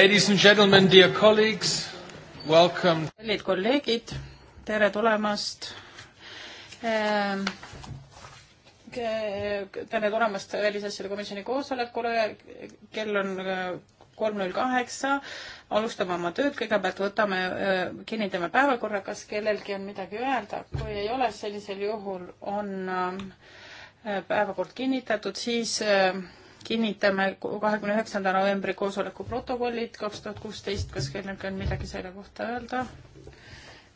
Ladies and gentlemen, dear colleagues, welcome. kallid kolleegid, tere tulemast. Ähm, tere tulemast Välisasjade Komisjoni koosolekule, kell on äh, kolm null kaheksa. alustame oma tööd, kõigepealt võtame, äh, kinnitame päevakorra, kas kellelgi on midagi öelda, kui ei ole, sellisel juhul on äh, päevakord kinnitatud, siis kinnitame kahekümne üheksanda novembri koosoleku protokollid kaks tuhat kuusteist, kas kellelgi on midagi selle kohta öelda?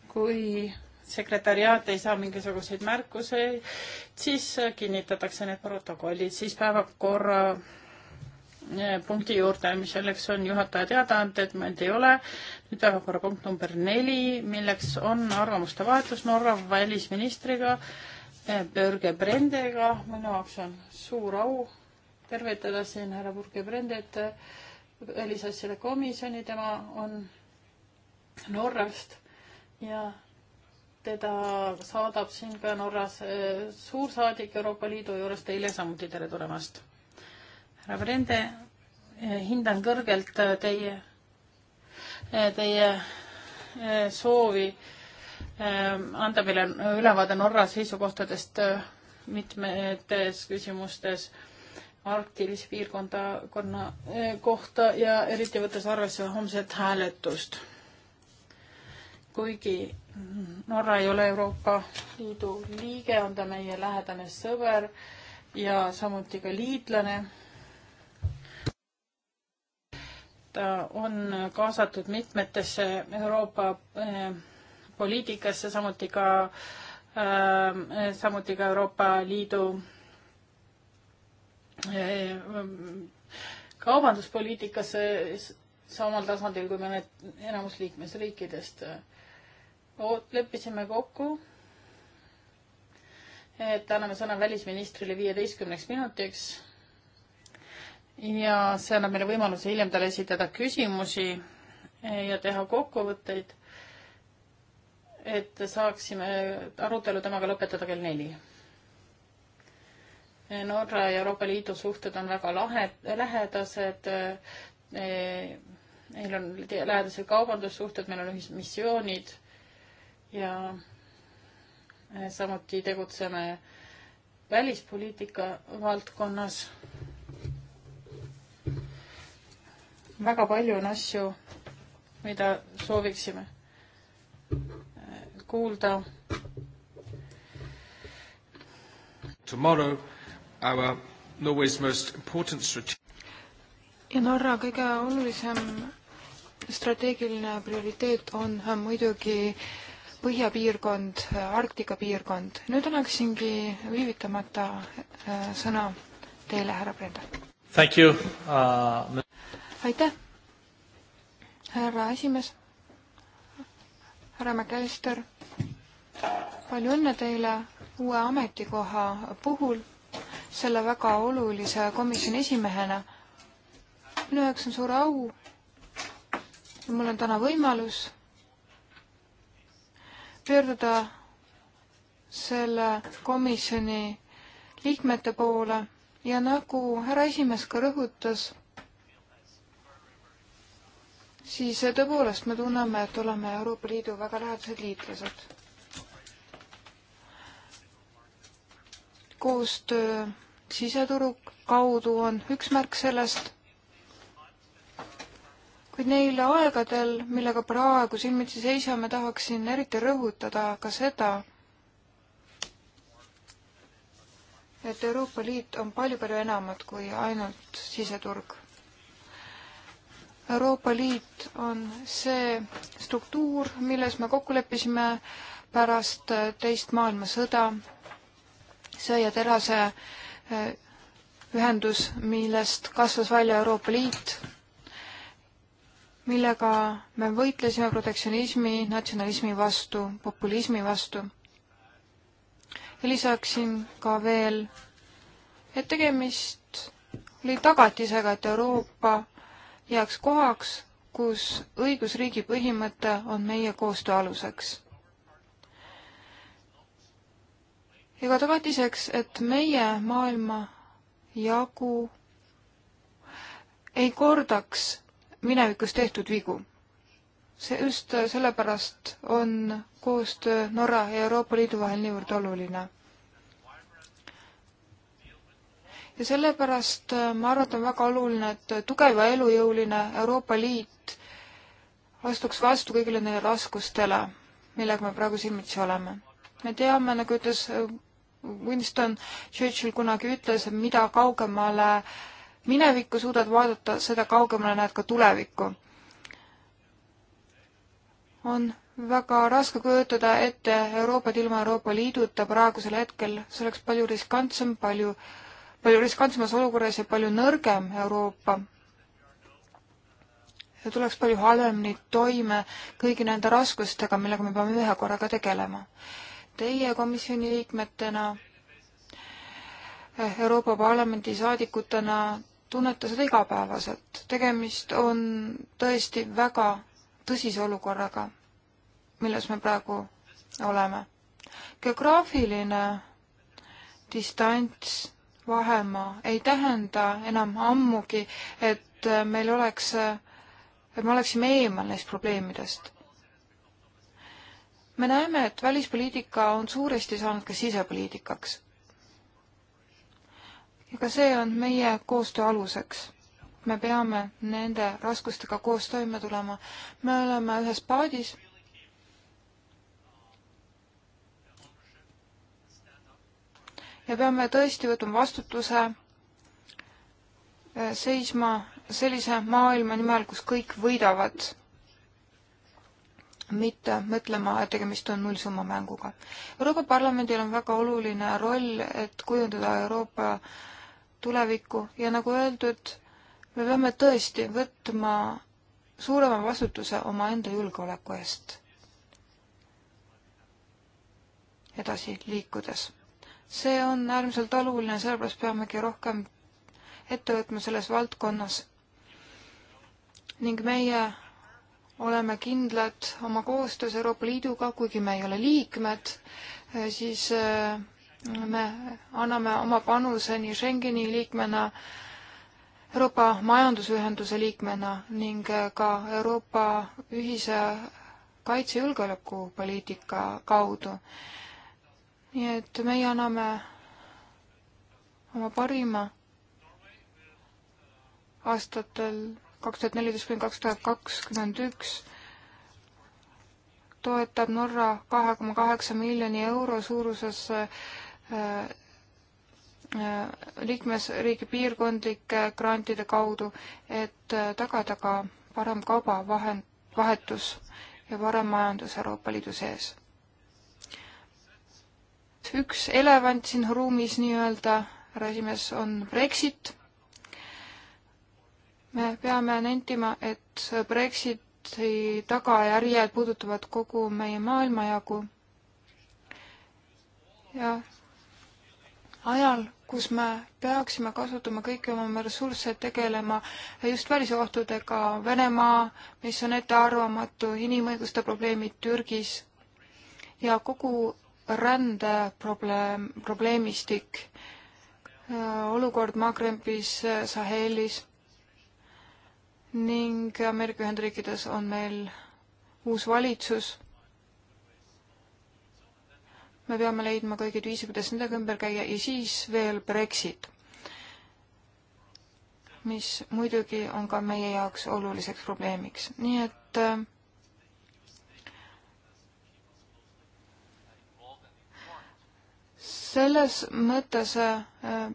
kui sekretäriaat ei saa mingisuguseid märkuseid, siis kinnitatakse need protokollid, siis päevakorra eh, punkti juurde, mis selleks on juhataja teadaanded, meil ei ole. nüüd päevakorrapunkt number neli, milleks on arvamuste vahetus Norra välisministriga eh, Börge Brendega. minu jaoks on suur au tervitada siin härra Burke Brendet, välisasjade komisjoni, tema on Norrast ja teda saadab siin ka Norras eh, suursaadik Euroopa Liidu juures, teile samuti tere tulemast. härra Brende, eh, hindan kõrgelt eh, teie, teie soovi anda meile ülevaade Norra seisukohtadest mitmetes küsimustes arktilise piirkonda, konna eh, kohta ja eriti võttes arvesse homset hääletust. kuigi Norra ei ole Euroopa Liidu liige, on ta meie lähedane sõber ja samuti ka liitlane. ta on kaasatud mitmetesse Euroopa eh, poliitikasse, samuti ka, eh, samuti ka Euroopa Liidu kaubanduspoliitikasse samal tasandil kui me need enamus liikmesriikidest äh, leppisime kokku, et anname sõna välisministrile viieteistkümneks minutiks ja see annab meile võimaluse hiljem talle esitada küsimusi äh, ja teha kokkuvõtteid, et saaksime arutelu temaga lõpetada kell neli Norra ja Euroopa Liidu suhted on väga lahe, lähedased. Neil e, on lähedased kaubandussuhted, meil on ühismissioonid ja samuti tegutseme välispoliitika valdkonnas. väga palju on asju, mida sooviksime kuulda. Tomorrow our Norway's most important strategic ja Norra kõige olulisem strateegiline prioriteet on muidugi põhjapiirkond, Arktika piirkond. nüüd annaksingi viivitamata äh, sõna teile, härra Brenda. Thank you uh,. aitäh, härra esimees, härra McAllister, palju õnne teile uue ametikoha puhul selle väga olulise komisjoni esimehena. minu jaoks on suur au ja mul on täna võimalus pöörduda selle komisjoni liikmete poole ja nagu härra esimees ka rõhutas, siis tõepoolest me tunneme, et oleme Euroopa Liidu väga lähedased liitlased. koostöö siseturu kaudu on üks märk sellest, kuid neil aegadel, millega praegu silmitsi seisame, tahaksin eriti rõhutada ka seda, et Euroopa Liit on palju-palju enamat kui ainult siseturg. Euroopa Liit on see struktuur, milles me kokku leppisime pärast teist maailmasõda, sõja terase äh, Äh, ühendus, millest kasvas välja Euroopa Liit, millega me võitlesime protektsionismi, natsionalismi vastu, populismi vastu. ja lisaksin ka veel, et tegemist oli tagatisega, et Euroopa jääks kohaks, kus õigusriigi põhimõte on meie koostöö aluseks. ja ka tagatiseks, et meie maailmajagu ei kordaks minevikus tehtud vigu. see just sellepärast on koostöö Norra ja Euroopa Liidu vahel niivõrd oluline. ja sellepärast äh, ma arvan, et on väga oluline, et tugev ja elujõuline Euroopa Liit astuks vastu kõigile neile raskustele, millega me praegu silmitsi oleme. me teame, nagu ütles äh, Winston Churchill kunagi ütles, et mida kaugemale minevikku suudad vaadata, seda kaugemale näed ka tulevikku. on väga raske kujutada ette Euroopat ilma Euroopa Liiduta praegusel hetkel, see oleks palju riskantsem, palju, palju riskantsemas olukorras ja palju nõrgem Euroopa. ja tuleks palju halvemini toime kõigi nende raskustega, millega me peame ühe korraga tegelema teie komisjoni liikmetena, Euroopa Parlamendi saadikutena tunnete seda igapäevaselt. tegemist on tõesti väga tõsise olukorraga, milles me praegu oleme. geograafiline distants, vahemaa ei tähenda enam ammugi, et meil oleks, et me oleksime eemal neist probleemidest me näeme, et välispoliitika on suuresti saanud ka sisepoliitikaks. ja ka see on meie koostöö aluseks. me peame nende raskustega koos toime tulema. me oleme ühes paadis. ja peame tõesti võtma vastutuse eh, seisma sellise maailma nimel, kus kõik võidavad mitte mõtlema, et tegemist on nullsummamänguga. Euroopa Parlamendil on väga oluline roll, et kujundada Euroopa tulevikku ja nagu öeldud, me peame tõesti võtma suurema vastutuse omaenda julgeoleku eest edasi liikudes. see on äärmiselt oluline, sellepärast peamegi rohkem ette võtma selles valdkonnas ning meie oleme kindlad oma koostöös Euroopa Liiduga, kuigi me ei ole liikmed, eh, siis eh, me anname oma panuse nii Schengeni liikmena, Euroopa Majandusühenduse liikmena ning eh, ka Euroopa ühise kaitse- ja julgeolekupoliitika kaudu. nii et meie anname oma parima aastatel kaks tuhat neliteist kuni kaks tuhat kakskümmend üks toetab Norra kahe koma kaheksa miljoni euro suuruses äh, äh, liikmesriigi piirkondlike grantide kaudu, et äh, tagada ka parem kaubavahend, vahetus ja parem majandus Euroopa Liidu sees. üks elevant siin ruumis nii-öelda, härra esimees, on Brexit me peame nentima, et Brexiti tagajärjed puudutavad kogu meie maailmajagu. ja ajal, kus me peaksime kasutama kõiki oma ressursse, tegelema just välisohtudega, Venemaa, mis on ettearvamatu, inimõiguste probleemid Türgis ja kogu rände probleem, probleemistik, äh, olukord Magrebis, Sahelis ning Ameerika Ühendriikides on meil uus valitsus. me peame leidma kõigeid viise, kuidas nendega ümber käia ja siis veel Brexit, mis muidugi on ka meie jaoks oluliseks probleemiks, nii et äh, selles mõttes äh,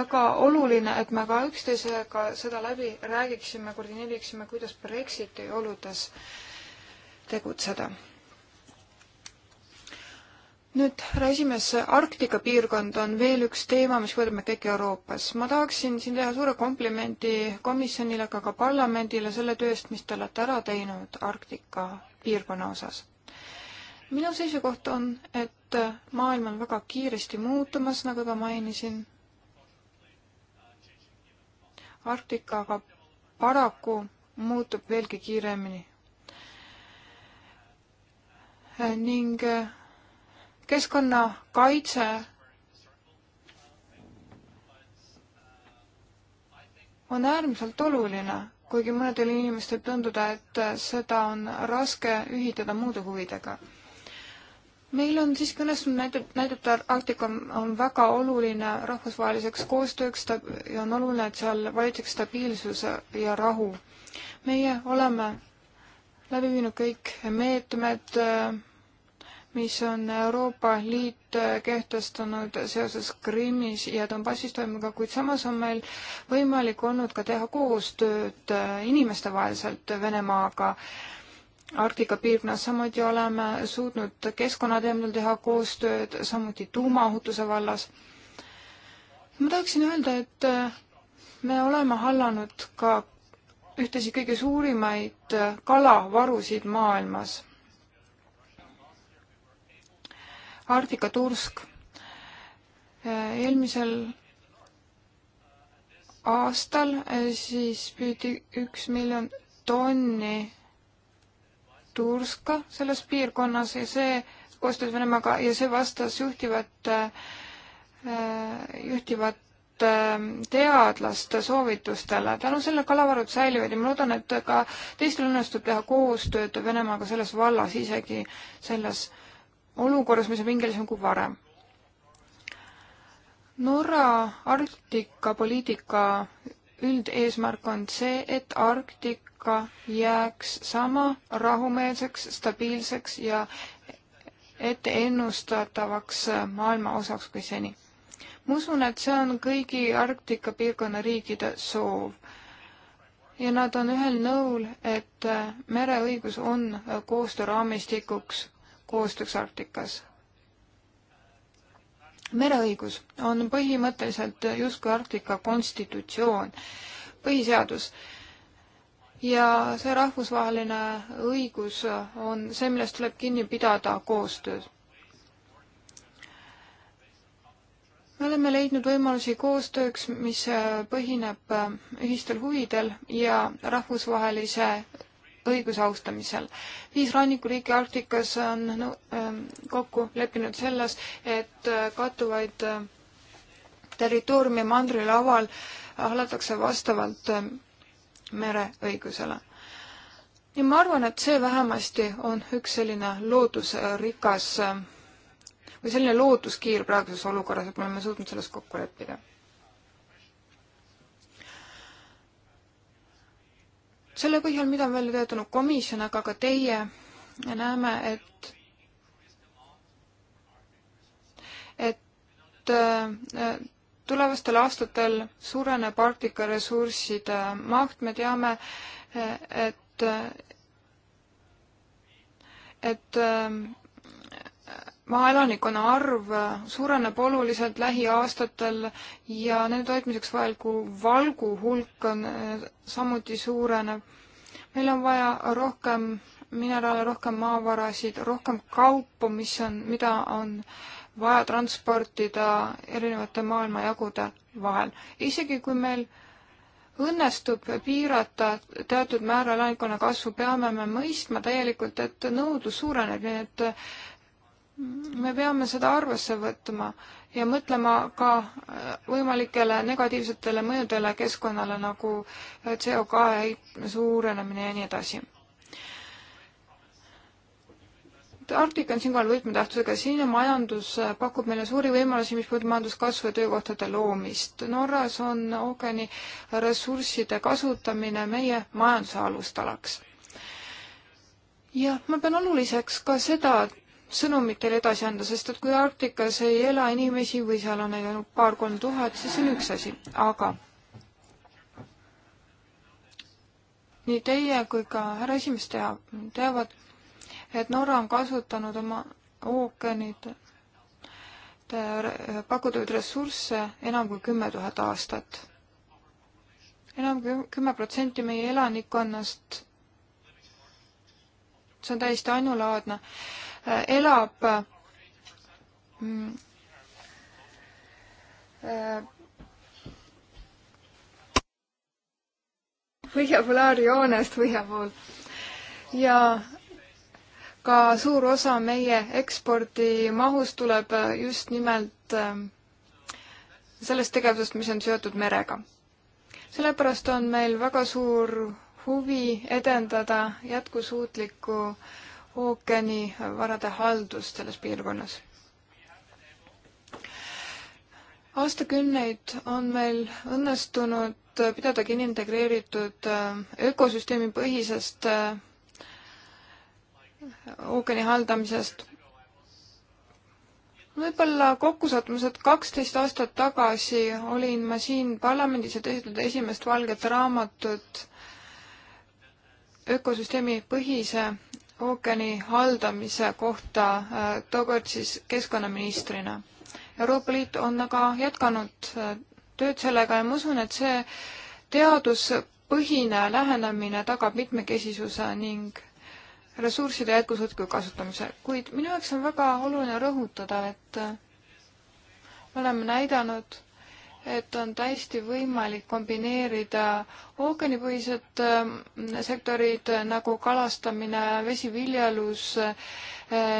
väga oluline, et me ka üksteisega seda läbi räägiksime, koordineeriksime, kuidas Brexiti oludes tegutseda. nüüd, härra esimees, Arktika piirkond on veel üks teema, mis puudutab meid kõiki Euroopas. ma tahaksin siin teha suure komplimendi komisjonile, aga ka parlamendile selle töö eest, mis te olete ära teinud Arktika piirkonna osas. minu seisukoht on, et maailm on väga kiiresti muutumas, nagu juba mainisin Arktika aga paraku muutub veelgi kiiremini. ning eh, keskkonnakaitse on äärmiselt oluline, kuigi mõnedele inimestele tunduda, et eh, seda on raske ühitada muude huvidega meil on siiski õnnestunud näidata, näidata, Arktika on, on väga oluline rahvusvaheliseks koostööks ja on oluline, et seal valitseks stabiilsus ja rahu. meie oleme läbi viinud kõik meetmed, mis on Euroopa Liit kehtestanud seoses Krimmis ja Donbassis toimuga, kuid samas on meil võimalik olnud ka teha koostööd inimestevaheliselt Venemaaga äh, Arktika piirkonnas, samuti oleme suutnud keskkonnateemadel teha koostööd, samuti tuumaohutuse vallas. ma tahaksin öelda, et äh, me oleme hallanud ka ühtesid kõige suurimaid äh, kalavarusid maailmas. Arktika tursk. Äh, eelmisel aastal siis püüdi üks miljon tonni Turska selles piirkonnas ja see koostöös Venemaaga ja see vastas juhtivat, äh, juhtivat äh, teadlaste soovitustele. tänu sellele kalavarud säilivad ja ma loodan, et ka teistel õnnestub teha koostööd Venemaaga selles vallas, isegi selles olukorras, mis on pingelisem kui varem. Norra Arktika poliitika üldeesmärk on see, et Arktika jääks sama rahumeelseks, stabiilseks ja etteennustatavaks maailma osaks kui seni. ma usun, et see on kõigi Arktika piirkonna riikide soov. ja nad on ühel nõul, et mereõigus on koostööraamistikuks koostööks Arktikas mereõigus on põhimõtteliselt justkui Arktika konstitutsioon, põhiseadus. ja see rahvusvaheline õigus on see, millest tuleb kinni pidada koostöös. me oleme leidnud võimalusi koostööks, mis põhineb ühistel huvidel ja rahvusvahelise õiguse austamisel. viis rannikuriiki Arktikas on no, ähm, kokku leppinud selles, et äh, kattuvaid äh, territooriumi mandrilaval hallatakse vastavalt ähm, mereõigusele. ja ma arvan, et see vähemasti on üks selline loodusrikas äh, või selline looduskiir praeguses olukorras, et me oleme suutnud selles kokku leppida selle põhjal, mida on välja töötanud komisjon, aga ka teie, näeme, et et äh, tulevastel aastatel suureneb Arktika ressursside maht, me teame, äh, et äh, et maaelanikkonna arv suureneb oluliselt lähiaastatel ja nende toitmiseks vajaliku valgu hulk on eh, samuti suureneb. meil on vaja rohkem mineraale, rohkem maavarasid, rohkem kaupu, mis on, mida on vaja transportida erinevate maailmajagude vahel. isegi kui meil õnnestub piirata teatud määral elanikkonna kasvu, peame me mõistma täielikult, et nõudlus suureneb, nii et me peame seda arvesse võtma ja mõtlema ka äh, võimalikele negatiivsetele mõjudele keskkonnale nagu äh, CO2 suurenemine ja nii edasi. Arktika on siinkohal võtmetähtsusega, siin majandus äh, pakub meile suuri võimalusi, mis puudutab majanduskasvu ja töökohtade loomist. Norras on ookeani ressursside kasutamine meie majanduse alustalaks. jah, ma pean oluliseks ka seda, et sõnumit teile edasi anda, sest et kui Arktikas ei ela inimesi või seal on ainult paar-kolm tuhat, siis see on üks asi, aga nii teie kui ka härra esimees teab, teavad, et Norra on kasutanud oma ookeanid pakutud ressursse enam kui kümme tuhat aastat enam. enam kui kümme protsenti meie elanikkonnast, see on täiesti ainulaadne elab mm, äh, põhja polaarjoonest põhja pool ja ka suur osa meie ekspordimahust tuleb just nimelt äh, sellest tegevusest, mis on seotud merega. sellepärast on meil väga suur huvi edendada jätkusuutlikku äh, ookeanivarade haldust selles piirkonnas. aastakümneid on meil õnnestunud pidada kinni integreeritud äh, ökosüsteemi põhisest äh, ookeani haldamisest. võib-olla kokkusattumused kaksteist aastat tagasi olin ma siin parlamendis, et esitleda esimest valget raamatut ökosüsteemi põhise ookeani haldamise kohta äh, tookord siis keskkonnaministrina. Euroopa Liit on aga jätkanud äh, tööd sellega ja ma usun, et see teaduspõhine lähenemine tagab mitmekesisuse ning ressursside jätkusuutliku kasutamise, kuid minu jaoks on väga oluline rõhutada, et äh, me oleme näidanud, et on täiesti võimalik kombineerida ookeanipõhised ähm, sektorid nagu kalastamine, vesiviljelus, äh,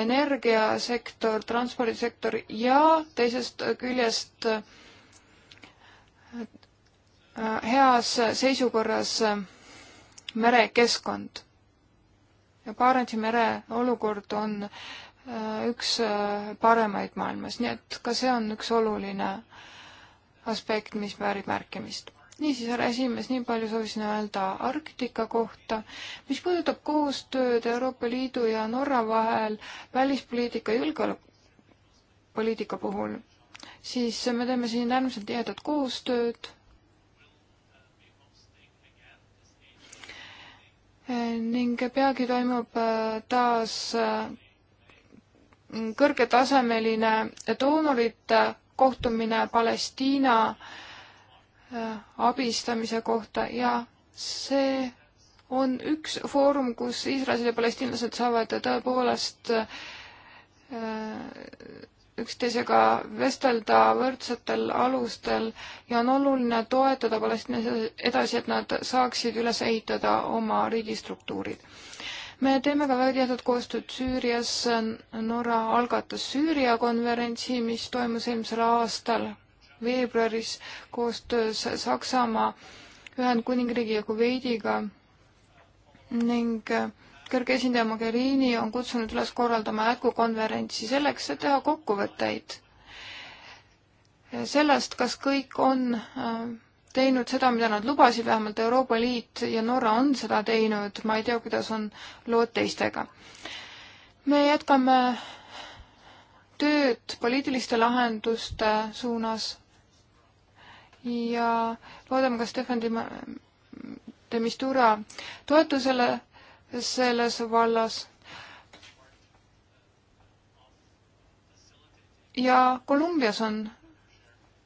energiasektor, transpordisektor ja teisest küljest äh, heas seisukorras äh, merekeskkond. ja Barentsi mere olukord on üks paremaid maailmas, nii et ka see on üks oluline äh, aspekt, mis väärib märkimist. niisiis, härra esimees, nii palju soovisin öelda Arktika kohta. mis puudutab koostööd Euroopa Liidu ja Norra vahel välispoliitika ja julgeolekupoliitika puhul, siis me teeme siin äärmiselt tihedat koostööd ning peagi toimub äh, taas äh, kõrgetasemeline doonorite kohtumine Palestiina äh, abistamise kohta ja see on üks foorum, kus Iisraelid ja palestiinlased saavad tõepoolest äh, üksteisega vestelda võrdsetel alustel ja on oluline toetada palestiinlasi edasi, et nad saaksid üles ehitada oma riigistruktuurid me teeme ka väga tihedat koostööd Süürias. Norra algatas Süüria konverentsi, mis toimus eelmisel aastal veebruaris koostöös Saksamaa, Ühendkuningriigi ja Kuveidiga ning äh, kõrge esindaja Mogherini on kutsunud üles korraldama jätkukonverentsi selleks, et teha kokkuvõtteid sellest, kas kõik on äh, teinud seda, mida nad lubasid, vähemalt Euroopa Liit ja Norra on seda teinud, ma ei tea, kuidas on lood teistega. me jätkame tööd poliitiliste lahenduste suunas ja loodame ka Stefan de Mistura toetusele selles vallas ja Kolumbias on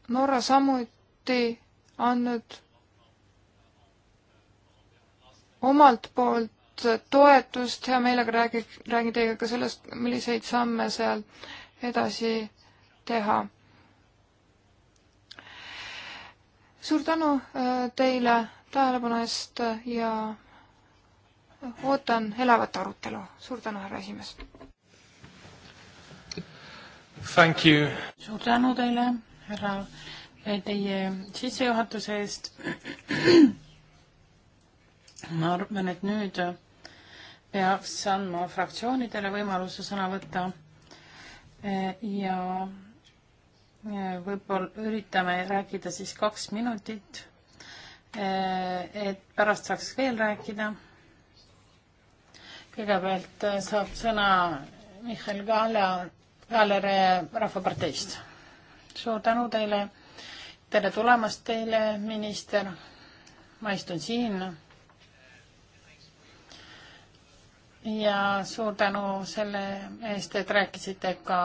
Norra samuti andnud omalt poolt toetust, hea meelega räägi, räägin teiega ka sellest, milliseid samme seal edasi teha. suur tänu äh, teile tähelepanu eest ja ootan elavat arutelu. suur tänu, härra esimees! suur tänu teile, härra teie sissejuhatuse eest. ma arvan, et nüüd peaks andma fraktsioonidele võimaluse sõna võtta ja võib-olla üritame rääkida siis kaks minutit, et pärast saaks veel rääkida. kõigepealt saab sõna Mihhail Kaala, Kaalere Rahvaparteist. suur tänu teile tere tulemast teile, minister. ma istun siin. ja suur tänu selle eest, et rääkisite ka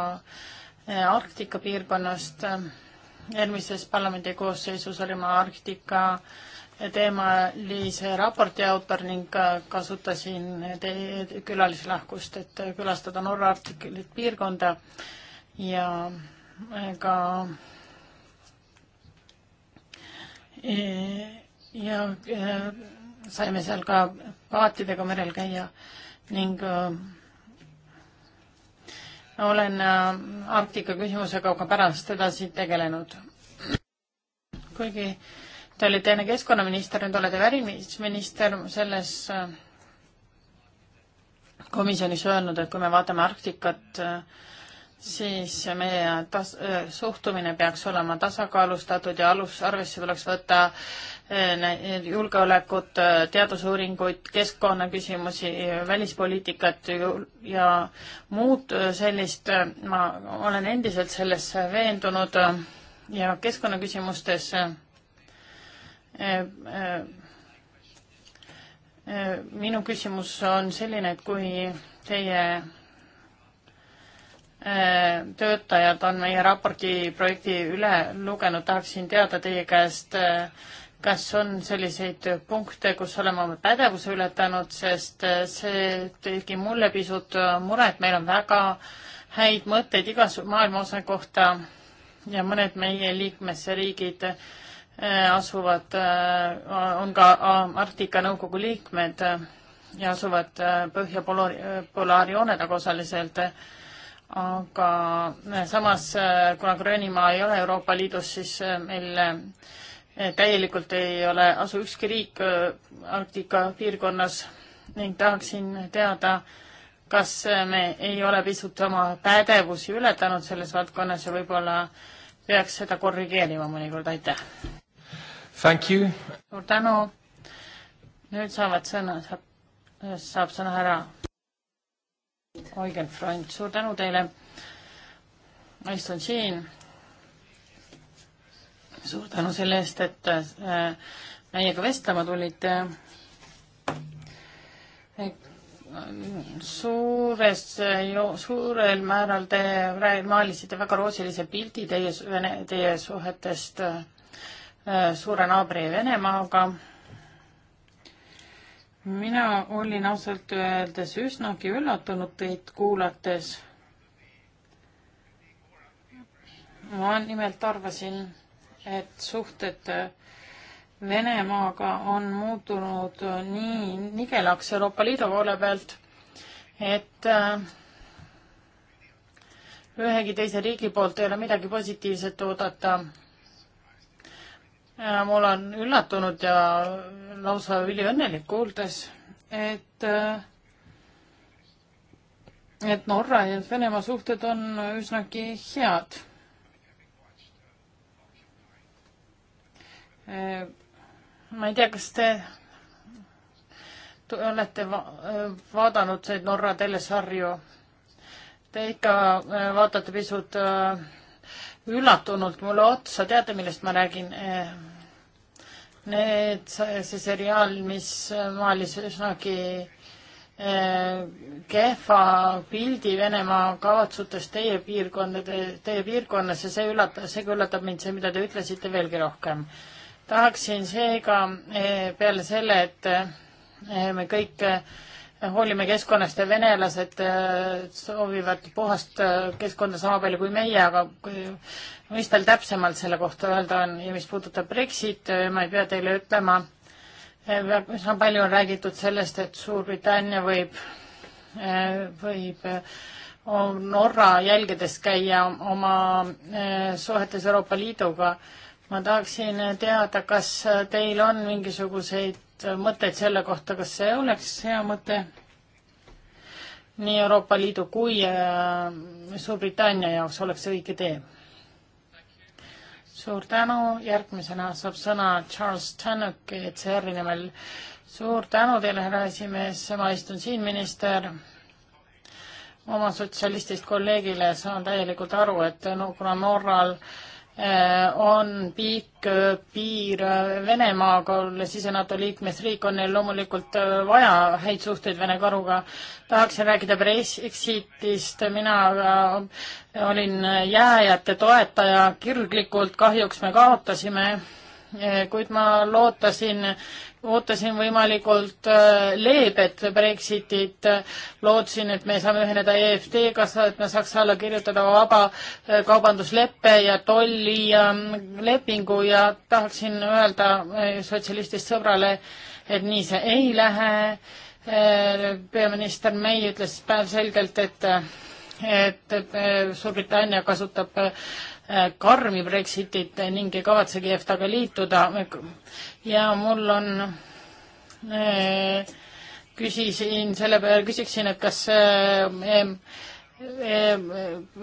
eh, Arktika piirkonnast. eelmises parlamendi koosseisus olin ma Arktika teemalise raporti autor ning kasutasin teie külalislahkust, et külastada Norra Arktilit piirkonda ja ka E, ja e, saime seal ka paatidega merel käia ning e, olen Arktika küsimusega ka pärast edasi tegelenud. kuigi te olite enne keskkonnaminister, nüüd olete välisminister, selles komisjonis öelnud, et kui me vaatame Arktikat äh, siis meie tas-, suhtumine peaks olema tasakaalustatud ja alus, arvesse tuleks võtta julgeolekut, teadusuuringuid, keskkonnaküsimusi, välispoliitikat ja muud sellist. ma olen endiselt selles veendunud ja keskkonnaküsimustes minu küsimus on selline, et kui teie Äh, töötajad on meie raporti projekti üle lugenud, tahaksin teada teie käest, äh, kas on selliseid punkte, kus oleme oma pädevuse ületanud, sest äh, see tegi mulle pisut muret, meil on väga häid mõtteid igas maailma osa kohta ja mõned meie liikmesriigid asuvad, on ka Arktika Nõukogu liikmed ja asuvad Põhja polaari, polaarjoone taga osaliselt aga äh, samas, äh, kuna Gröönimaa ei ole Euroopa Liidus, siis äh, meil täielikult ei ole, asu ükski riik Arktika piirkonnas ning tahaksin teada, kas me ei ole pisut oma pädevusi ületanud selles valdkonnas ja võib-olla peaks seda korrigeerima mõnikord, aitäh! suur tänu, nüüd saavad sõna, saab, saab sõna härra Eugen Freund, suur tänu teile. ma istun siin. suur tänu selle eest, et äh, meiega vestlema tulite. Äh, suures, äh, suurel määral te maalisite väga roosilise pildi teie, teie suhetest suure naabri Venemaaga mina olin ausalt öeldes üsnagi üllatunud teid kuulates. ma nimelt arvasin, et suhted Venemaaga on muutunud nii nigelaks Euroopa Liidu poole pealt, et äh, ühegi teise riigi poolt ei ole midagi positiivset oodata ma olen üllatunud ja lausa üliõnnelik kuuldes, et, äh, et Norra ja Venemaa suhted on üsnagi head. Äh, ma ei tea, kas te olete va vaadanud neid Norra telesarju? Te ikka äh, vaatate pisut äh, üllatunult mulle otsa, teate, millest ma räägin? Eh, need, see seriaal, mis eh, maalis üsnagi eh, kehva pildi Venemaa kavatsutest teie piirkondade, teie piirkonnas ja see üllatab, see üllatab mind, see, mida te ütlesite, veelgi rohkem. tahaksin seega peale selle, et me kõik hoolime keskkonnast ja venelased äh, soovivad puhast äh, keskkonda sama palju kui meie, aga kui, mis teil täpsemalt selle kohta öelda on ja mis puudutab Brexit, äh, ma ei pea teile ütlema, üsna palju on räägitud sellest, et Suurbritannia võib, võib Norra jälgedes käia oma suhetes Euroopa Liiduga ma tahaksin teada, kas teil on mingisuguseid mõtteid selle kohta, kas see oleks hea mõte nii Euroopa Liidu kui äh, Suurbritannia jaoks oleks õige tee? suur tänu, järgmisena saab sõna Charles Tannock ECR-i nimel. suur tänu teile, härra esimees, ma istun siin, minister oma sotsialistist kolleegile saan täielikult aru, et no kuna Norral äh, Äh, on piik, äh, piir äh, Venemaaga, olles ise NATO liikmesriik, on neil loomulikult vaja häid suhteid Vene karuga. tahaksin rääkida Brexitist, mina olin jääjate toetaja kirglikult, kahjuks me kaotasime Eh, kuid ma lootasin, ootasin võimalikult eh, leebet Brexitit, lootsin, et me saame ühineda EFT-ga, et me saaks alla kirjutada vaba eh, kaubandusleppe ja tolli ja ähm, lepingu ja tahaksin öelda sotsialistist sõbrale, et nii see ei lähe. peaminister May ütles päevselgelt, et et, et Suurbritannia kasutab Äh, karmi Brexitit ning ei kavatsegi EFTA-ga liituda. ja mul on, äh, küsisin selle peale, küsiksin, et kas äh,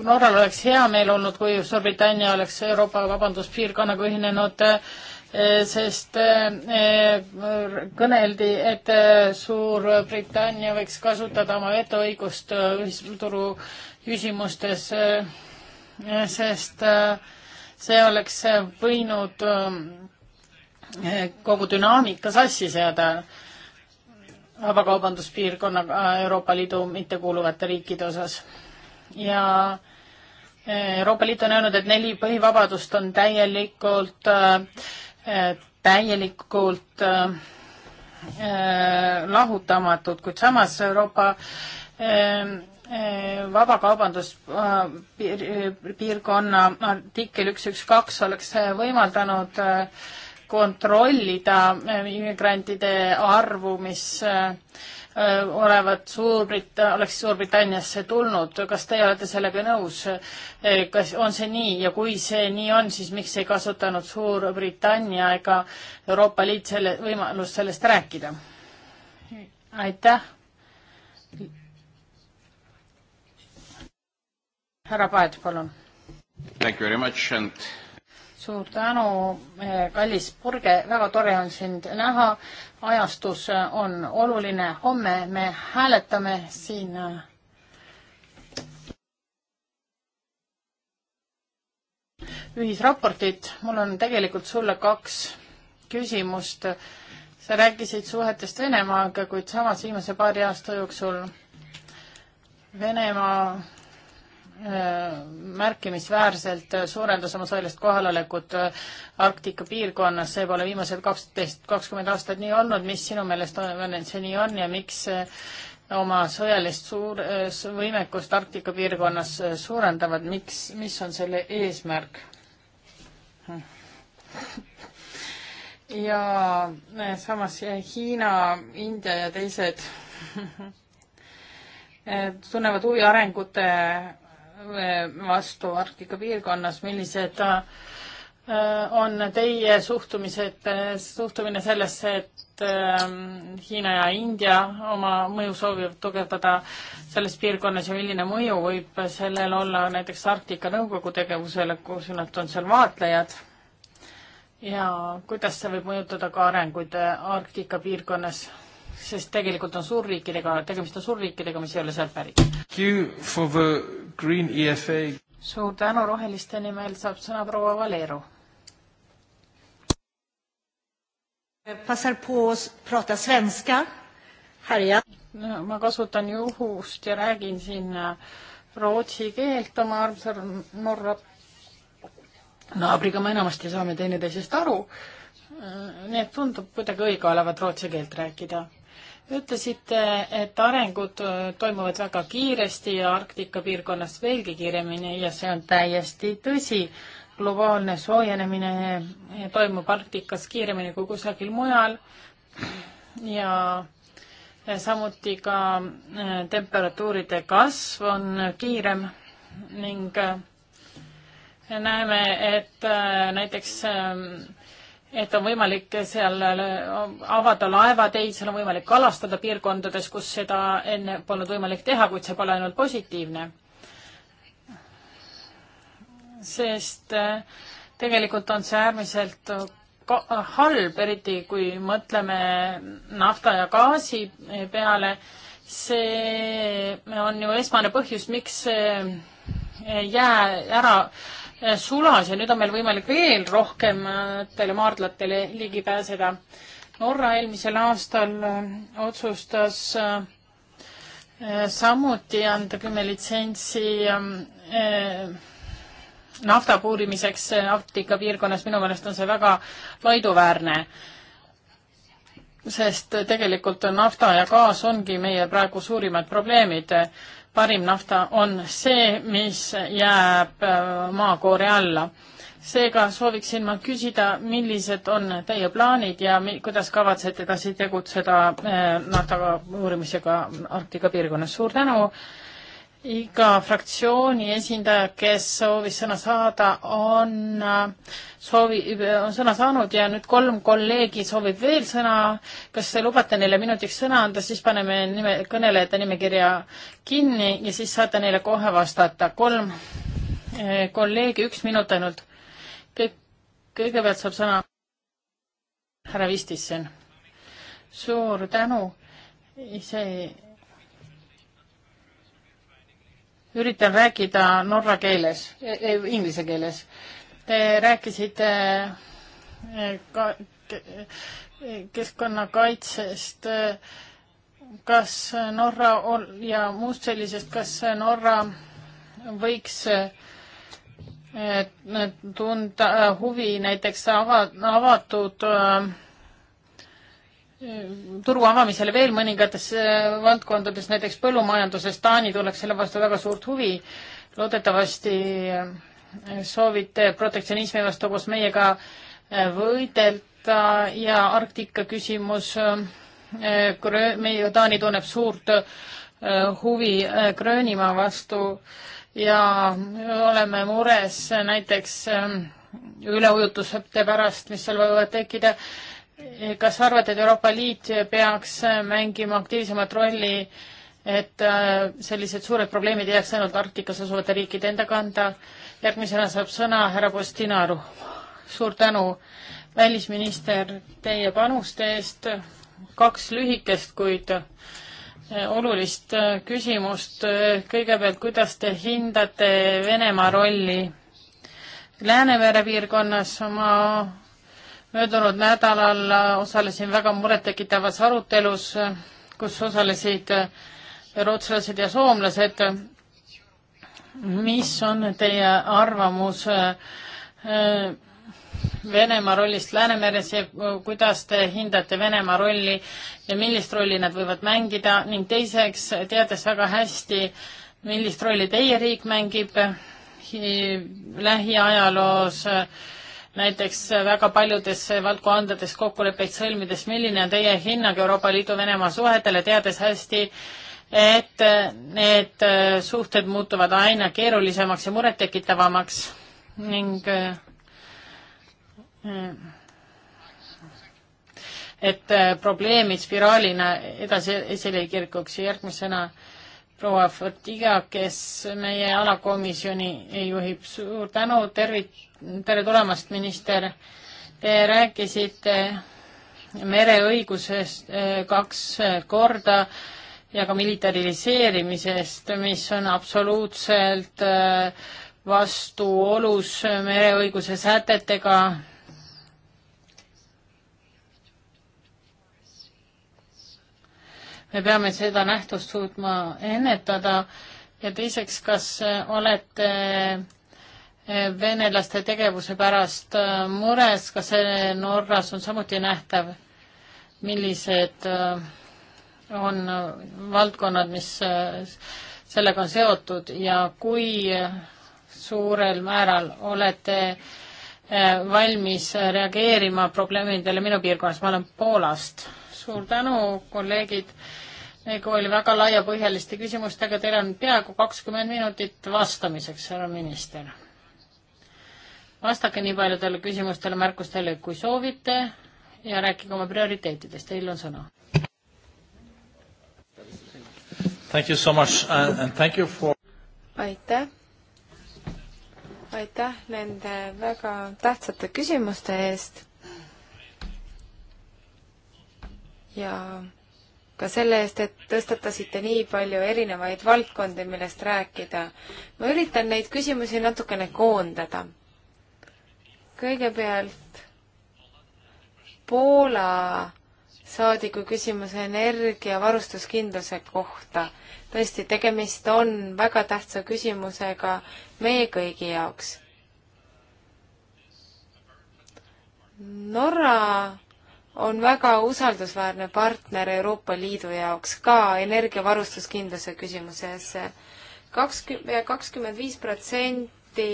Norral oleks hea meel olnud, kui Suurbritannia oleks Euroopa Vabandus-piirkonnaga ühinenud, sest kõneldi, et Suurbritannia võiks kasutada oma vetoõigust ühisturu küsimustes Eh, sest eh, see oleks võinud eh, kogu dünaamika sassi seada vabakaubanduspiirkonnaga Euroopa Liidu mittekuuluvate riikide osas. ja Euroopa Liit on öelnud, et neli põhivabadust on täielikult, täielikult lahutamatud, kuid samas Euroopa Eh, vabakaubanduspiirkonna eh, eh, artikkel üks, üks, kaks oleks võimaldanud kontrollida immigrantide arvu, mis olevat Suurbrit-, oleks Suurbritanniasse tulnud, kas teie olete sellega nõus? kas on see nii ja kui see nii on, siis miks ei kasutanud Suurbritannia ega Euroopa Liit selle, võimalust sellest rääkida? aitäh härra Paet, palun. Thank you very much and suur tänu, eh, kallis Purge, väga tore on sind näha. ajastus on oluline, homme me hääletame siin. Eh, ühisraportit, mul on tegelikult sulle kaks küsimust. sa rääkisid suhetest Venemaaga, kuid samas viimase paari aasta jooksul Venemaa Äh, märkimisväärselt suurendas oma sõjalist kohalolekut äh, Arktika piirkonnas, see pole viimased kaksteist, kakskümmend aastat nii olnud, mis sinu meelest on, see nii on ja miks äh, oma sõjalist suur, võimekust Arktika piirkonnas suurendavad, miks, mis on selle eesmärk? ja samas Hiina, India ja teised tunnevad huvi arengute vastu Arktika piirkonnas, millised äh, on teie suhtumised, suhtumine sellesse, et ähm, Hiina ja India oma mõju soovivad tugevdada selles piirkonnas ja milline mõju võib sellel olla näiteks Arktika Nõukogu tegevusele, kus nad on seal vaatlejad? ja kuidas see võib mõjutada ka arenguid äh, Arktika piirkonnas? sest tegelikult on suurriikidega, tegemist on suurriikidega, mis ei ole sealt pärit. Green EFA. suur tänu, Roheliste nimel saab sõna proua Valeru. Passar på att prata svenska. Harja. No, ma kasutan juhust ja räägin siin äh, rootsi keelt oma armsa Norra naabriga me enamasti saame teineteisest aru. Äh, nii et tundub kuidagi õige olevat rootsi keelt rääkida ütlesite, et arengud äh, toimuvad väga kiiresti ja Arktika piirkonnas veelgi kiiremini ja see on täiesti tõsi. globaalne soojenemine toimub Arktikas kiiremini kui kusagil mujal ja samuti ka äh, temperatuuride kasv on kiirem ning äh, näeme, et näiteks ähm, et on võimalik seal avada laevateid, seal on võimalik kalastada piirkondades, kus seda enne polnud võimalik teha, kuid see pole ainult positiivne. sest eh, tegelikult on see äärmiselt eh, halb, eriti kui mõtleme nafta ja gaasi peale. see on ju esmane põhjus, miks eh, jää ära sulas ja nüüd on meil võimalik veel rohkematele äh, maardlatele ligi pääseda. Norra eelmisel aastal äh, otsustas äh, samuti anda kümme litsentsi ähm, nafta puurimiseks Arktika piirkonnas, minu meelest on see väga laiduväärne sest tegelikult nafta ja gaas ongi meie praegu suurimad probleemid parim nafta on see, mis jääb äh, maakoore alla. seega sooviksin ma küsida, millised on teie plaanid ja mi-, kuidas kavatsete edasi tegutseda äh, nafta uurimisega Arktika piirkonnas. suur tänu iga fraktsiooni esindaja, kes soovis sõna saada, on äh, soovi, on sõna saanud ja nüüd kolm kolleegi soovib veel sõna. kas te lubate neile minutiks sõna anda, siis paneme nime, kõnelejate nimekirja kinni ja siis saate neile kohe vastata. kolm äh, kolleegi, üks minut ainult. kõik, kõigepealt saab sõna härra Vistisen. suur tänu. see üritan rääkida norra keeles eh,, inglise keeles. Te rääkisite eh, ka e, keskkonnakaitsest. E, kas Norra on, ja muust sellisest, kas Norra võiks tunda äh, huvi näiteks ava, avatud äh, turu avamisele veel mõningates äh, valdkondades, näiteks põllumajanduses, Taani tunneks selle vastu väga suurt huvi. loodetavasti äh, soovite protektsionismi vastu koos meiega äh, võidelda ja Arktika küsimus, meie Taani tunneb suurt huvi Gröönimaa vastu ja oleme mures näiteks üleujutuse pärast, mis seal võivad tekkida kas arvate, et Euroopa Liit peaks mängima aktiivsemat rolli, et äh, sellised suured probleemid ei jääks ainult Arktikas asuvate riikide enda kanda? järgmisena saab sõna härra Postinaru. suur tänu, välisminister, teie panuste eest. kaks lühikest, kuid äh, olulist äh, küsimust. kõigepealt, kuidas te hindate Venemaa rolli Läänemere piirkonnas? ma möödunud nädalal osalesin väga murettekitavas arutelus, kus osalesid rootslased ja soomlased. mis on teie arvamus äh, Venemaa rollist Läänemeres ja kuidas te hindate Venemaa rolli ja millist rolli nad võivad mängida ning teiseks, teades väga hästi, millist rolli teie riik mängib lähiajaloos äh, näiteks väga paljudes valdkondades kokkuleppeid sõlmides, milline on teie hinnang Euroopa Liidu Venemaa suhetele, teades hästi, et need suhted muutuvad aina keerulisemaks ja murettekitavamaks ning et probleemid spiraalina edasi esile ei kirkuks ja järgmisena äh, proua Fotiga, kes meie alakomisjoni juhib. suur tänu, tervit-, tere tulemast, minister. Te rääkisite mereõigusest eh, kaks korda ja ka militariseerimisest, mis on absoluutselt eh, vastuolus mereõiguse sätetega me peame seda nähtust suutma ennetada ja teiseks, kas äh, olete äh, venelaste tegevuse pärast äh, mures, kas see Norras on samuti nähtav? millised on valdkonnad, mis sellega on seotud ja kui suurel määral olete valmis reageerima probleemidele minu piirkonnas, ma olen Poolast. suur tänu, kolleegid tegu oli väga laiapõhjaliste küsimustega, teil on peaaegu kakskümmend minutit vastamiseks, härra minister. vastake nii paljudele küsimustele, märkustele, kui soovite ja rääkige oma prioriteetidest, teil on sõna. Thank you so much uh, and thank you for aitäh! aitäh nende väga tähtsate küsimuste eest ja ka selle eest, et tõstatasite nii palju erinevaid valdkondi, millest rääkida. ma üritan neid küsimusi natukene koondada. kõigepealt Poola saadiku küsimus energia varustuskindluse kohta. tõesti, tegemist on väga tähtsa küsimusega meie kõigi jaoks. Norra on väga usaldusväärne partner Euroopa Liidu jaoks ka energiavarustuskindluse küsimuses. kakskümmend, kakskümmend viis protsenti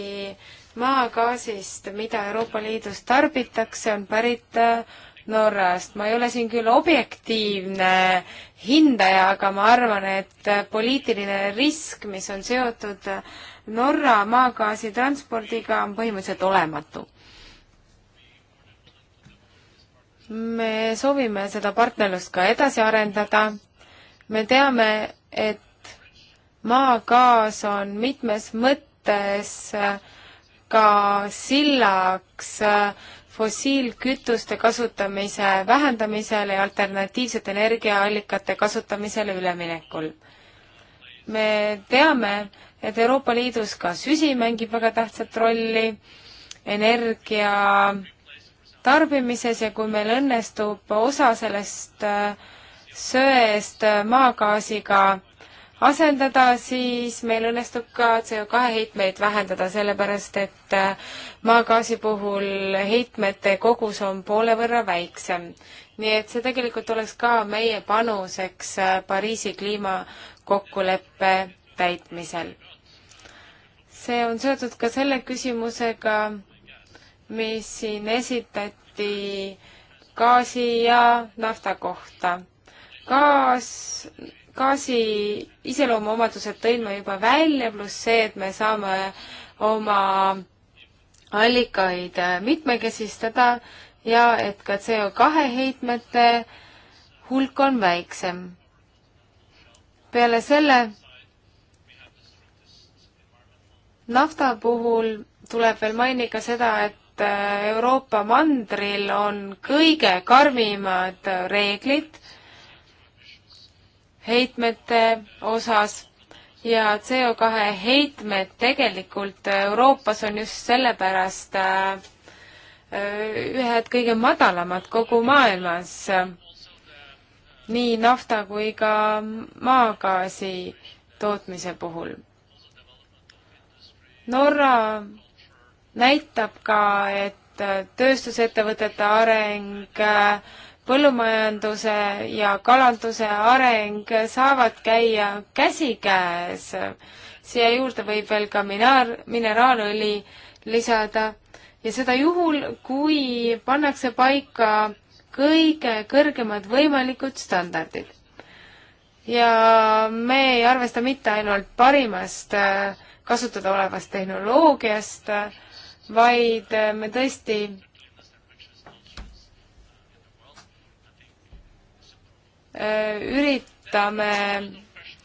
maagaasist, mida Euroopa Liidus tarbitakse, on pärit äh, Norrast. ma ei ole siin küll objektiivne hindaja, aga ma arvan, et äh, poliitiline risk, mis on seotud äh, Norra maagaasi transpordiga, on põhimõtteliselt olematu me soovime seda partnerlust ka edasi arendada. me teame, et maagaas on mitmes mõttes äh, ka sillaks äh, fossiilkütuste kasutamise vähendamisele ja alternatiivsete energiaallikate kasutamisele üleminekul. me teame, et Euroopa Liidus ka süsi mängib väga tähtsat rolli energia tarbimises ja kui meil õnnestub osa sellest äh, söest äh, maagaasiga asendada, siis meil õnnestub ka CO2 heitmeid vähendada, sellepärast et äh, maagaasi puhul heitmete kogus on poole võrra väiksem. nii et see tegelikult oleks ka meie panuseks Pariisi kliimakokkuleppe täitmisel. see on seotud ka selle küsimusega, mis siin esitati gaasi ja nafta kohta. gaas, gaasi iseloomuomadused tõin ma juba välja, pluss see, et me saame oma allikaid mitmekesistada ja et ka CO2 heitmete hulk on väiksem. peale selle nafta puhul tuleb veel mainida seda, et Äh, Euroopa mandril on kõige karmimad reeglid heitmete osas ja CO2 heitmed tegelikult Euroopas on just sellepärast äh, ühed kõige madalamad kogu maailmas, nii nafta kui ka maagaasi tootmise puhul. Norra näitab ka, et äh, tööstusettevõtete areng, äh, põllumajanduse ja kalanduse areng saavad käia käsikäes. siia juurde võib veel ka minaar, mineraalõli lisada ja seda juhul, kui pannakse paika kõige kõrgemad võimalikud standardid. ja me ei arvesta mitte ainult parimast äh, kasutada olevast tehnoloogiast, vaid äh, me tõesti äh, üritame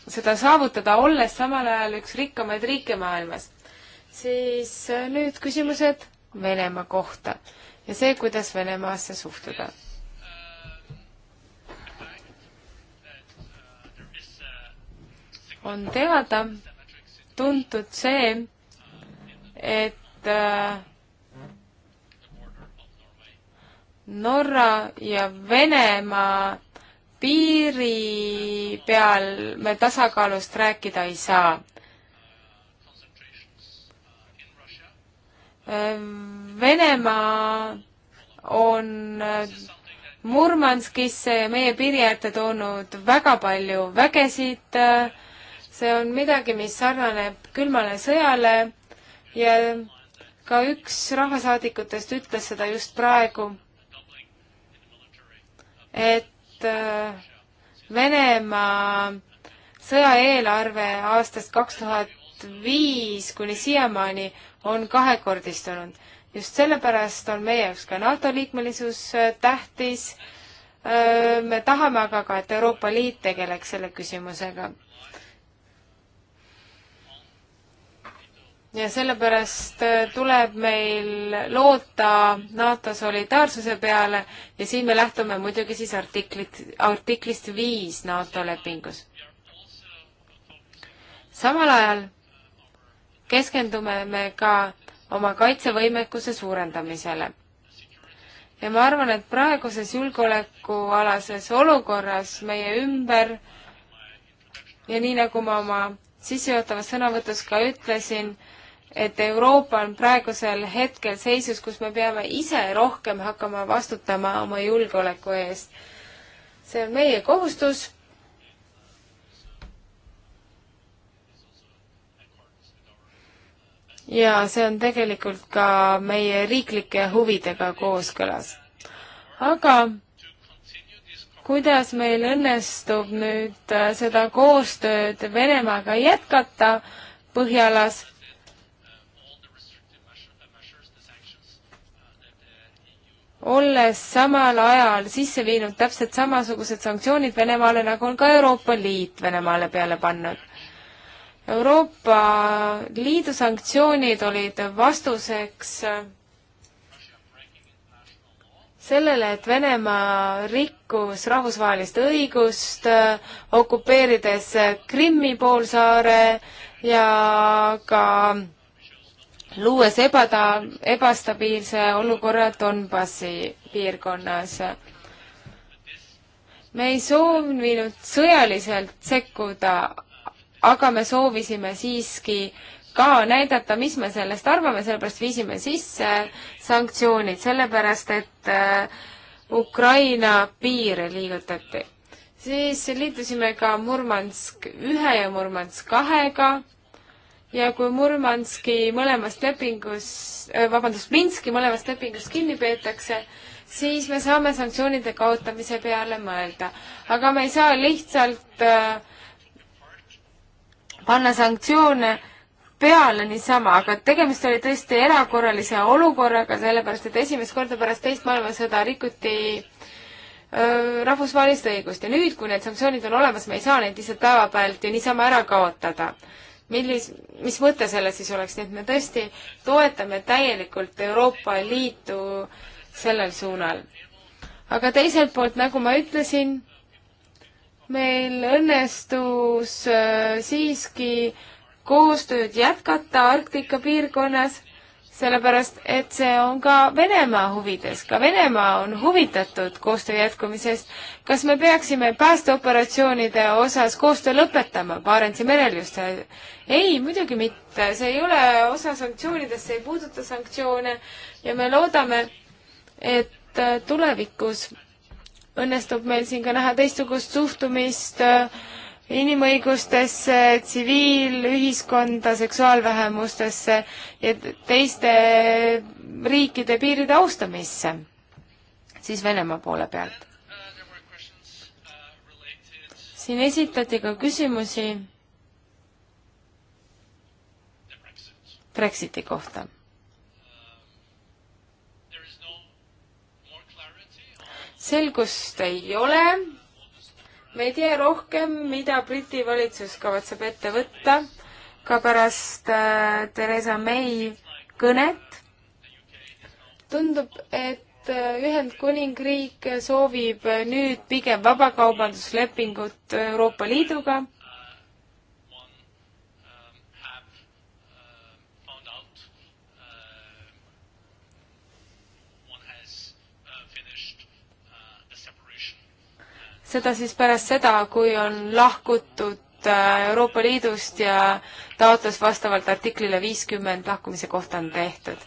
seda saavutada, olles samal ajal üks rikkamaid riike maailmas. siis äh, nüüd küsimused Venemaa kohta ja see, kuidas Venemaasse suhtuda on teada, tuntud see, et et äh, Norra ja Venemaa piiri peal me tasakaalust rääkida ei saa. Äh, Venemaa on äh, Murmanskisse ja meie piiri äärde toonud väga palju vägesid. see on midagi, mis sarnaneb külmale sõjale ja ka üks rahvasaadikutest ütles seda just praegu, et äh, Venemaa sõjaeelarve aastast kaks tuhat viis kuni siiamaani on kahekordistunud. just sellepärast on meie jaoks ka NATO liikmelisus äh, tähtis, äh, me tahame aga ka, et Euroopa Liit tegeleks selle küsimusega ja sellepärast äh, tuleb meil loota NATO solidaarsuse peale ja siin me lähtume muidugi siis artiklit, artiklist viis NATO lepingus. samal ajal keskendume me ka oma kaitsevõimekuse suurendamisele. ja ma arvan, et praeguses julgeolekualases olukorras meie ümber ja nii, nagu ma oma sissejuhatavas sõnavõtus ka ütlesin, et Euroopa on praegusel hetkel seisus, kus me peame ise rohkem hakkama vastutama oma julgeoleku eest. see on meie kohustus. ja see on tegelikult ka meie riiklike huvidega kooskõlas. aga kuidas meil õnnestub nüüd äh, seda koostööd Venemaaga jätkata Põhjalas olles samal ajal sisse viinud täpselt samasugused sanktsioonid Venemaale, nagu on ka Euroopa Liit Venemaale peale pannud. Euroopa Liidu sanktsioonid olid vastuseks sellele, et Venemaa rikkus rahvusvahelist õigust, okupeerides Krimmi poolsaare ja ka luues ebata-, ebastabiilse olukorra Donbassi piirkonnas. me ei soovinud sõjaliselt sekkuda, aga me soovisime siiski ka näidata, mis me sellest arvame, sellepärast viisime sisse sanktsioonid, sellepärast et äh, Ukraina piire liigutati. siis liitusime ka Murmansk ühe ja Murmansk kahega ja kui Murmanski mõlemast lepingus, äh, vabandust, Minski mõlemast lepingust kinni peetakse, siis me saame sanktsioonide kaotamise peale mõelda. aga me ei saa lihtsalt äh, panna sanktsioone peale niisama, aga tegemist oli tõesti erakorralise olukorraga, sellepärast et esimest korda pärast teist maailmasõda rikuti äh, rahvusvahelist õigust ja nüüd, kui need sanktsioonid on olemas, me ei saa neid lihtsalt päevapealt ju niisama ära kaotada millis, mis mõte selles siis oleks, nii et me tõesti toetame täielikult Euroopa Liitu sellel suunal. aga teiselt poolt, nagu ma ütlesin, meil õnnestus äh, siiski koostööd jätkata Arktika piirkonnas sellepärast et see on ka Venemaa huvides, ka Venemaa on huvitatud koostöö jätkumisest. kas me peaksime päästeoperatsioonide osas koostöö lõpetama Barentsi merel just? ei, muidugi mitte, see ei ole osa sanktsioonidest, see ei puuduta sanktsioone ja me loodame, et tulevikus õnnestub meil siin ka näha teistsugust suhtumist äh, inimõigustesse, tsiviilühiskonda, seksuaalvähemustesse ja teiste riikide piiride austamisse, siis Venemaa poole pealt. siin esitati ka küsimusi Brexiti kohta. selgust ei ole me ei tea rohkem, mida Briti valitsus kavatseb ette võtta ka pärast äh, Theresa May kõnet. tundub, et äh, Ühendkuningriik soovib nüüd pigem vabakaubanduslepingut Euroopa Liiduga seda siis pärast seda, kui on lahkutud äh, Euroopa Liidust ja taotlus vastavalt artiklile viiskümmend lahkumise kohta on tehtud.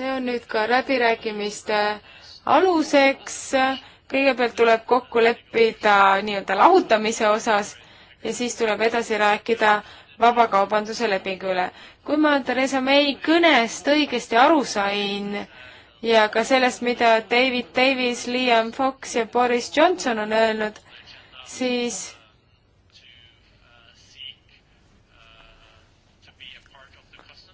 see on nüüd ka läbirääkimiste aluseks, kõigepealt tuleb kokku leppida nii-öelda lahutamise osas ja siis tuleb edasi rääkida vabakaubanduse lepingu üle. kui ma Theresa May kõnest õigesti aru sain, ja ka sellest, mida David Davis, Liam Fox ja Boris Johnson on öelnud, siis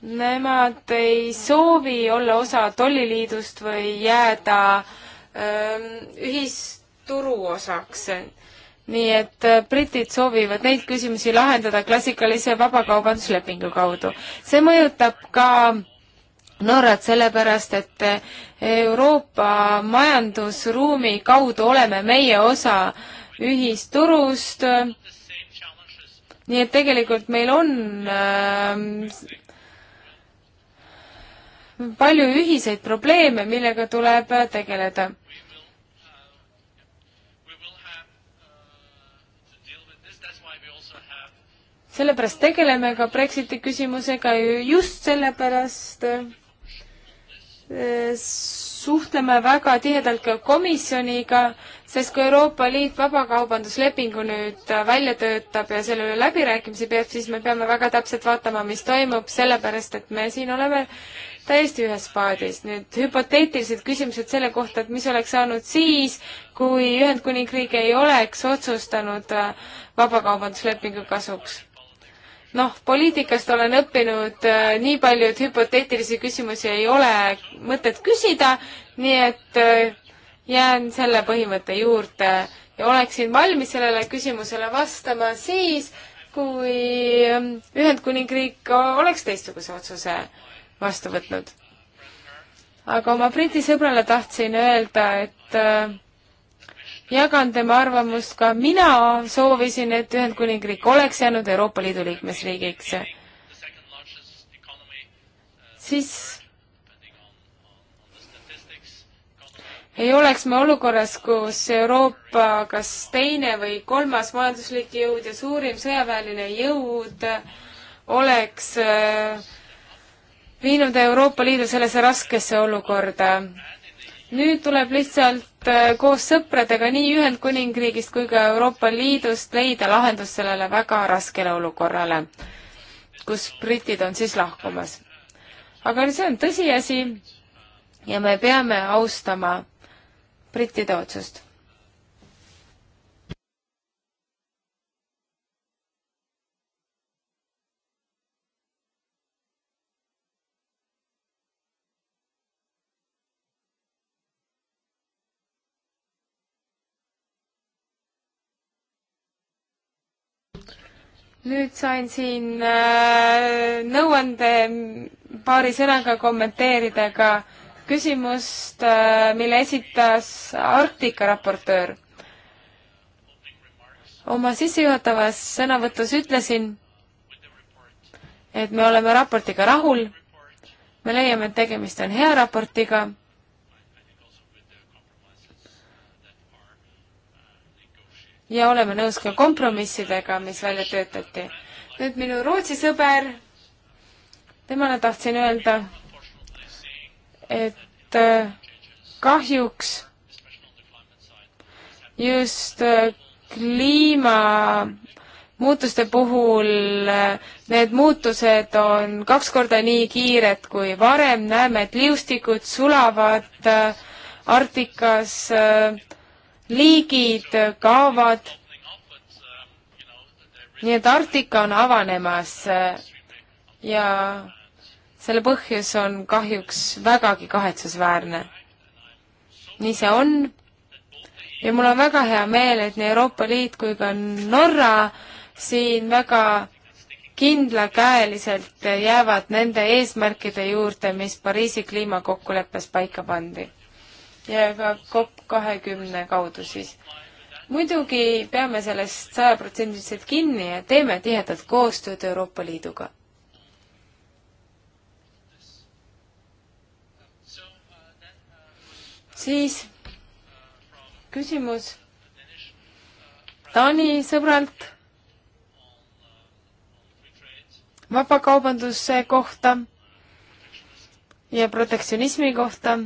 nemad ei soovi olla osa tolliliidust või jääda öö, ähm, ühisturu osaks. nii et äh, britid soovivad neid küsimusi lahendada klassikalise vabakaubanduslepingu kaudu. see mõjutab ka öö, Norrat, sellepärast et Euroopa majandusruumi kaudu oleme meie osa ühisturust, nii et tegelikult meil on ähm, palju ühiseid probleeme, millega tuleb tegeleda sellepärast tegeleme ka Brexiti küsimusega just sellepärast, Äh, suhtleme väga tihedalt ka komisjoniga, sest kui Euroopa Liit vabakaubanduslepingu nüüd äh, välja töötab ja selle üle läbirääkimisi peab, siis me peame väga täpselt vaatama, mis toimub, sellepärast et me siin oleme täiesti ühes paadis. nüüd hüpoteetilised küsimused selle kohta, et mis oleks saanud siis, kui Ühendkuningriik ei oleks otsustanud äh, vabakaubanduslepingu kasuks noh, poliitikast olen õppinud äh, nii palju, et hüpoteetilisi küsimusi ei ole mõtet küsida, nii et äh, jään selle põhimõtte juurde ja oleksin valmis sellele küsimusele vastama siis, kui ähm, Ühendkuningriik oleks teistsuguse otsuse vastu võtnud. aga oma Briti sõbrale tahtsin öelda, et äh, jagan tema arvamust, ka mina soovisin, et Ühendkuningriik oleks jäänud Euroopa Liidu liikmesriigiks. siis ei oleks me olukorras, kus Euroopa kas teine või kolmas majanduslik jõud ja suurim sõjaväeline jõud oleks äh, viinud Euroopa Liidu sellesse raskesse olukorda nüüd tuleb lihtsalt äh, koos sõpradega nii Ühendkuningriigist kui ka Euroopa Liidust leida lahendus sellele väga raskele olukorrale, kus britid on siis lahkumas. aga see on tõsiasi ja me peame austama brittide otsust. nüüd sain siin äh, nõuande paari sõnaga kommenteerida ka küsimust äh,, mille esitas Arktika raportöör. oma sissejuhatavas sõnavõtus ütlesin, et me oleme raportiga rahul, me leiame, et tegemist on hea raportiga ja oleme nõus ka kompromissidega, mis välja töötati. nüüd minu Rootsi sõber, temale tahtsin öelda, et äh, kahjuks just äh, kliimamuutuste puhul äh, need muutused on kaks korda nii kiired kui varem, näeme, et liustikud sulavad Arktikas äh, liigid kaovad. nii et Arktika on avanemas äh, ja selle põhjus on kahjuks vägagi kahetsusväärne. nii see on ja mul on väga hea meel, et nii Euroopa Liit kui ka Norra siin väga kindlakäeliselt jäävad nende eesmärkide juurde, mis Pariisi kliimakokkuleppes paika pandi. ja ka COP kahekümne kaudu siis. muidugi peame sellest sajaprotsendiliselt kinni ja teeme tihedat koostööd Euroopa Liiduga. siis küsimus Taani sõbralt vabakaubanduse kohta ja protektsionismi kohta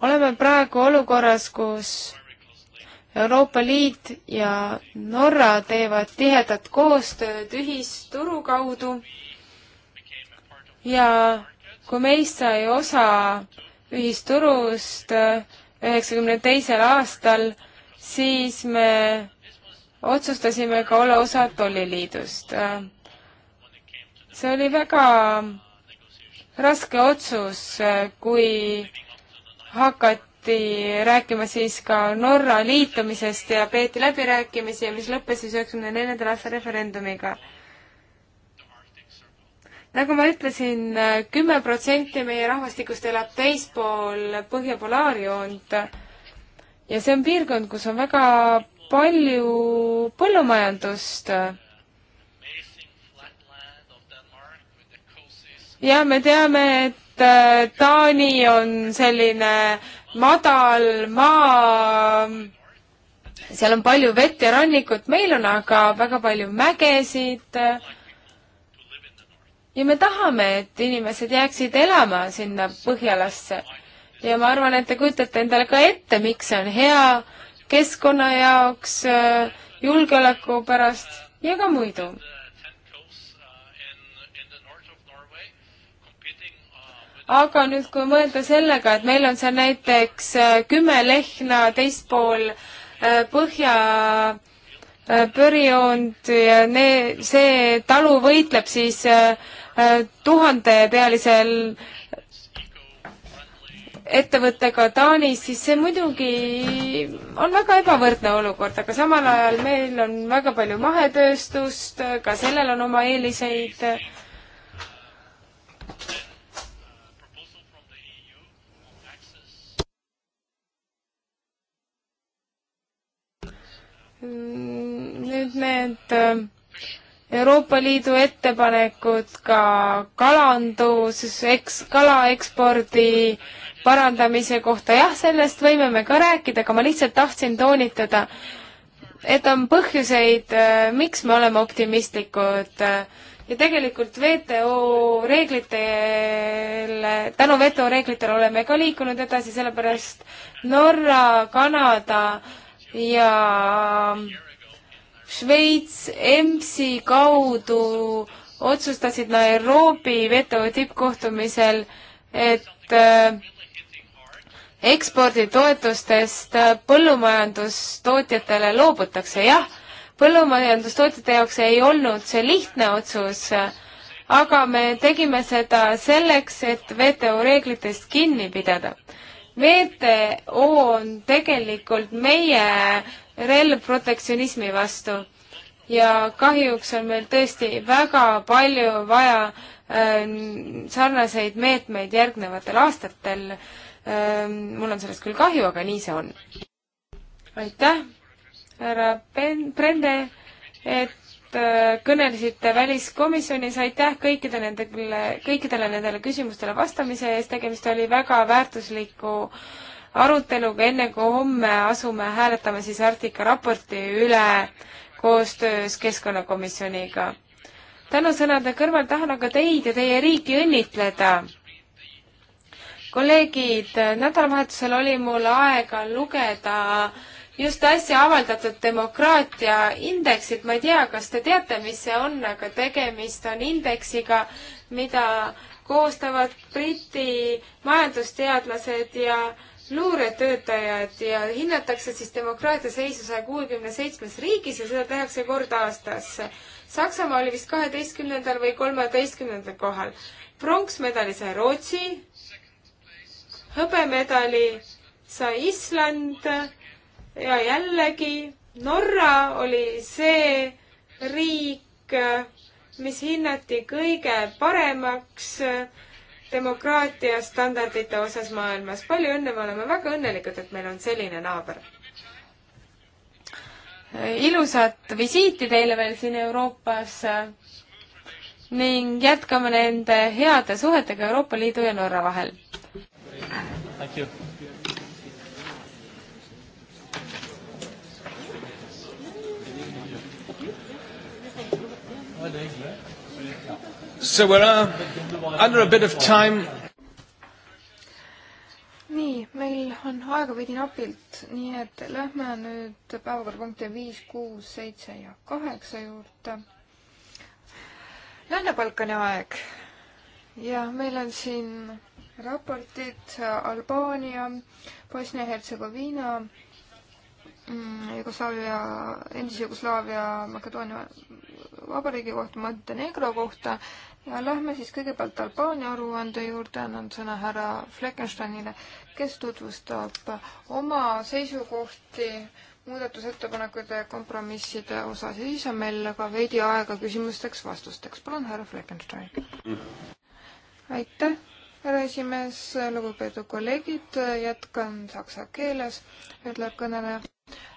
oleme praegu olukorras, kus Euroopa Liit ja Norra teevad tihedat koostööd ühisturu kaudu ja kui meist sai osa ühisturust üheksakümne teisel aastal, siis me otsustasime ka olla osa tolliliidust. see oli väga raske otsus, kui hakati rääkima siis ka Norra liitumisest ja peeti läbirääkimisi, mis lõppes siis üheksakümne neljandal aastal referendumiga nagu ma ütlesin, kümme protsenti meie rahvastikust elab teispool Põhja polaarjoont ja see on piirkond, kus on väga palju põllumajandust. ja me teame, et Äh, Taani on selline madal maa, seal on palju vett ja rannikut, meil on aga väga palju mägesid ja me tahame, et inimesed jääksid elama sinna Põhjalasse. ja ma arvan, et te kujutate endale ka ette, miks see on hea keskkonna jaoks, äh, julgeoleku pärast ja ka muidu aga nüüd, kui mõelda sellega, et meil on seal näiteks äh, kümme lehna teist pool äh, põhja äh, pörjoont ja ne-, see talu võitleb siis tuhandepealisel ettevõttega Taanis, siis see muidugi on väga ebavõrdne olukord, aga samal ajal meil on väga palju mahetööstust, ka sellel on oma eeliseid. Mm, nüüd need äh, Euroopa Liidu ettepanekud ka kalandus, eks kala ekspordi parandamise kohta, jah, sellest võime me ka rääkida, aga ma lihtsalt tahtsin toonitada, et on põhjuseid, äh, miks me oleme optimistlikud ja tegelikult WTO reeglitele, tänu WTO reeglitele oleme ka liikunud edasi, sellepärast Norra, Kanada äh, ja Šveits EMS-i kaudu otsustasid Nairobi WTO tippkohtumisel, et äh, eksporditoetustest äh, põllumajandustootjatele loobutakse, jah, põllumajandustootjate jaoks ei olnud see lihtne otsus, aga me tegime seda selleks, et WTO reeglitest kinni pidada WTO on tegelikult meie relv protektsionismi vastu ja kahjuks on meil tõesti väga palju vaja äh, sarnaseid meetmeid järgnevatel aastatel äh,. mul on sellest küll kahju, aga nii see on. aitäh, härra Brende, et Äh, kõnelesite väliskomisjonis, aitäh kõikide nende, kõikidele nendele küsimustele vastamise eest, tegemist oli väga väärtusliku aruteluga, enne kui homme asume hääletama siis Arktika raporti üle koostöös Keskkonnakomisjoniga. tänusõnade kõrval tahan aga teid ja teie riiki õnnitleda kolleegid, nädalavahetusel oli mul aega lugeda just äsja avaldatud demokraatia indeksit, ma ei tea, kas te teate, mis see on, aga tegemist on indeksiga, mida koostavad Briti majandusteadlased ja luuretöötajad ja hinnatakse siis demokraatia seisu saja kuuekümne seitsmes riigis ja seda tehakse kord aastas. Saksamaa oli vist kaheteistkümnendal või kolmeteistkümnendal kohal. pronksmedali sai Rootsi, hõbemedali sai Island ja jällegi Norra oli see riik, mis hinnati kõige paremaks demokraatia standardite osas maailmas. palju õnne, me oleme väga õnnelikud, et meil on selline naaber. ilusat visiiti teile veel siin Euroopas ning jätkame nende heade suhetega Euroopa Liidu ja Norra vahel. Thank you. So we are uh, under a bit of time. nii, meil on aega veidi napilt, nii et lähme nüüd päevakorrapunkti viis, kuus, seitse ja kaheksa juurde. Lääne-Balkani aeg ja meil on siin raportid Albaania, Bosnia-Hertsegoviina Mm, Jugoslaavia, endise Jugoslaavia Makedoonia vabariigi kohta, Montenegro kohta ja lähme siis kõigepealt Albaania aruande juurde, annan sõna härra Fleckensteinile, kes tutvustab oma seisukohti muudatusettepanekute ja kompromisside osas ja siis on meil ka veidi aega küsimusteks-vastusteks. palun, härra Fleckenstein. aitäh, härra esimees, lugupeetud kolleegid, jätkan saksa keeles, ütleb kõneleja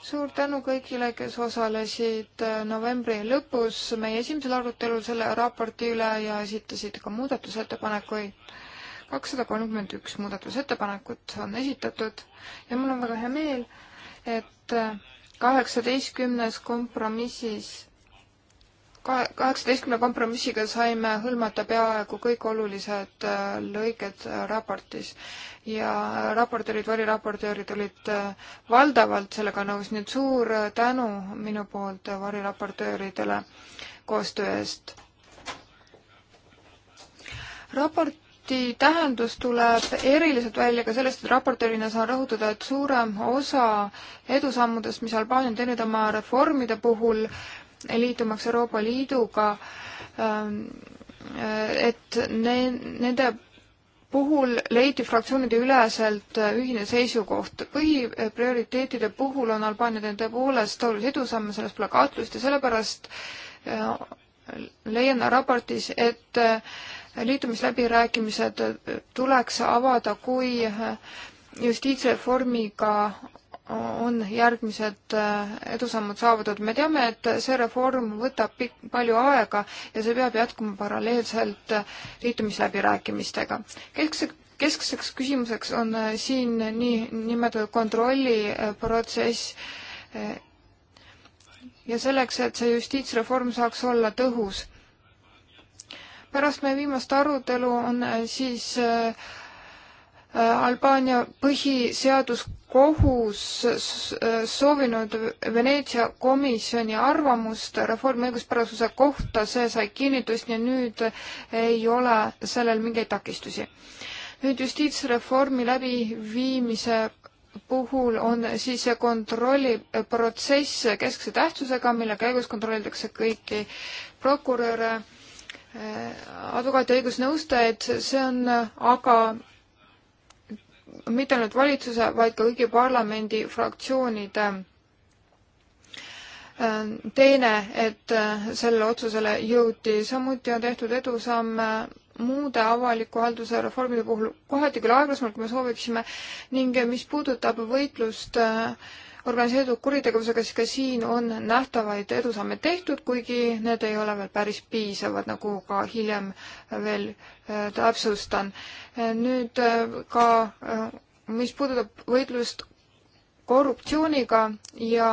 suur tänu kõigile, kes osalesid äh, novembri lõpus meie esimesel arutelul selle raporti üle ja esitasid ka muudatusettepanekuid. kakssada kolmkümmend üks muudatusettepanekut on esitatud ja mul on väga hea meel, et äh, kaheksateistkümnes kompromissis kahe, kaheksateistkümne kompromissiga saime hõlmata peaaegu kõik olulised äh, lõiged äh, raportis ja raportöörid, variraportöörid olid äh, valdavalt sellega nõus, nii et suur tänu minu poolt variraportööridele koostöö eest. raport raporti tähendus tuleb eriliselt välja ka sellest, et raportöörina saan rõhutada, et suurem osa edusammudest, mis Albaania on teinud oma reformide puhul, liitumaks Euroopa Liiduga, ähm, äh, et ne-, nende puhul leiti fraktsioonide üleselt äh, ühine seisukoht. põhiprioriteetide puhul on Albaania teinud tõepoolest olulisi edusamme, selles pole kahtlust ja sellepärast äh, leian raportis, et liitumisläbirääkimised tuleks avada, kui justiitsreformiga on järgmised äh, edusammud saavutatud. me teame, et see reform võtab pikk, palju aega ja see peab jätkuma paralleelselt äh, liitumisläbirääkimistega. keskse, keskseks küsimuseks on äh, siin nii nimetatud kontrolliprotsess ja selleks, et see justiitsreform saaks olla tõhus. pärast meie viimast arutelu on siis äh, Äh, Albaania põhiseaduskohus äh, soovinud Veneetsia komisjoni arvamust reformi õiguspärasuse kohta, see sai kinnitust ja nüüd ei ole sellel mingeid takistusi. nüüd justiitsreformi läbiviimise puhul on siis see kontrolliprotsess keskse tähtsusega, mille käigus kontrollitakse kõiki prokuröre, äh, advokaate, õigusnõustajaid, see on aga mitte ainult valitsuse, vaid ka kõigi parlamendifraktsioonide äh, teene, et äh, sellele otsusele jõuti, samuti on tehtud edusamme äh, muude avaliku halduse reformide puhul kohati küll aeglasemalt, kui me sooviksime ning mis puudutab võitlust äh, organiseeritud kuritegevusega, siis ka siin on nähtavaid edusamme tehtud, kuigi need ei ole veel päris piisavad, nagu ka hiljem veel äh, täpsustan. nüüd äh, ka, äh, mis puudutab võitlust korruptsiooniga ja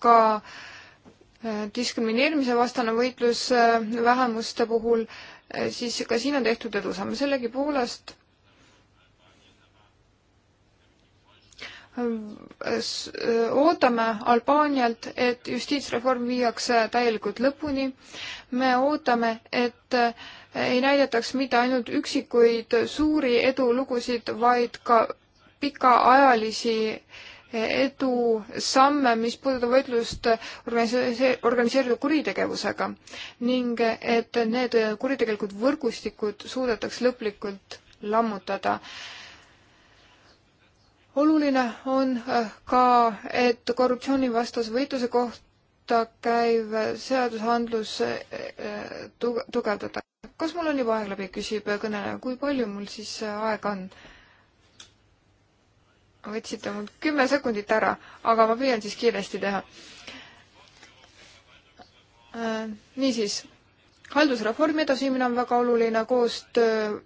ka diskrimineerimise vastane võitlus vähemuste puhul, siis ka siin on tehtud edusamme, sellegipoolest Äh, ootame Albaanialt, et justiitsreform viiakse täielikult lõpuni. me ootame, et äh, ei näidataks mitte ainult üksikuid suuri edulugusid, vaid ka pikaajalisi äh, edusamme, mis puudutab võitlust organiseeritud kuritegevusega ning et need kuritegelikud võrgustikud suudetaks lõplikult lammutada oluline on äh, ka, et korruptsioonivastase võitluse kohta käiv seadusandlus äh, äh, tugevdada. kas mul on juba aeg läbi, küsib kõneleja, kui palju mul siis aega on? võtsite mul kümme sekundit ära, aga ma püüan siis kiiresti teha. niisiis, haldusreformi edasiviimine on väga oluline, koostöö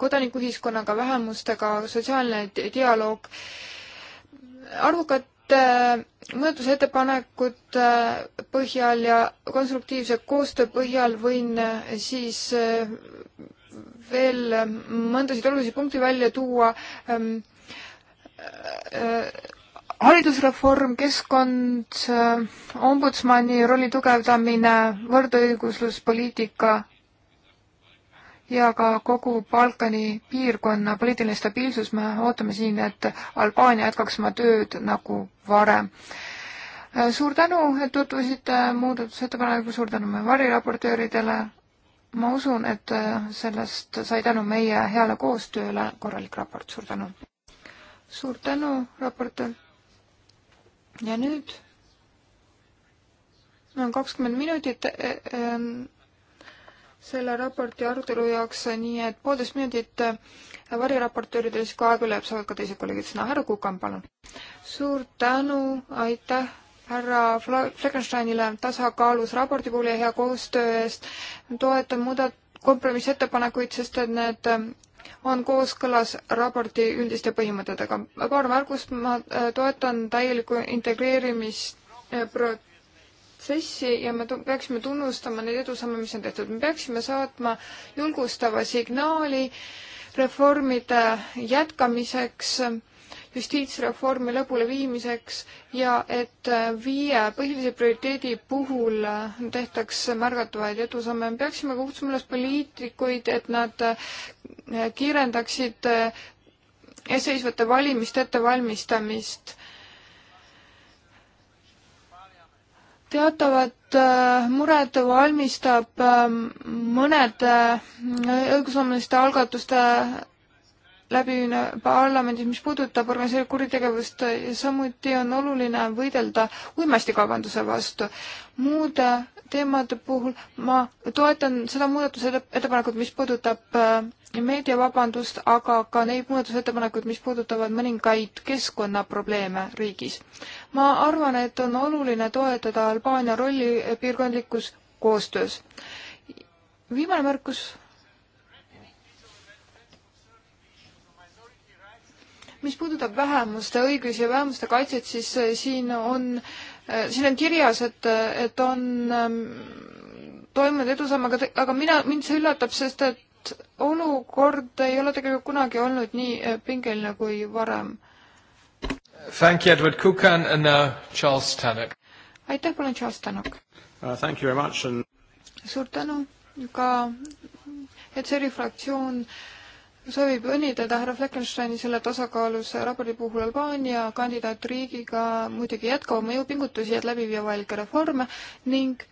kodanikuühiskonnaga, vähemustega, sotsiaalne dialoog, arvukad äh, mõõtusettepanekute äh, põhjal ja konstruktiivse koostöö põhjal võin äh, siis veel mõndasid olulisi punkte välja tuua. Ähm, haridusreform, keskkond, ombudsmani rolli tugevdamine, võrdõigusluspoliitika ja ka kogu Balkani piirkonna poliitiline stabiilsus, me ootame siin, et Albaania jätkaks oma tööd nagu varem. suur tänu, et tutvusite muudatusettepaneku, suur tänu meie variraportööridele. ma usun, et sellest sai tänu meie heale koostööle korralik raport, suur tänu. suur tänu, raportöör. ja nüüd on kakskümmend minutit eh, eh, selle raporti arutelu jaoks, nii et poolteist minutit äh, variraportööridele, siis kui aega üle jääb, saavad ka teised kolleegid sõna. härra Kukan, palun. suur tänu, aitäh härra Fleckensteinile tasakaalus raporti puhul ja hea koostöö eest. toetan muudat-, kompromissettepanekuid, sest et need äh, on kooskõlas raporti üldiste põhimõtetega. paar märkust, ma äh, toetan täielikku integreerimist pro-, protsessi ja me peaksime tunnustama neid edusamme, mis on tehtud. me peaksime saatma julgustava signaali reformide jätkamiseks, justiitsreformi lõpuleviimiseks ja et viie põhilise prioriteedi puhul tehtaks märgatavaid edusamme. me peaksime kutsuma üles poliitikuid, et nad kiirendaksid eesseisvate valimiste ettevalmistamist teatavat äh, muret valmistab ähm, mõnede äh, õigusloomeliste algatuste läbimine parlamendis, mis puudutab organiseeritud kuritegevust ja äh, samuti on oluline võidelda uimastikaubanduse vastu. muude teemade puhul ma toetan seda muudatusettepanekut, mis puudutab äh, meediavabandust, aga ka neid muudatusettepanekuid, mis puudutavad mõningaid keskkonnaprobleeme riigis. ma arvan, et on oluline toetada Albaania rolli piirkondlikus koostöös. viimane märkus. mis puudutab vähemuste õigusi ja vähemuste kaitset, siis äh, siin on äh, Äh, siin on kirjas, et, et on ähm, toimunud edusamm, aga, aga mina, mind see üllatab, sest et olukord ei ole tegelikult kunagi olnud nii äh, pingeline kui varem. Thank you, Edward Kukan and now Charles Tannock. aitäh, palun Charles Tannock uh,. Thank you very much and suur tänu ka, et see oli fraktsioon uh, soovib õnnitleda härra Fleckensteini selle tasakaalus raporti puhul Albaania kandidaatriigiga muidugi jätkama mõjupingutusi, et läbi viia vajalikke reforme ning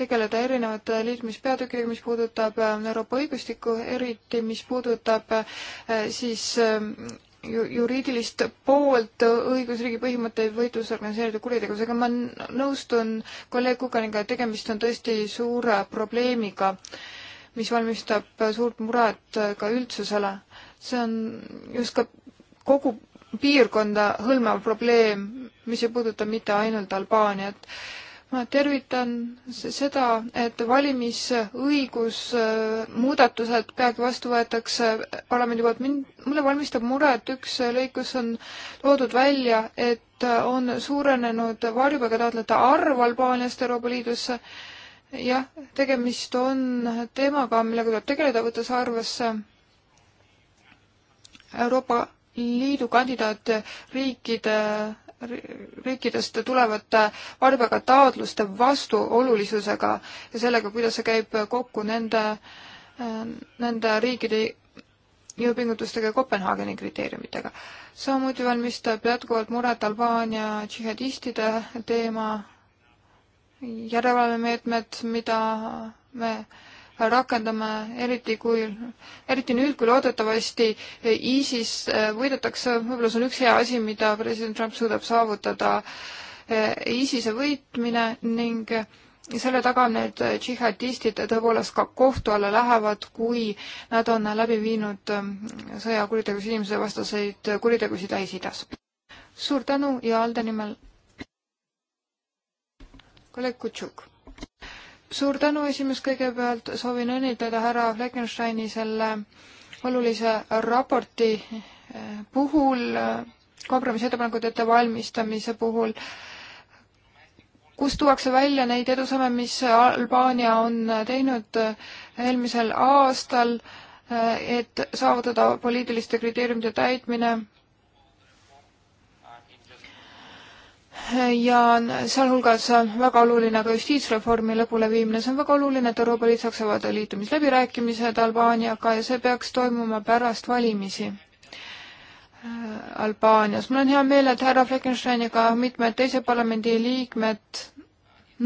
tegeleda erinevate liitumispeatükkidega, mis puudutab ähm, Euroopa õigustikku, eriti mis puudutab äh, siis ähm, ju, juriidilist poolt õigusriigi põhimõtteid võitlus organiseerida kuritegevusega. ma nõustun kolleeg Kukaniga, et tegemist on tõesti suure probleemiga äh, mis valmistab suurt muret ka üldsusele. see on just ka kogu piirkonda hõlmav probleem, mis ei puuduta mitte ainult Albaaniat. ma tervitan seda, et valimisõigus, äh, muudatused peagi vastu võetakse parlamendi poolt. mind, mulle valmistab muret üks lõik, kus on toodud välja, et on suurenenud varjupaigataotlejate arv Albaaniast Euroopa Liidusse jah, tegemist on teemaga, millega tuleb tegeleda, võttes arvesse Euroopa Liidu kandidaatriikide riikidest tulevate varbega taotluste vastuolulisusega ja sellega, kuidas see käib kokku nende, nende riikide jõupingutustega ja Kopenhaageni kriteeriumitega. samuti valmistab jätkuvalt muret Albaania džihadistide teema järelevalvemeetmed, mida me rakendame, eriti kui, eriti nüüd, kui loodetavasti ISIS võidetakse, võib-olla see on üks hea asi, mida president Trump suudab saavutada, ISISe võitmine ning selle taga need džihadistid tõepoolest ka kohtu alla lähevad, kui nad on läbi viinud sõjakuritegusid, inimsevastaseid kuritegusid Lähis-Idas. suur tänu ja Alde nimel kolleeg Kutšuk. suur tänu, esimees, kõigepealt soovin õnnitleda härra Fleckensteini selle olulise raporti eh, puhul, eh, kompromissettepanekute ettevalmistamise puhul, kus tuuakse välja neid edusamme, mis Albaania on teinud eh, eelmisel aastal, et saavutada poliitiliste kriteeriumide täitmine ja sealhulgas on väga oluline ka justiitsreformi lõpuleviimine, see on väga oluline, et Euroopa Liit saaks avada liitumisläbirääkimised Albaaniaga ja see peaks toimuma pärast valimisi. Äh, Albaanias. mul on hea meel, et härra Fleckensteiniga mitmed teised parlamendiliikmed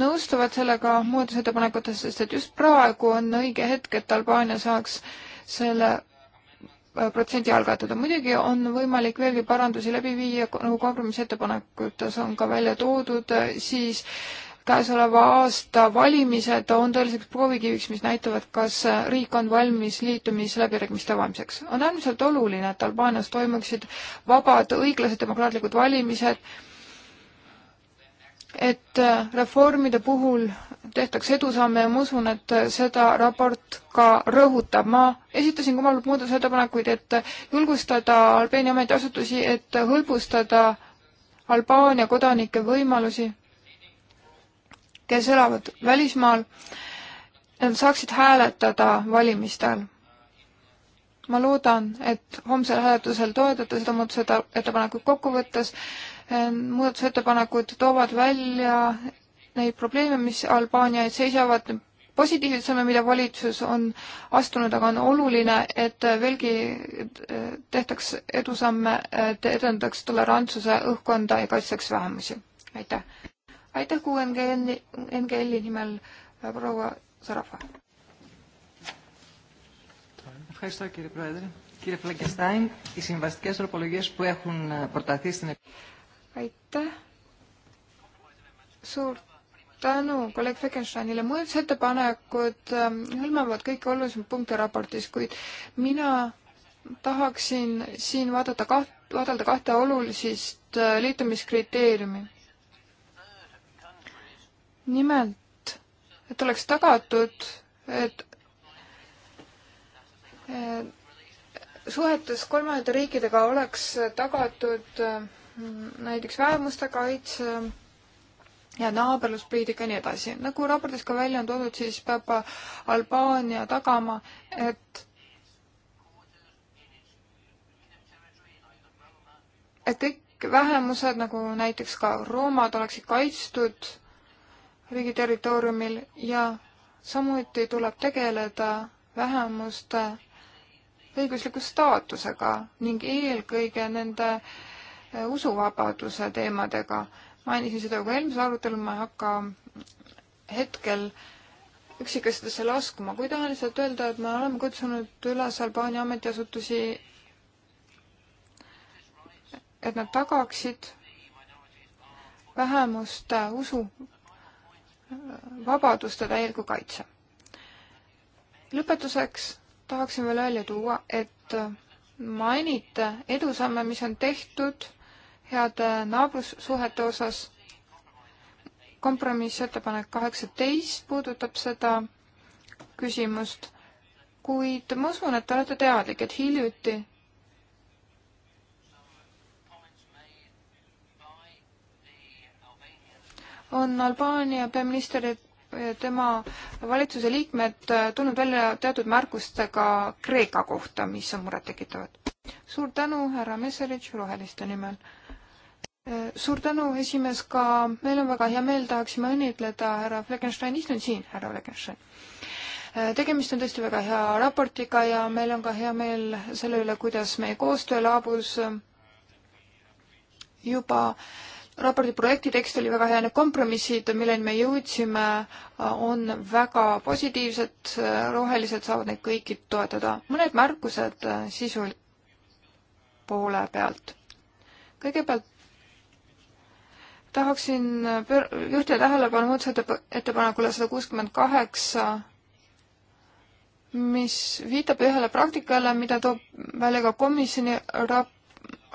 nõustuvad sellega muudatusettepanekutes, sest et just praegu on õige hetk, et Albaania saaks selle protsenti algatada. muidugi on võimalik veelgi parandusi läbi viia, nagu kompromissettepanekutes on ka välja toodud, siis käesoleva aasta valimised on tõeliseks proovikiviks, mis näitavad, kas riik on valmis liitumisläbirääkimiste avamiseks. on äärmiselt oluline, et Albaanias toimuksid vabad, õiglased, demokraatlikud valimised et äh, reformide puhul tehtakse edusamme ja ma usun, et äh, seda raport ka rõhutab. ma esitasin omal poolt muudatusettepanekuid, et äh, julgustada Albeenia ametiasutusi, et hõlbustada Albaania kodanike võimalusi, kes elavad välismaal, nad saaksid hääletada valimistel. ma loodan, et homsel hääletusel toetate seda muudatusettepanekut kokku võttes Ehm, muudatusettepanekud toovad välja neid probleeme, mis Albaania ees seisavad, positiivseid samme, mida valitsus on astunud, aga on oluline, et veelgi e, tehtaks edusamme, et edendaks tolerantsuse õhkkonda ja kaitseks vähemusi. aitäh. aitäh QNGL-i, NGL-i nimel e, proua Sarapva. Ευχαριστώ κύριε Πρόεδρε. Κύριε Φλαγκεστάιν, οι συμβαστικές τροπολογίες που έχουν προταθεί στην aitäh. suur tänu kolleeg Fekensteinile. muudatusettepanekud ähm, hõlmavad kõiki olulisemaid punkte raportis, kuid mina tahaksin siin vaadata kaht, vaadelda kahte olulisist äh, liitumiskriteeriumi. nimelt, et oleks tagatud, et äh, suhetes kolmandate riikidega oleks tagatud äh, näiteks vähemuste kaitse ja naaberluspoliitika ja nii edasi. nagu raportis ka välja on toodud, siis peab Albaania tagama, et et kõik vähemused, nagu näiteks ka roomad, oleksid kaitstud riigi territooriumil ja samuti tuleb tegeleda vähemuste õigusliku staatusega ning eelkõige nende äh, usuvabaduse teemadega. mainisin seda juba eelmisel arutelul, ma ei hakka hetkel üksikasjadesse laskuma, kuid tahan lihtsalt öelda, et me oleme kutsunud üles Albaania ametiasutusi, et nad tagaksid vähemuste usu vabaduste täieliku kaitse. lõpetuseks tahaksin veel välja tuua, et mainite edusamme, mis on tehtud heade äh, naabrussuhete osas. kompromissettepanek kaheksateist puudutab seda küsimust, kuid ma usun, et te olete teadlik, et hiljuti on Albaania peaminister ja tema valitsuse liikmed äh, tulnud välja teatud märkustega Kreeka kohta, mis on murettekitavad. suur tänu, härra Messerich Roheliste nimel suur tänu, esimees, ka meil on väga hea meel, tahaksime õnnitleda härra Fleckenstein, istun siin, härra Fleckenstein. tegemist on tõesti väga hea raportiga ja meil on ka hea meel selle üle, kuidas meie koostöö laabus juba raporti projekti tekst oli väga hea, need kompromissid, milleni me jõudsime, on väga positiivsed, rohelised saavad neid kõiki toetada. mõned märkused sisu poole pealt. kõigepealt tahaksin juhtida tähelepanu muudatusettepanekule sada kuuskümmend kaheksa, mis viitab ühele praktikale, mida toob välja ka komisjoni rap-,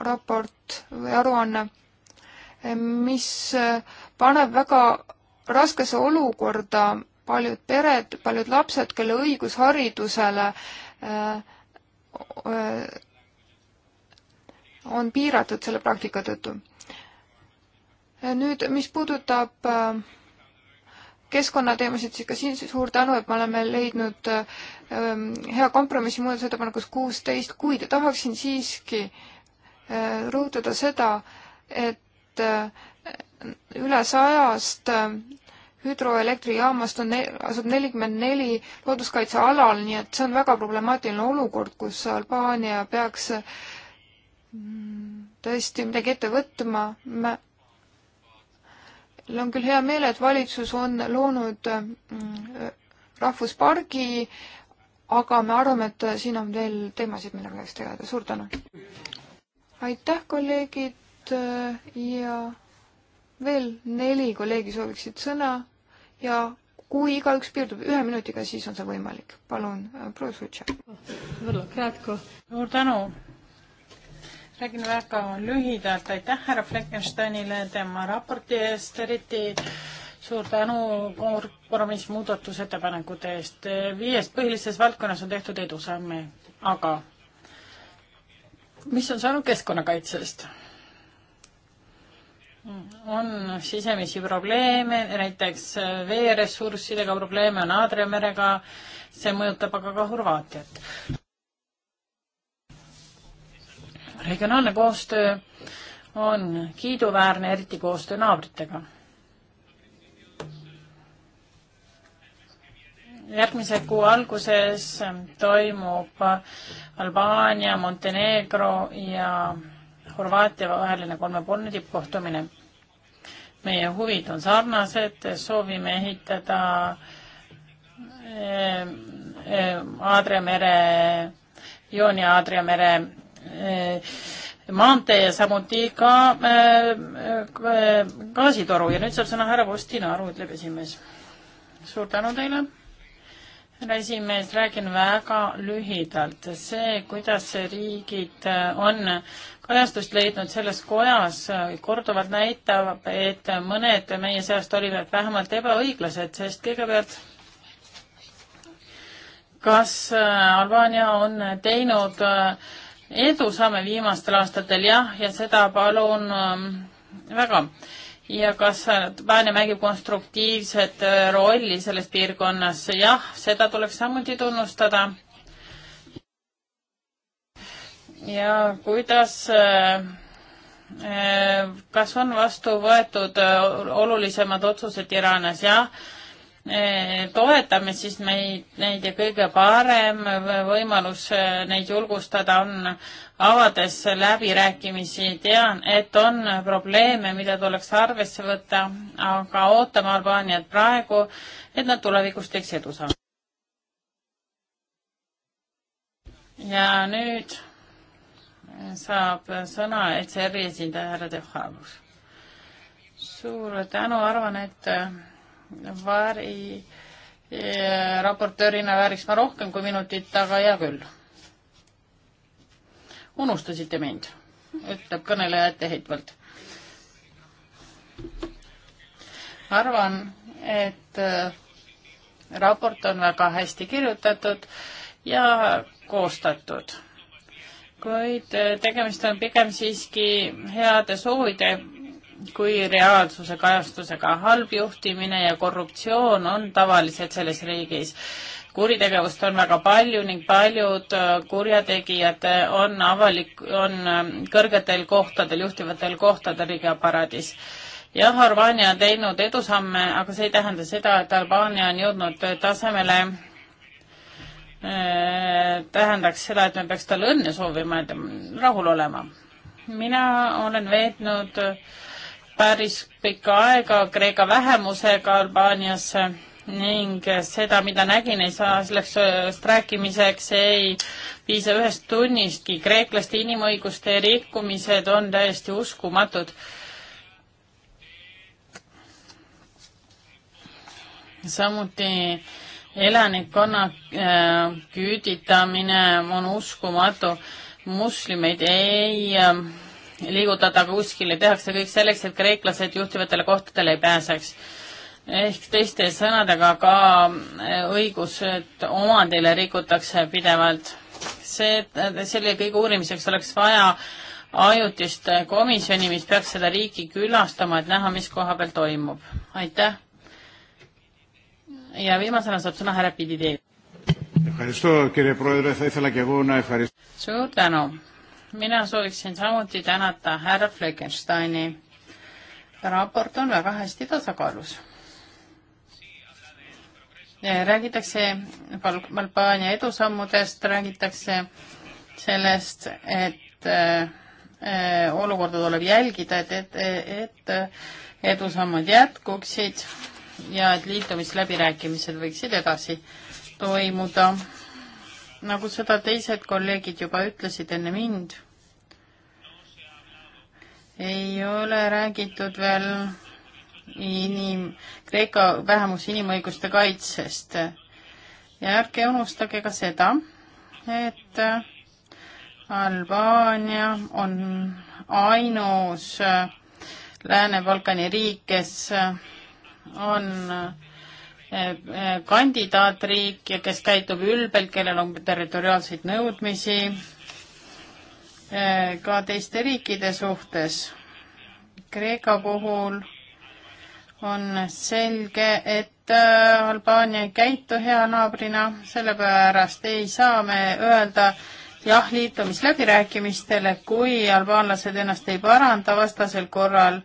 raport või aruanne, mis paneb väga raskesse olukorda paljud pered, paljud lapsed, kelle õigus haridusele äh, äh, on piiratud selle praktika tõttu nüüd, mis puudutab äh, keskkonnateemasid, siis ka siin suur tänu, et me oleme leidnud ähm, hea kompromissi muudatusettepanekus kuusteist, kuid tahaksin siiski äh, rõhutada seda, et äh, üle sajast hüdroelektrijaamast on ne-, asub nelikümmend neli looduskaitsealal, nii et see on väga problemaatiline olukord, kus Albaania peaks mm, tõesti midagi ette võtma. me mul on küll hea meel, et valitsus on loonud mm, rahvuspargi, aga me arvame, et siin on veel teemasid, millega tuleks tegeleda. suur tänu! aitäh, kolleegid ja veel neli kolleegi sooviksid sõna ja kui igaüks piirdub ühe minutiga, siis on see võimalik. palun, proua Sutša. suur tänu räägin väga lühidalt, aitäh härra Fleckensteinile tema raporti eest, eriti suur tänu kompromissmuudatusettepanekute eest. viies põhilises valdkonnas on tehtud edusamme, aga mis on saanud keskkonnakaitsest? on sisemisi probleeme, näiteks veeressurssidega probleeme on Aadria merega, see mõjutab aga ka Horvaatiat regionaalne koostöö on kiiduväärne, eriti koostöö naabritega. järgmise kuu alguses toimub Albaania, Montenegro ja Horvaatia vaheline kolmepoolne tippkohtumine. meie huvid on sarnased, soovime ehitada eh, eh, Aadria mere, Jooni Aadria mere Äh, maantee ja samuti ka äh, äh, gaasitoru ja nüüd saab sõna härra Postinaru, ütleb esimees. suur tänu teile härra esimees, räägin väga lühidalt. see, kuidas riigid on kajastust leidnud selles kojas, korduvalt näitab, et mõned meie seast olid vähemalt ebaõiglased, sest kõigepealt kas Albaania on teinud äh, edu saame viimastel aastatel, jah, ja seda palun ähm, väga. ja kas Pääne mängib konstruktiivset äh, rolli selles piirkonnas, jah, seda tuleks samuti tunnustada. ja kuidas äh, äh, kas on vastu võetud olulisemad otsused Iraanas, jah Eh, toetame, siis meid, neid ja kõige parem võimalus eh, neid julgustada on avades läbirääkimisi. tean, et on probleeme, mida tuleks arvesse võtta, aga ootame Albaaniat praegu, et nad tulevikus teeks edusamme. ja nüüd eh, saab sõna ECR-i esindaja härra Tehhavus. suur tänu, arvan, et vari eh, raportöörina vääriks ma rohkem kui minutit, aga hea küll. unustasite mind, ütleb kõneleja etteheitvalt. arvan, et eh, raport on väga hästi kirjutatud ja koostatud, kuid eh, tegemist on pigem siiski heade soovide kui reaalsuse kajastusega halb juhtimine ja korruptsioon on tavalised selles riigis. kuritegevust on väga palju ning paljud äh, kurjategijad äh, on avalik, on äh, kõrgetel kohtadel, juhtivatel kohtadel riigiaparaadis jah, Albaania on teinud edusamme, aga see ei tähenda seda, et Albaania on jõudnud tasemele tähendaks seda, et me peaks talle õnne soovima, et rahul olema. mina olen veetnud päris pikka aega Kreeka vähemusega Albaanias ning seda, mida nägin, ei saa sellest rääkimiseks, ei piisa ühest tunnistki. kreeklaste inimõiguste rikkumised on täiesti uskumatud. samuti elanikkonna äh, küüditamine on uskumatu. moslemeid ei äh, liigutada kuskile, tehakse kõik selleks, et kreeklased juhtivatele kohtadele ei pääseks. ehk teiste sõnadega ka äh, õigused omandile rikutakse pidevalt. see, äh, selle kõige uurimiseks oleks vaja ajutist komisjoni, mis peaks seda riiki külastama, et näha, mis koha peal toimub. aitäh. ja viimasena saab sõna härra Pididee. suur tänu mina sooviksin samuti tänada härra Fleckensteini. raport on väga hästi tasakaalus. räägitakse Albaania edusammudest, räägitakse sellest, et äh, olukorda tuleb jälgida, et, et, et, et edusammud jätkuksid ja et liitumisläbirääkimised võiksid edasi toimuda nagu seda teised kolleegid juba ütlesid enne mind, ei ole räägitud veel inim-, Kreeka vähemus inimõiguste kaitsest. ja ärge unustage ka seda, et Albaania on ainus Lääne-Balkani riik, kes on äh, kandidaatriik ja kes käitub ülbelt, kellel on territoriaalseid nõudmisi eh, ka teiste riikide suhtes. Kreeka puhul on selge, et eh, Albaania ei käitu hea naabrina, sellepärast ei saa me öelda jah liitumisläbirääkimistele, kui albaanlased ennast ei paranda, vastasel korral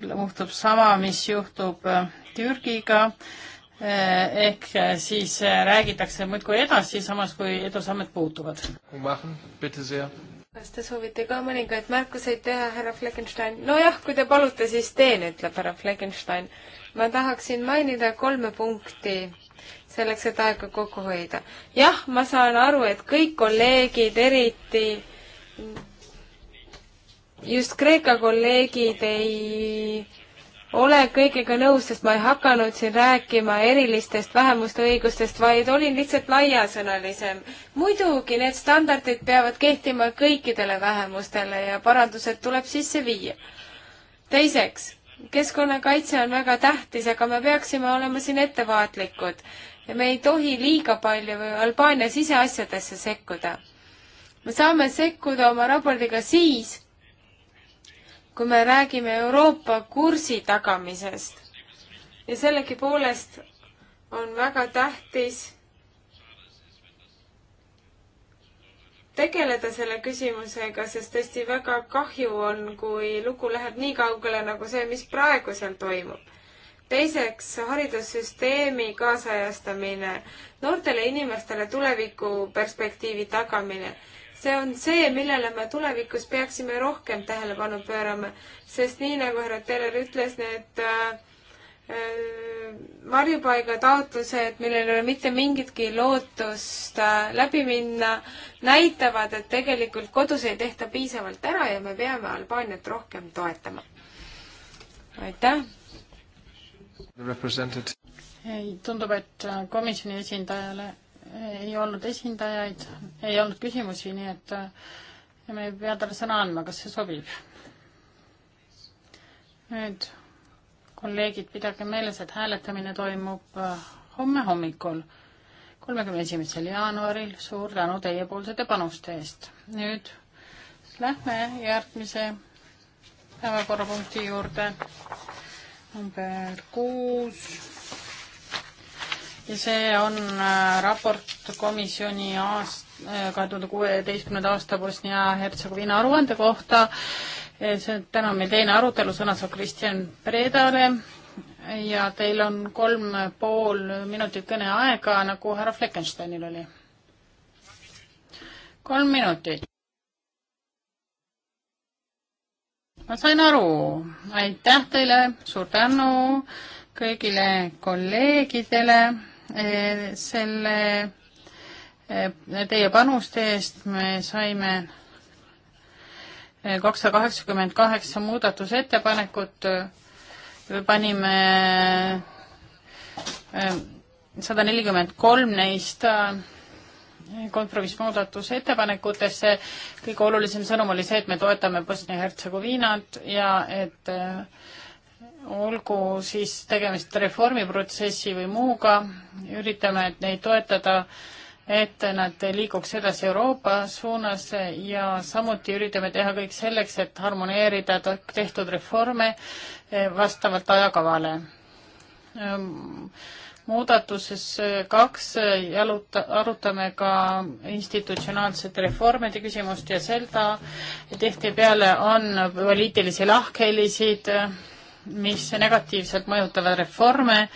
juhtub sama, mis juhtub eh, Türgiga Eh, ehk eh, siis eh, räägitakse muudkui edasi, samas kui edusammed puutuvad. kas te soovite ka mõningaid märkuseid teha, härra Fleckenstein? nojah, kui te palute, siis teen, ütleb härra Fleckenstein. ma tahaksin mainida kolme punkti selleks, et aega kokku hoida. jah, ma saan aru, et kõik kolleegid, eriti just Kreeka kolleegid ei ole kõigega nõus, sest ma ei hakanud siin rääkima erilistest vähemuste õigustest, vaid olin lihtsalt laiasõnalisem. muidugi need standardid peavad kehtima kõikidele vähemustele ja parandused tuleb sisse viia. teiseks, keskkonnakaitse on väga tähtis, aga me peaksime olema siin ettevaatlikud ja me ei tohi liiga palju Albaania siseasjadesse sekkuda. me saame sekkuda oma raportiga siis kui me räägime Euroopa kursi tagamisest. ja sellegipoolest on väga tähtis tegeleda selle küsimusega, sest tõesti väga kahju on, kui lugu läheb nii kaugele nagu see, mis praegu seal toimub. teiseks, haridussüsteemi kaasajastamine, noortele inimestele tulevikuperspektiivi tagamine see on see, millele me tulevikus peaksime rohkem tähelepanu pöörama, sest nii nagu härra Teller ütles, need äh, varjupaigataotlused, millel ei ole mitte mingitki lootust äh, läbi minna, näitavad, et tegelikult kodus ei tehta piisavalt ära ja me peame Albaaniat rohkem toetama. aitäh! tundub, et äh, komisjoni esindajale ei olnud esindajaid, ei olnud küsimusi, nii et äh, me ei pea talle sõna andma, kas see sobib. nüüd, kolleegid, pidage meeles, et hääletamine toimub äh, homme hommikul, kolmekümne esimesel jaanuaril. suur tänu teiepoolsete panuste eest. nüüd lähme järgmise päevakorrapunkti juurde, number kuus ja see on äh, raport komisjoni aast-, äh, kahe tuhande kuueteistkümnenda aasta Bosnia-Hertsegoviina aruande kohta. see on täna meil teine arutelu, sõna saab Kristjan Predale ja teil on kolm pool minutit kõneaega, nagu härra Fleckensteinil oli. kolm minutit. ma sain aru, aitäh teile, suur tänu kõigile kolleegidele Eh, selle, eh, teie panuste eest me saime eh, kakssada kaheksakümmend kaheksa muudatusettepanekut, panime sada nelikümmend kolm neist kompromissmuudatuse ettepanekutesse. kõige olulisem sõnum oli see, et me toetame Bosnia-Hertsegoviinat ja et olgu siis tegemist reformiprotsessi või muuga, üritame neid toetada, et nad liiguks edasi Euroopa suunas ja samuti üritame teha kõik selleks, et harmoneerida tehtud reforme eh, vastavalt ajakavale. Ehm, muudatuses eh, kaks eh, jaluta, arutame ka institutsionaalsete reformide küsimust ja seda, et tihtipeale on poliitilisi lahkhelisid mis negatiivselt mõjutavad reforme.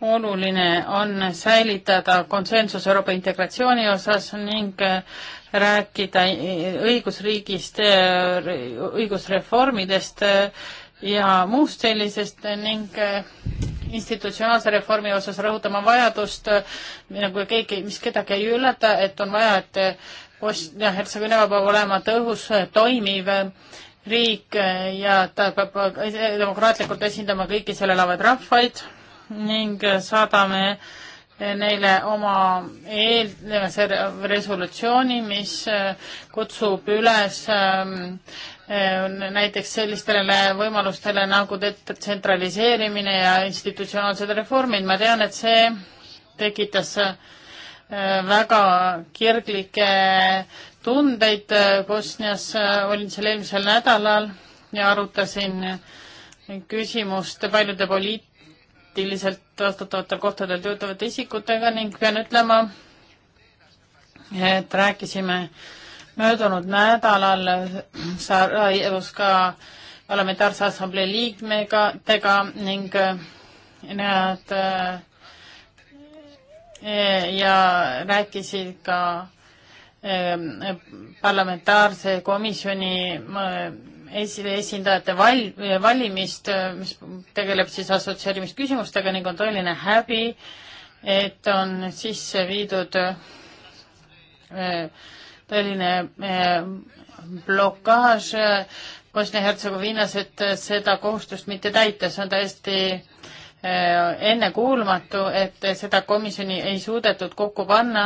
oluline on säilitada konsensus Euroopa integratsiooni osas ning äh, rääkida õigusriigist, äh, õigusreformidest äh, ja muust sellisest ning institutsionaalse reformi osas rõhutama vajadust, nagu keegi, mis kedagi ei üllata, et on vaja, et Bosnia-Hertsegoviina peab olema tõhus, toimiv riik ja ta peab demokraatlikult esindama kõiki seal elavaid rahvaid ning saadame neile oma eelmise resolutsiooni, mis kutsub üles ähm, ähm, näiteks sellistele võimalustele nagu detsentraliseerimine ja institutsionaalsed reformid. ma tean, et see tekitas äh, väga kirglikke tundeid äh, Bosnias, äh, olin seal eelmisel nädalal ja arutasin äh, küsimust paljude poliitiliselt vastutavatel kohtadel töötavate isikutega ning pean ütlema, et rääkisime möödunud nädalal Sarajevos ka parlamentaarse assamblee liikmega, tega ning nad ja rääkisid ka Ehm, parlamentaarse komisjoni äh, esindajate val-, valimist, äh, mis tegeleb siis assotsieerimisküsimustega ning on tõeline häbi, et on sisse viidud äh, tõeline blokaaž Bosnia-Hertsegoviinas, et seda kohustust mitte täita, see on täiesti ennekuulmatu, et seda komisjoni ei suudetud kokku panna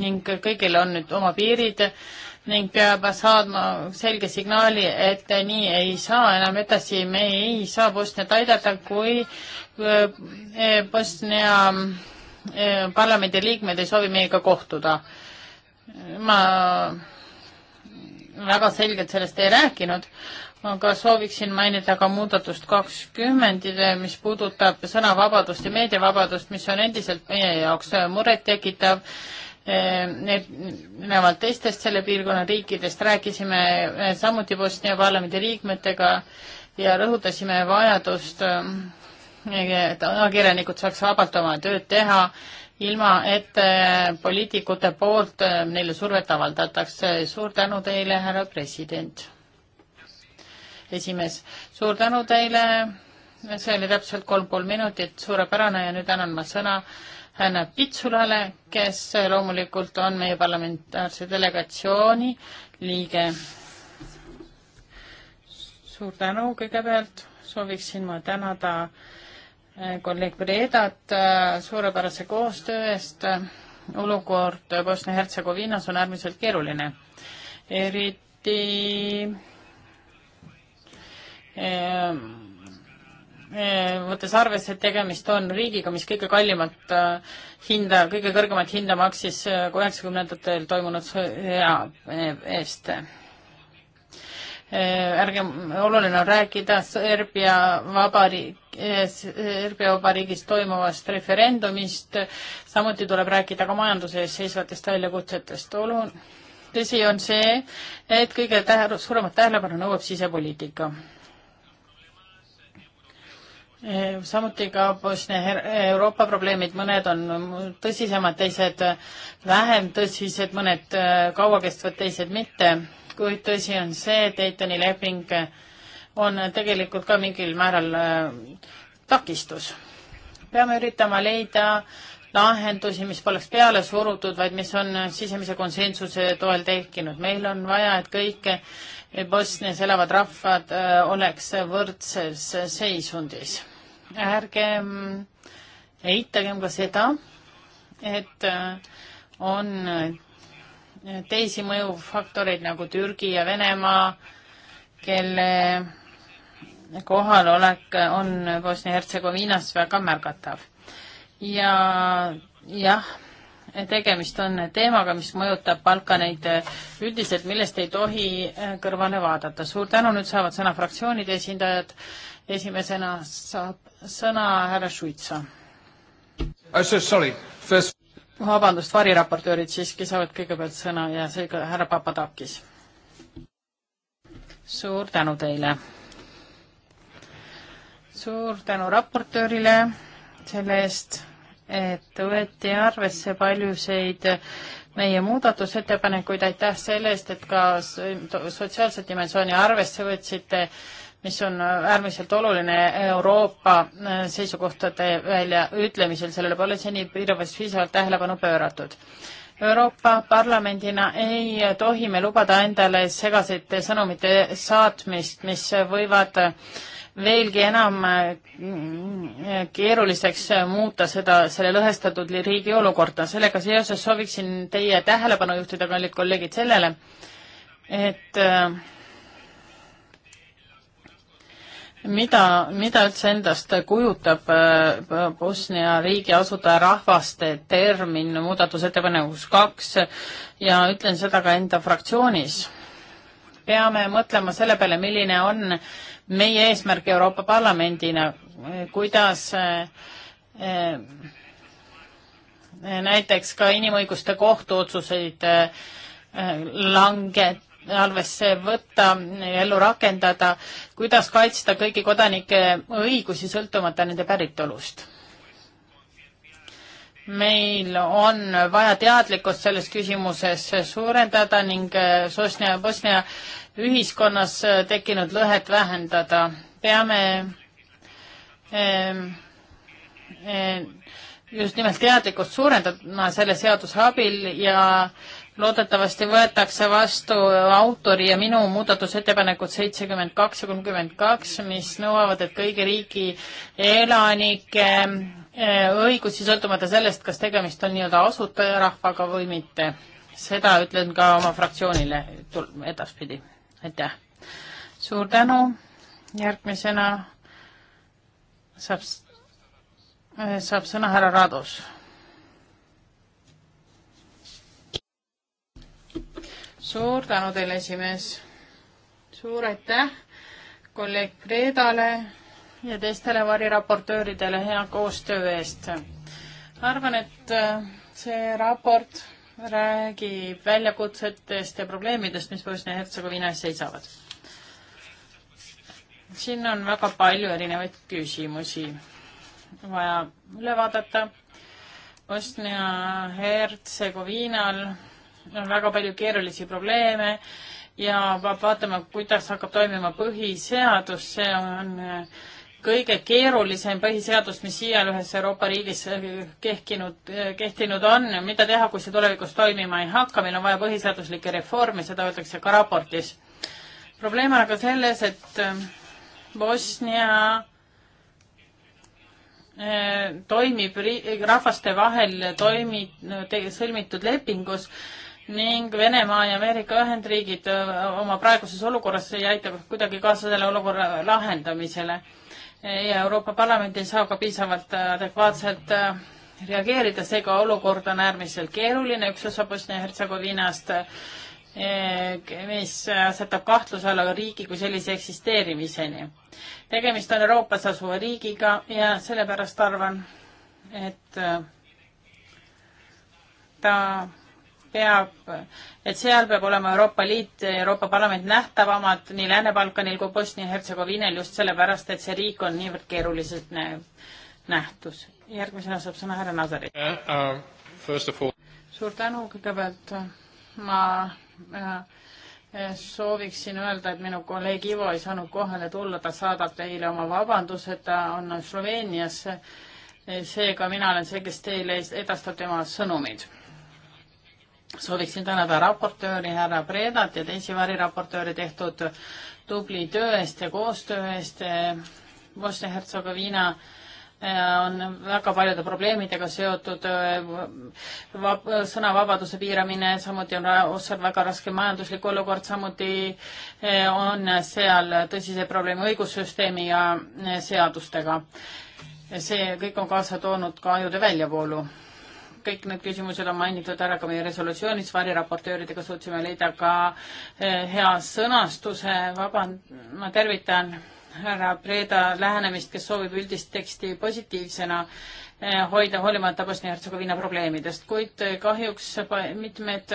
ning kõigil on nüüd oma piirid ning peab saama selge signaali, et nii ei saa enam edasi, me ei saa Bosniat aidata, kui äh, eh, Bosnia äh, parlamendi liikmed ei soovi meiega kohtuda. ma väga selgelt sellest ei rääkinud, aga sooviksin mainida ka muudatust kakskümmend, mis puudutab sõnavabadust ja meediavabadust, mis on endiselt meie jaoks murettekitav erinevalt ehm, teistest selle piirkonna riikidest rääkisime eh, samuti Bosnia parlamendi liikmetega ja rõhutasime vajadust, eh, et ajakirjanikud saaks vabalt oma tööd teha, ilma et eh, poliitikute poolt neile survet avaldatakse. suur tänu teile, härra president. esimees, suur tänu teile, see oli täpselt kolm pool minutit, suurepärane ja nüüd annan ma sõna äh, Hanna Pitsulale, kes loomulikult on meie parlamentaarse delegatsiooni liige. suur tänu kõigepealt, sooviksin ma tänada eh, kolleeg Bredat eh, suurepärase koostöö eest. olukord Bosnia-Hertsegoviinas on äärmiselt keeruline, eriti ehm, Äh, võttes arvesse, et tegemist on riigiga, mis kõige kallimat äh, hinda, kõige kõrgemat hinda maksis äh, üheksakümnendatel toimunud sõja eest. ärgem, oluline on rääkida Serbia vabariik, Serbia vabariigis toimuvast referendumist, samuti tuleb rääkida ka majanduse ees seisvatest väljakutsetest. olu-, tõsi on see, et kõige tähe-, suuremat tähelepanu nõuab sisepoliitika Eh, samuti ka Bosnia-Euroopa eh, probleemid, mõned on tõsisemad, teised vähem tõsised, mõned eh, kauakestvad, teised mitte, kuid tõsi on see, et Daytoni leping on tegelikult ka mingil määral takistus. peame üritama leida lahendusi, mis poleks peale surutud, vaid mis on sisemise konsensuse toel tekkinud. meil on vaja, et kõik Bosnias elavad rahvad oleks võrdses seisundis ärgem eitagem ka seda, et äh, on äh, teisi mõjufaktoreid nagu Türgi ja Venemaa, kelle kohalolek on Bosnia-Hertsegoviinas väga märgatav. ja jah, tegemist on teemaga, mis mõjutab Balkaneid üldiselt, millest ei tohi äh, kõrvale vaadata. suur tänu, nüüd saavad sõna fraktsioonide esindajad. esimesena saab sõna härra Šuitsa. Oh, First... vabandust, variraportöörid siiski saavad kõigepealt sõna ja seega härra Papadakis. suur tänu teile. suur tänu raportöörile selle eest, et võeti arvesse paljusid meie muudatusettepanekuid, aitäh selle eest, et ka sotsiaalse dimensiooni arvesse võtsite mis on äärmiselt oluline Euroopa äh, seisukohtade väljaütlemisel, sellele pole seni piiravates piisavalt tähelepanu pööratud. Euroopa Parlamendina ei tohi me lubada endale segaseid sõnumite saatmist, mis võivad veelgi enam äh, keeruliseks muuta seda, selle lõhestatud riigi olukorda. sellega seoses sooviksin teie tähelepanu juhtida, kallid kolleegid, sellele, et äh, mida, mida üldse endast kujutab äh, Bosnia riigi asutaja rahvaste termin muudatusettepanekus kaks ja ütlen seda ka enda fraktsioonis. peame mõtlema selle peale, milline on meie eesmärk Euroopa Parlamendina, kuidas äh, äh, näiteks ka inimõiguste kohtuotsuseid langet-, arvesse võtta ja ellu rakendada, kuidas kaitsta kõigi kodanike õigusi sõltumata nende päritolust. meil on vaja teadlikkust selles küsimuses suurendada ning Sosnia ja Bosnia ühiskonnas tekkinud lõhet vähendada. peame eh, eh, just nimelt teadlikkust suurendama selle seaduse abil ja äh, loodetavasti võetakse vastu autori ja minu muudatusettepanekud seitsekümmend kaks ja kolmkümmend kaks, mis nõuavad, et kõigi riigi elanike eh, õigusi, sõltumata sellest, kas tegemist on nii-öelda asutajarahvaga või mitte. seda ütlen ka oma fraktsioonile edaspidi. aitäh. suur tänu. järgmisena saab, eh, saab sõna härra Rados suur tänu teile, esimees. suur aitäh kolleeg Predale ja teistele variraportööridele hea koostöö eest. arvan, et äh, see raport räägib väljakutsetest ja probleemidest, mis Bosnia-Hertsegoviinas seisavad. siin on väga palju erinevaid küsimusi vaja üle vaadata. Bosnia-Hertsegoviinal on väga palju keerulisi probleeme ja vaatame, kuidas hakkab toimima põhiseadus, see on äh, kõige keerulisem põhiseadus, mis siiani ühes Euroopa riigis äh, kehkinud, äh, kehtinud on, mida teha, kui see tulevikus toimima ei hakka, meil on vaja põhiseaduslikke reforme, seda öeldakse ka raportis. probleem on aga selles, et Bosnia toimib rahvaste vahel toimi-, sõlmitud lepingus, ning Venemaa ja Ameerika Ühendriigid oma praeguses olukorras ei aita kuidagi kaasa selle olukorra lahendamisele. ja Euroopa Parlament ei saa ka piisavalt äh, adekvaatselt äh, reageerida, seega olukord on äärmiselt keeruline, üks osa Bosnia-Hertsegoviinast, äh, mis asetab kahtluse alla riigi kui sellise eksisteerimiseni. tegemist on Euroopas asuva riigiga ja sellepärast arvan, et ta peab, et seal peab olema Euroopa Liit, Euroopa Parlament nähtavamad nii Lääne-Balkanil kui Bosnia-Hertsegoviinal just sellepärast, et see riik on niivõrd keeruliselt nähtus. järgmisena saab sõna härra Nazari uh,. Uh, suur tänu, kõigepealt ma äh, sooviksin öelda, et minu kolleeg Ivo ei saanud kohale tulla, ta saadab teile oma vabandused, ta on Sloveenias seega mina olen see, kes teile edastab tema sõnumid sooviksin tänada raportööri härra Predat ja teisi variraportööre tehtud tubli töö eest ja koostöö eest. Bosnia-Hertsegoviina äh, on väga paljude probleemidega seotud äh, vab, sõnavabaduse piiramine, samuti on seal väga raske majanduslik olukord, samuti äh, on seal tõsise probleemi õigussüsteemi ja seadustega. see kõik on kaasa toonud ka ajude väljavoolu kõik need küsimused on mainitud ära ka meie resolutsioonis, variraportööridega suutsime leida ka eh, hea sõnastuse, vaban-, ma tervitan härra Preda lähenemist, kes soovib üldist teksti positiivsena eh, hoida, hoolimata Bosnia-Hertsegoviina probleemidest, kuid eh, kahjuks mitmed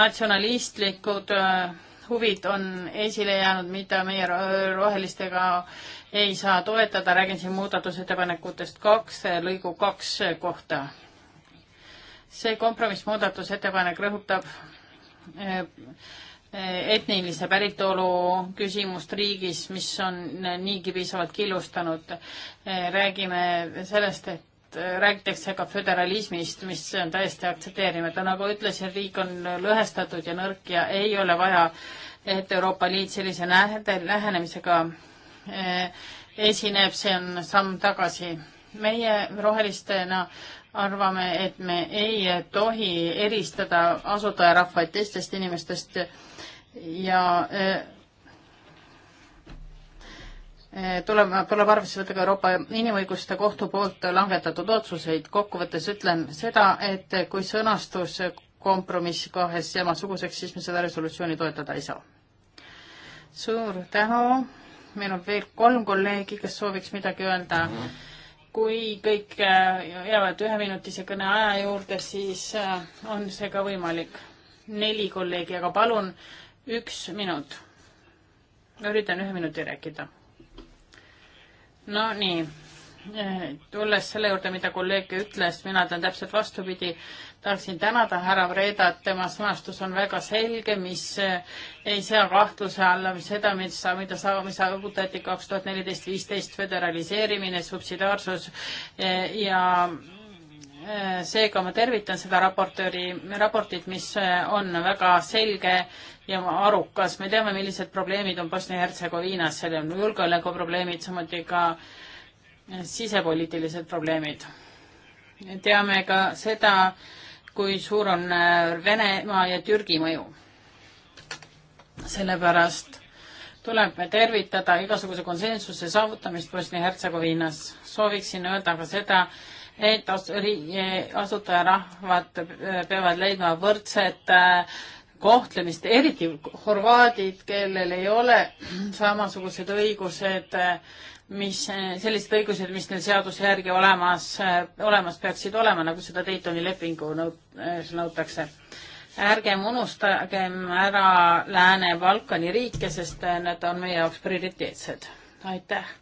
natsionalistlikud äh, huvid on esile jäänud, mida meie rohelistega ei saa toetada, räägin siin muudatusettepanekutest kaks, lõigu kaks kohta. see kompromissmuudatusettepanek rõhutab eh, eh, etnilise päritolu küsimust riigis, mis on niigi piisavalt killustanud. Eh, räägime sellest, et Äh, räägitakse ka föderalismist, mis on täiesti aktsepteerimata, nagu ütlesin, riik on lõhestatud ja nõrk ja ei ole vaja, et Euroopa Liit sellise lähenemisega äh, esineb, see on samm tagasi. meie rohelistena arvame, et me ei tohi eristada asutajarahvaid teistest inimestest ja äh, Eh, tuleb, tuleb arvesse võtta ka Euroopa Inimõiguste Kohtu poolt langetatud otsuseid. kokkuvõttes ütlen seda, et kui sõnastus kompromiss kahes jääb samasuguseks, siis me seda resolutsiooni toetada ei saa. suur tänu, meil on veel kolm kolleegi, kes sooviks midagi öelda. kui kõik eh, jäävad üheminutise kõneaja juurde, siis eh, on see ka võimalik. neli kolleegi, aga palun üks minut. üritan ühe minuti rääkida Nonii, eh, tulles selle juurde, mida kolleeg ütles, mina teen täpselt vastupidi. tahaksin tänada härra Vredat, tema sõnastus on väga selge, mis eh, ei sea kahtluse alla seda, mis, mida sa, mis saavutati kaks tuhat neliteist, viisteist föderaliseerimine, subsidiaarsus eh, ja, ja Äh, seega ma tervitan seda raportööri, raportit, mis äh, on väga selge ja arukas. me teame, millised probleemid on Bosnia-Hertsegoviinas, seal on julgeolekuprobleemid, samuti ka äh, sisepoliitilised probleemid. teame ka seda, kui suur on Venemaa ja Türgi mõju. sellepärast tuleb tervitada igasuguse konsensuse saavutamist Bosnia-Hertsegoviinas. sooviksin öelda ka seda, et e, asutajarahvad peavad leidma võrdset äh, kohtlemist, eriti horvaadid, kellel ei ole samasugused õigused, mis, sellised õigused, mis neil seaduse järgi olemas, olemas peaksid olema, nagu seda Daytoni lepingu nõut-, äh, nõutakse. ärgem unustagem ära Lääne-Balkani riike, sest äh, need on meie jaoks prioriteetsed. aitäh!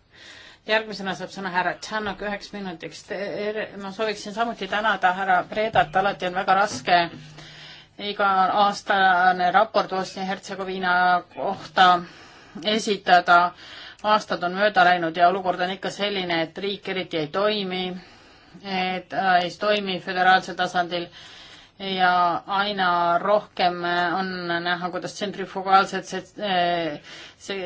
järgmisena saab sõna härra Tšanok üheks minutiks. Er-, ma sooviksin samuti tänada härra Predat, alati on väga raske iga-aastane raport Bosnia-Hertsegoviina kohta esitada. aastad on mööda läinud ja olukord on ikka selline, et riik eriti ei toimi, et ta äh, ei toimi föderaalsel tasandil ja aina rohkem on näha, kuidas tsentrifugaalsed see, see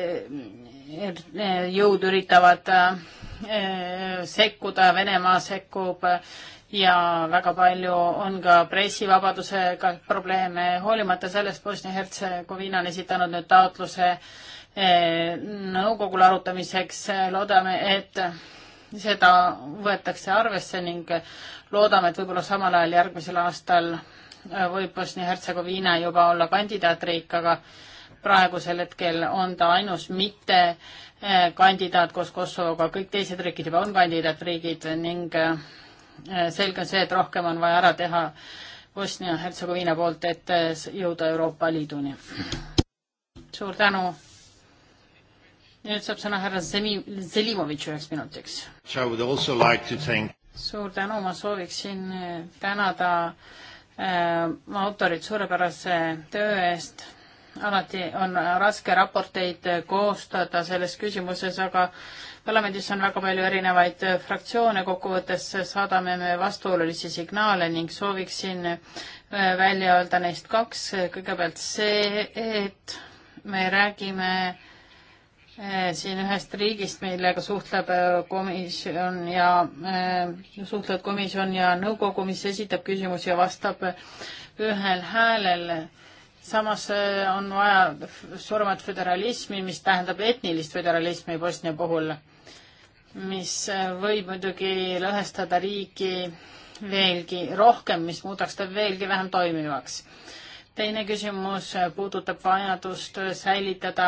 jõud üritavad äh, sekkuda, Venemaa sekkub ja väga palju on ka pressivabadusega probleeme, hoolimata sellest Bosnia-Hertsegoviina on esitanud nüüd taotluse äh, nõukogule arutamiseks, loodame, et seda võetakse arvesse ning loodame, et võib-olla samal ajal järgmisel aastal võib Bosnia-Hertsegoviina juba olla kandidaatriik, aga praegusel hetkel on ta ainus mitte eh, kandidaat koos Kosovoga, kõik teised riigid juba on kandidaatriigid ning eh, selge on see, et rohkem on vaja ära teha Bosnia-Hertsegoviina poolt, et eh, jõuda Euroopa Liiduni. suur tänu. nüüd saab sõna härra Zelimovitš üheks minutiks. Like suur tänu, ma sooviksin tänada äh, autorit suurepärase töö eest alati on raske raporteid koostada selles küsimuses, aga parlamendis on väga palju erinevaid fraktsioone, kokkuvõttes saadame me vastuolulisi signaale ning sooviksin äh, välja öelda neist kaks. kõigepealt see, et me räägime äh, siin ühest riigist, millega suhtleb äh, komisjon ja suhtlevad komisjon ja nõukogu, mis esitab küsimusi ja vastab ühel häälel samas eh, on vaja suuremat föderalismi, mis tähendab etnilist föderalismi Bosnia puhul, mis eh, võib muidugi lõhestada riiki veelgi rohkem, mis muudaks ta veelgi vähem toimivaks. teine küsimus puudutab vajadust säilitada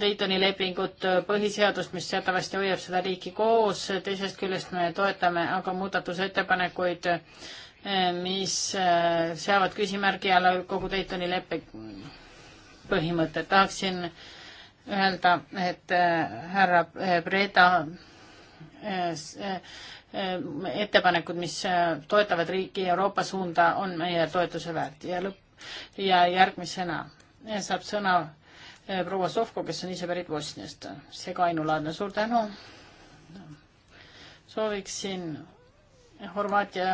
Daytoni lepingut, põhiseadust, mis teatavasti hoiab seda riiki koos, teisest küljest me toetame aga muudatusettepanekuid äh, mis äh, seavad küsimärgi alla kogu Daytoni leppe põhimõtted. tahaksin öelda, et äh, härra äh, Breda ettepanekud, mis toetavad riiki Euroopa suunda, on meie toetuse väärt ja lõpp ja järgmisena saab sõna proua Sovko, kes on ise pärit Bosniast. seega ainulaadne, suur tänu. sooviksin Horvaatia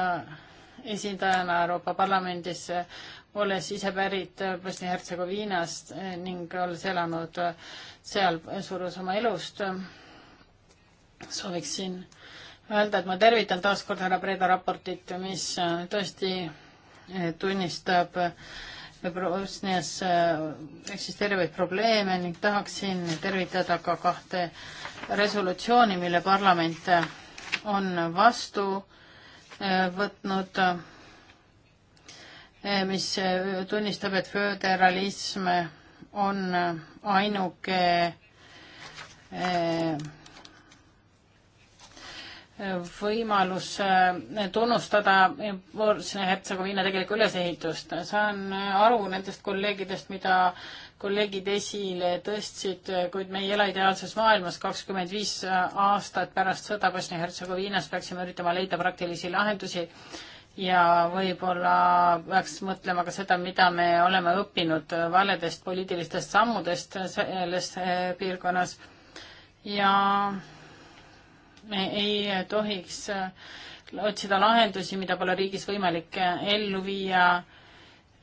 esindajana Euroopa Parlamendis, olles ise pärit Bosnia-Hertsegoviinast eh, ning olles elanud eh, seal suur osa oma elust, sooviksin öelda, et ma tervitan taas kord härra Breda raportit, mis eh, tõesti tunnistab Bosnias eksisteerivaid probleeme ning tahaksin tervitada ka kahte resolutsiooni, mille parlament on vastu võtnud, eh, mis tunnistab, et föderalism on ainuke eh, võimalus eh, tunnustada Bosnia-Hertsegoviina tegelikku ülesehitust. saan aru nendest kolleegidest, mida kolleegid esile tõstsid, kuid me ei ela ideaalses maailmas, kakskümmend viis aastat pärast sõda Bosnia-Hertsegoviinas peaksime üritama leida praktilisi lahendusi ja võib-olla peaks mõtlema ka seda, mida me oleme õppinud valedest poliitilistest sammudest selles piirkonnas ja me ei tohiks otsida lahendusi, mida pole riigis võimalik ellu viia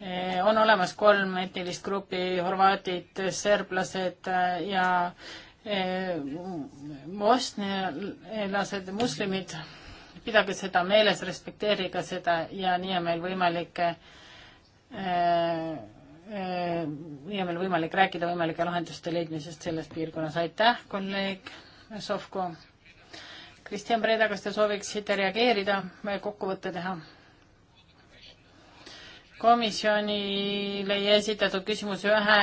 Eh, on olemas kolm etnilist gruppi, horvaadid, serblased eh, ja eh, bosnialased, muslimid. pidage seda meeles, respekteerige seda ja nii on meil võimalik nii on meil võimalik rääkida võimalike lahenduste leidmisest selles piirkonnas. aitäh, kolleeg Sovko. Kristjan Preda, kas te sooviksite reageerida või kokkuvõtte teha? komisjonile ei esitatud küsimus ühe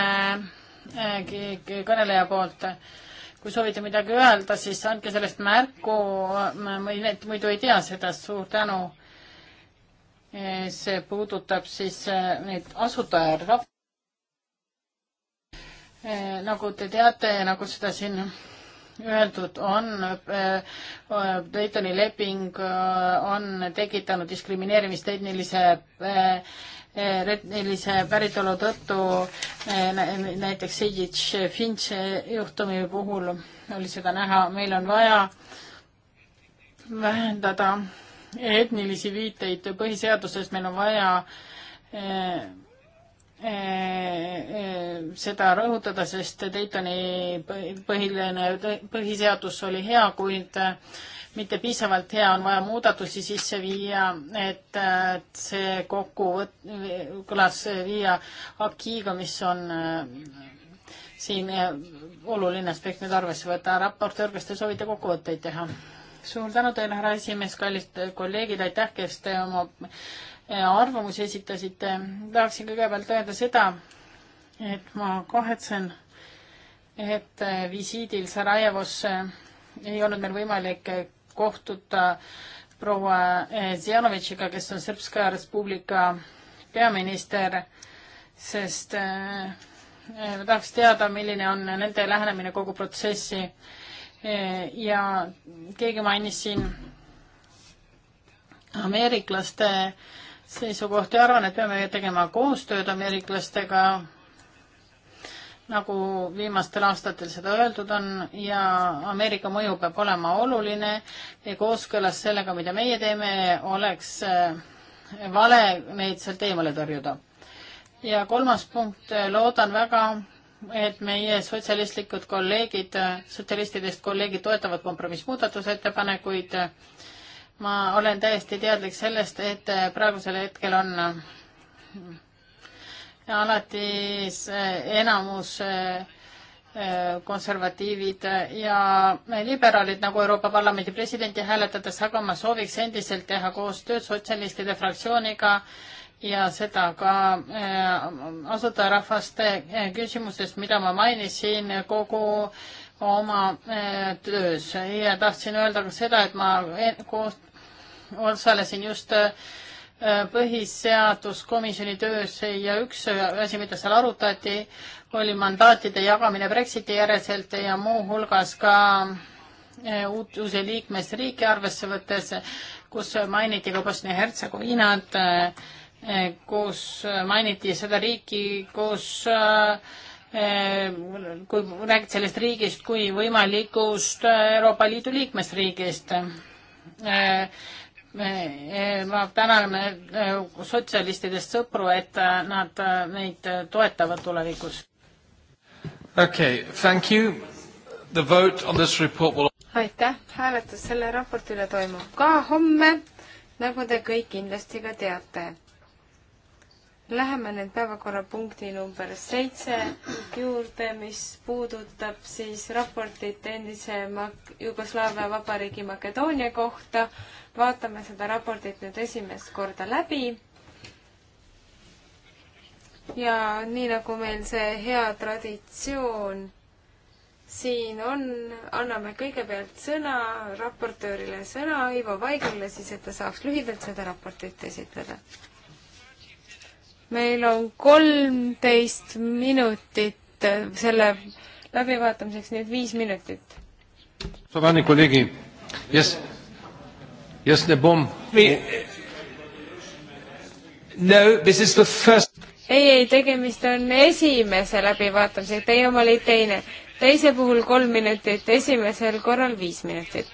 eh, kõneleja poolt. kui soovite midagi öelda, siis andke sellest märku, ma muidu ei tea seda, suur tänu. Eh, see puudutab siis eh, neid asutaja nagu te teate ja nagu seda siin öeldud on, Daytoni leping on tekitanud diskrimineerimist tehnilise etnilise päritolu tõttu eh, näiteks Sidic Finch juhtumi puhul oli seda näha, meil on vaja vähendada etnilisi viiteid põhiseadusest, meil on vaja eh, eh, seda rõhutada, sest Daytoni põhiline, põhiseadus oli hea, kuid mitte piisavalt hea, on vaja muudatusi sisse viia, et see kokku kõlas viia AK-ga, mis on siin eh, oluline aspekt nüüd arvesse võtta. raportöör, kas te soovite kokkuvõtteid teha? suur tänu teile, härra esimees, kallid kolleegid, aitäh, kes te oma eh, arvamusi esitasite. tahaksin kõigepealt öelda seda, et ma kahetsen, et eh, visiidil Sarajevosse ei olnud meil võimalik kohtuda äh, proua äh, Zianovitšiga, kes on Srpska Respublika peaminister, sest ma äh, tahaks teada, milline on nende lähenemine kogu protsessi. ja keegi mainis siin ameeriklaste seisukohti, arvan, et peame tegema koostööd ameeriklastega nagu viimastel aastatel seda öeldud on ja Ameerika mõju peab olema oluline ja kooskõlas sellega, mida meie teeme, oleks äh, vale neid sealt eemale tõrjuda. ja kolmas punkt, äh, loodan väga, et meie sotsialistlikud kolleegid, äh, sotsialistidest kolleegid toetavad kompromissmuudatusettepanekuid. ma olen täiesti teadlik sellest, et praegusel hetkel on alati eh, enamus eh, eh, konservatiivid ja liberaalid nagu Euroopa Parlamendi presidenti hääletades, aga ma sooviks endiselt teha koostööd sotsialistide fraktsiooniga ja seda ka asuda rahvaste küsimustes, mida ma mainisin kogu oma töös ja tahtsin öelda ka seda, et ma koos osalesin just põhiseaduskomisjoni töös ja üks asi, mida seal arutati, oli mandaatide jagamine Brexiti järelselt ja muuhulgas ka eh, uut, uusi liikmesriike arvesse võttes, kus mainiti ka Bosnia-Hertsegoviinat, eh, eh, kus mainiti seda riiki, kus kui räägid sellest riigist kui võimalikust Euroopa Liidu liikmesriigist Eh, ma tänan eh, sotsialistidest sõpru, et eh, nad meid toetavad tulevikus. okei okay,, thank you. The vote on this report will aitäh, hääletus selle raporti üle toimub ka homme, nagu te kõik kindlasti ka teate Läheme nüüd päevakorrapunkti number seitse juurde, mis puudutab siis raportit endise Mak-, Jugoslaavia Vabariigi Makedoonia kohta. vaatame seda raportit nüüd esimest korda läbi. ja nii, nagu meil see hea traditsioon siin on, anname kõigepealt sõna raportöörile, sõna Ivo Vaiglale siis, et ta saaks lühidalt seda raportit esitleda meil on kolmteist minutit äh, selle läbivaatamiseks, nii et viis minutit. Spoštovani kolegi, jaz, jaz ne bom. No, this is the first. ei, ei, tegemist on esimese läbivaatamisega, teie oma oli teine. teise puhul kolm minutit, esimesel korral viis minutit.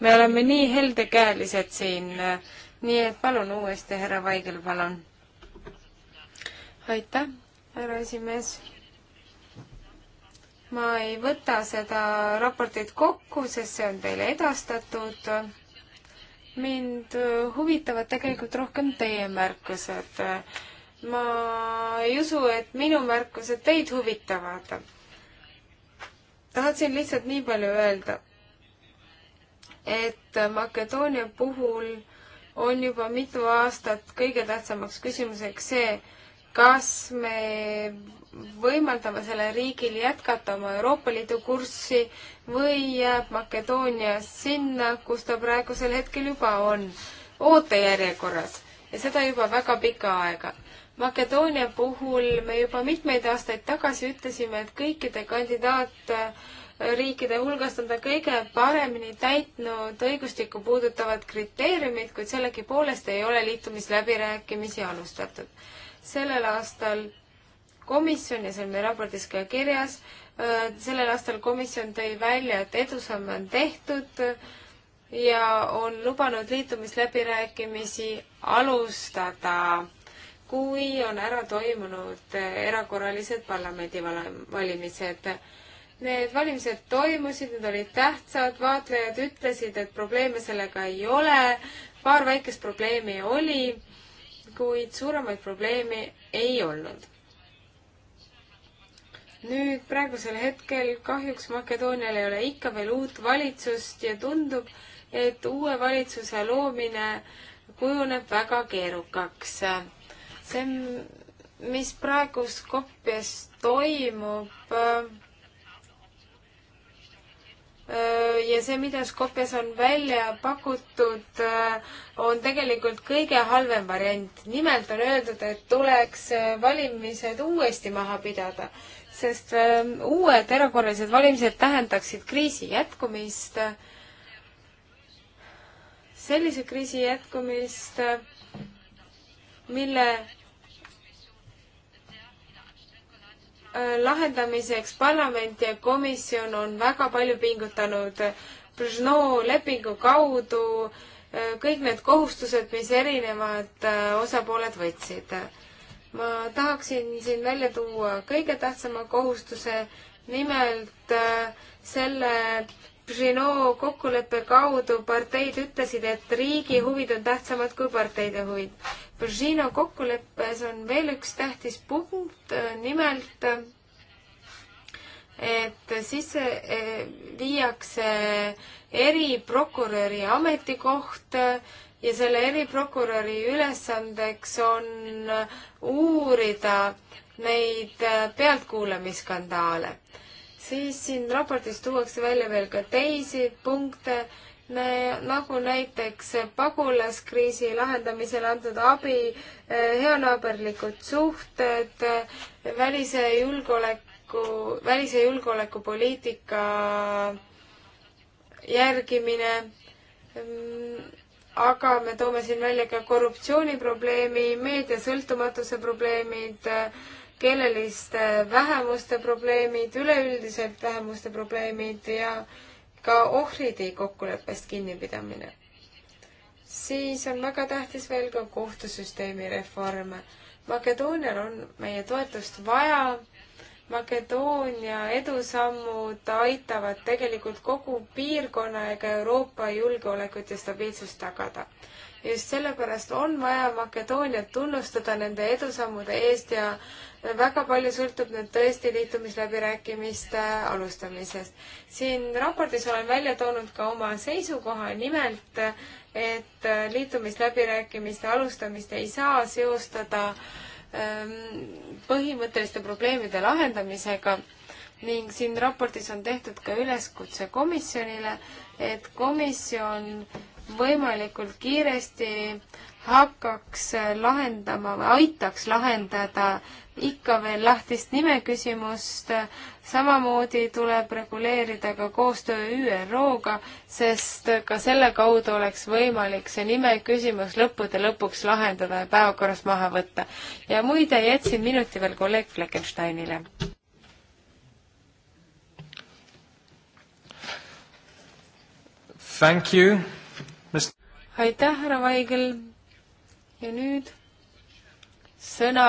me oleme nii heldekäelised siin, äh, nii et palun uuesti, härra Vaigel, palun aitäh, härra esimees. ma ei võta seda raportit kokku, sest see on teile edastatud. mind huvitavad tegelikult rohkem teie märkused. ma ei usu, et minu märkused teid huvitavad. tahtsin lihtsalt nii palju öelda, et Makedoonia puhul on juba mitu aastat kõige tähtsamaks küsimuseks see, kas me võimaldame sellel riigil jätkata oma Euroopa Liidu kurssi või jääb Makedoonia sinna, kus ta praegusel hetkel juba on, ootejärjekorras ja seda juba väga pikka aega. Makedoonia puhul me juba mitmeid aastaid tagasi ütlesime, et kõikide kandidaatriikide hulgast on ta kõige paremini täitnud õigustikku puudutavad kriteeriumid, kuid sellegipoolest ei ole liitumisläbirääkimisi alustatud sellel aastal komisjon ja see on meil raportis ka kirjas, äh, sellel aastal komisjon tõi välja, et edusamme on tehtud ja on lubanud liitumisläbirääkimisi alustada, kui on ära toimunud erakorralised parlamendivalimised. Need valimised toimusid, need olid tähtsad, vaatlejad ütlesid, et probleeme sellega ei ole, paar väikest probleemi oli kuid suuremaid probleeme ei olnud. nüüd praegusel hetkel kahjuks Makedoonial ei ole ikka veel uut valitsust ja tundub, et uue valitsuse loomine kujuneb väga keerukaks. see, mis praegu Skopjas toimub äh,, Äh, ja see, mida Skopjas on välja pakutud, äh, on tegelikult kõige halvem variant. nimelt on öeldud, et tuleks äh, valimised uuesti maha pidada, sest ähm, uued erakorralised valimised tähendaksid kriisi jätkumist, sellise kriisi jätkumist, mille Äh, lahendamiseks parlament ja komisjon on väga palju pingutanud Brno lepingu kaudu, äh, kõik need kohustused, mis erinevad äh, osapooled võtsid. ma tahaksin siin välja tuua kõige tähtsama kohustuse, nimelt selle Brno kokkuleppe kaudu parteid ütlesid, et riigi huvid on tähtsamad kui parteide huvid. Brežino kokkuleppes on veel üks tähtis punkt, äh, nimelt et sisse äh, viiakse eriprokuröri ametikoht ja selle eriprokuröri ülesandeks on uurida neid äh, pealtkuulamisskandaale. siis siin raportis tuuakse välja veel ka teisi punkte nagu näiteks pagulaskriisi lahendamisel antud abi, eh, heanaaberlikud suhted, välise julgeoleku, välise julgeolekupoliitika järgimine, mm, aga me toome siin välja ka korruptsiooniprobleemi, meedia sõltumatuse probleemid, keeleliste vähemuste probleemid, üleüldiselt vähemuste probleemid ja äh, ka ohvridi kokkuleppest kinnipidamine. siis on väga tähtis veel ka kohtusüsteemi reform. Makedoonial on meie toetust vaja. Makedoonia edusammud aitavad tegelikult kogu piirkonna ega Euroopa julgeolekut ja stabiilsust tagada just sellepärast on vaja Makedooniat tunnustada nende edusammude eest ja väga palju sõltub nüüd tõesti liitumisläbirääkimiste alustamisest. siin raportis olen välja toonud ka oma seisukoha, nimelt et liitumisläbirääkimiste alustamist ei saa seostada ähm, põhimõtteliste probleemide lahendamisega ning siin raportis on tehtud ka üleskutse komisjonile, et komisjon võimalikult kiiresti hakkaks lahendama või aitaks lahendada ikka veel lahtist nimeküsimust. samamoodi tuleb reguleerida ka koostöö ÜRO-ga, sest ka selle kaudu oleks võimalik see nimeküsimus lõppude lõpuks lahendada ja päevakorras maha võtta. ja muide, jätsin minuti veel kolleeg Fleckensteinile. Thank you aitäh, härra Vaigel. ja nüüd sõna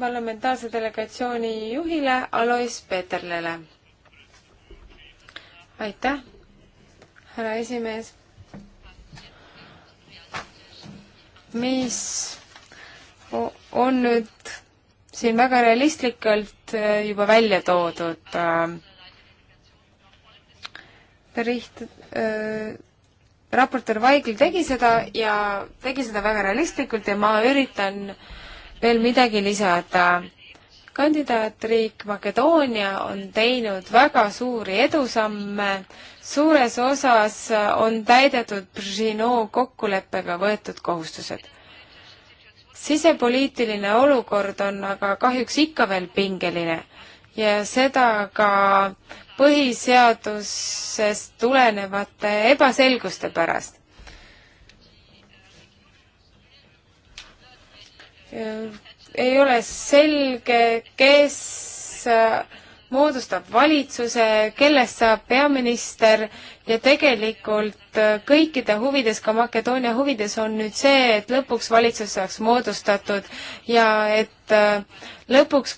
parlamentaarse delegatsiooni juhile Alois Peterlele. aitäh, härra esimees. mis on nüüd siin väga realistlikult juba välja toodud äh, Bericht äh,, raportöör Vaigel tegi seda ja tegi seda väga realistlikult ja ma üritan veel midagi lisada. kandidaatriik Makedoonia on teinud väga suuri edusamme, suures osas on täidetud Brzezinoo kokkuleppega võetud kohustused sisepoliitiline olukord on aga kahjuks ikka veel pingeline ja seda ka põhiseadusest tulenevate ebaselguste pärast. ei ole selge, kes moodustab valitsuse, kellest saab peaminister ja tegelikult äh, kõikide huvides, ka Makedoonia huvides on nüüd see, et lõpuks valitsus saaks moodustatud ja et äh, lõpuks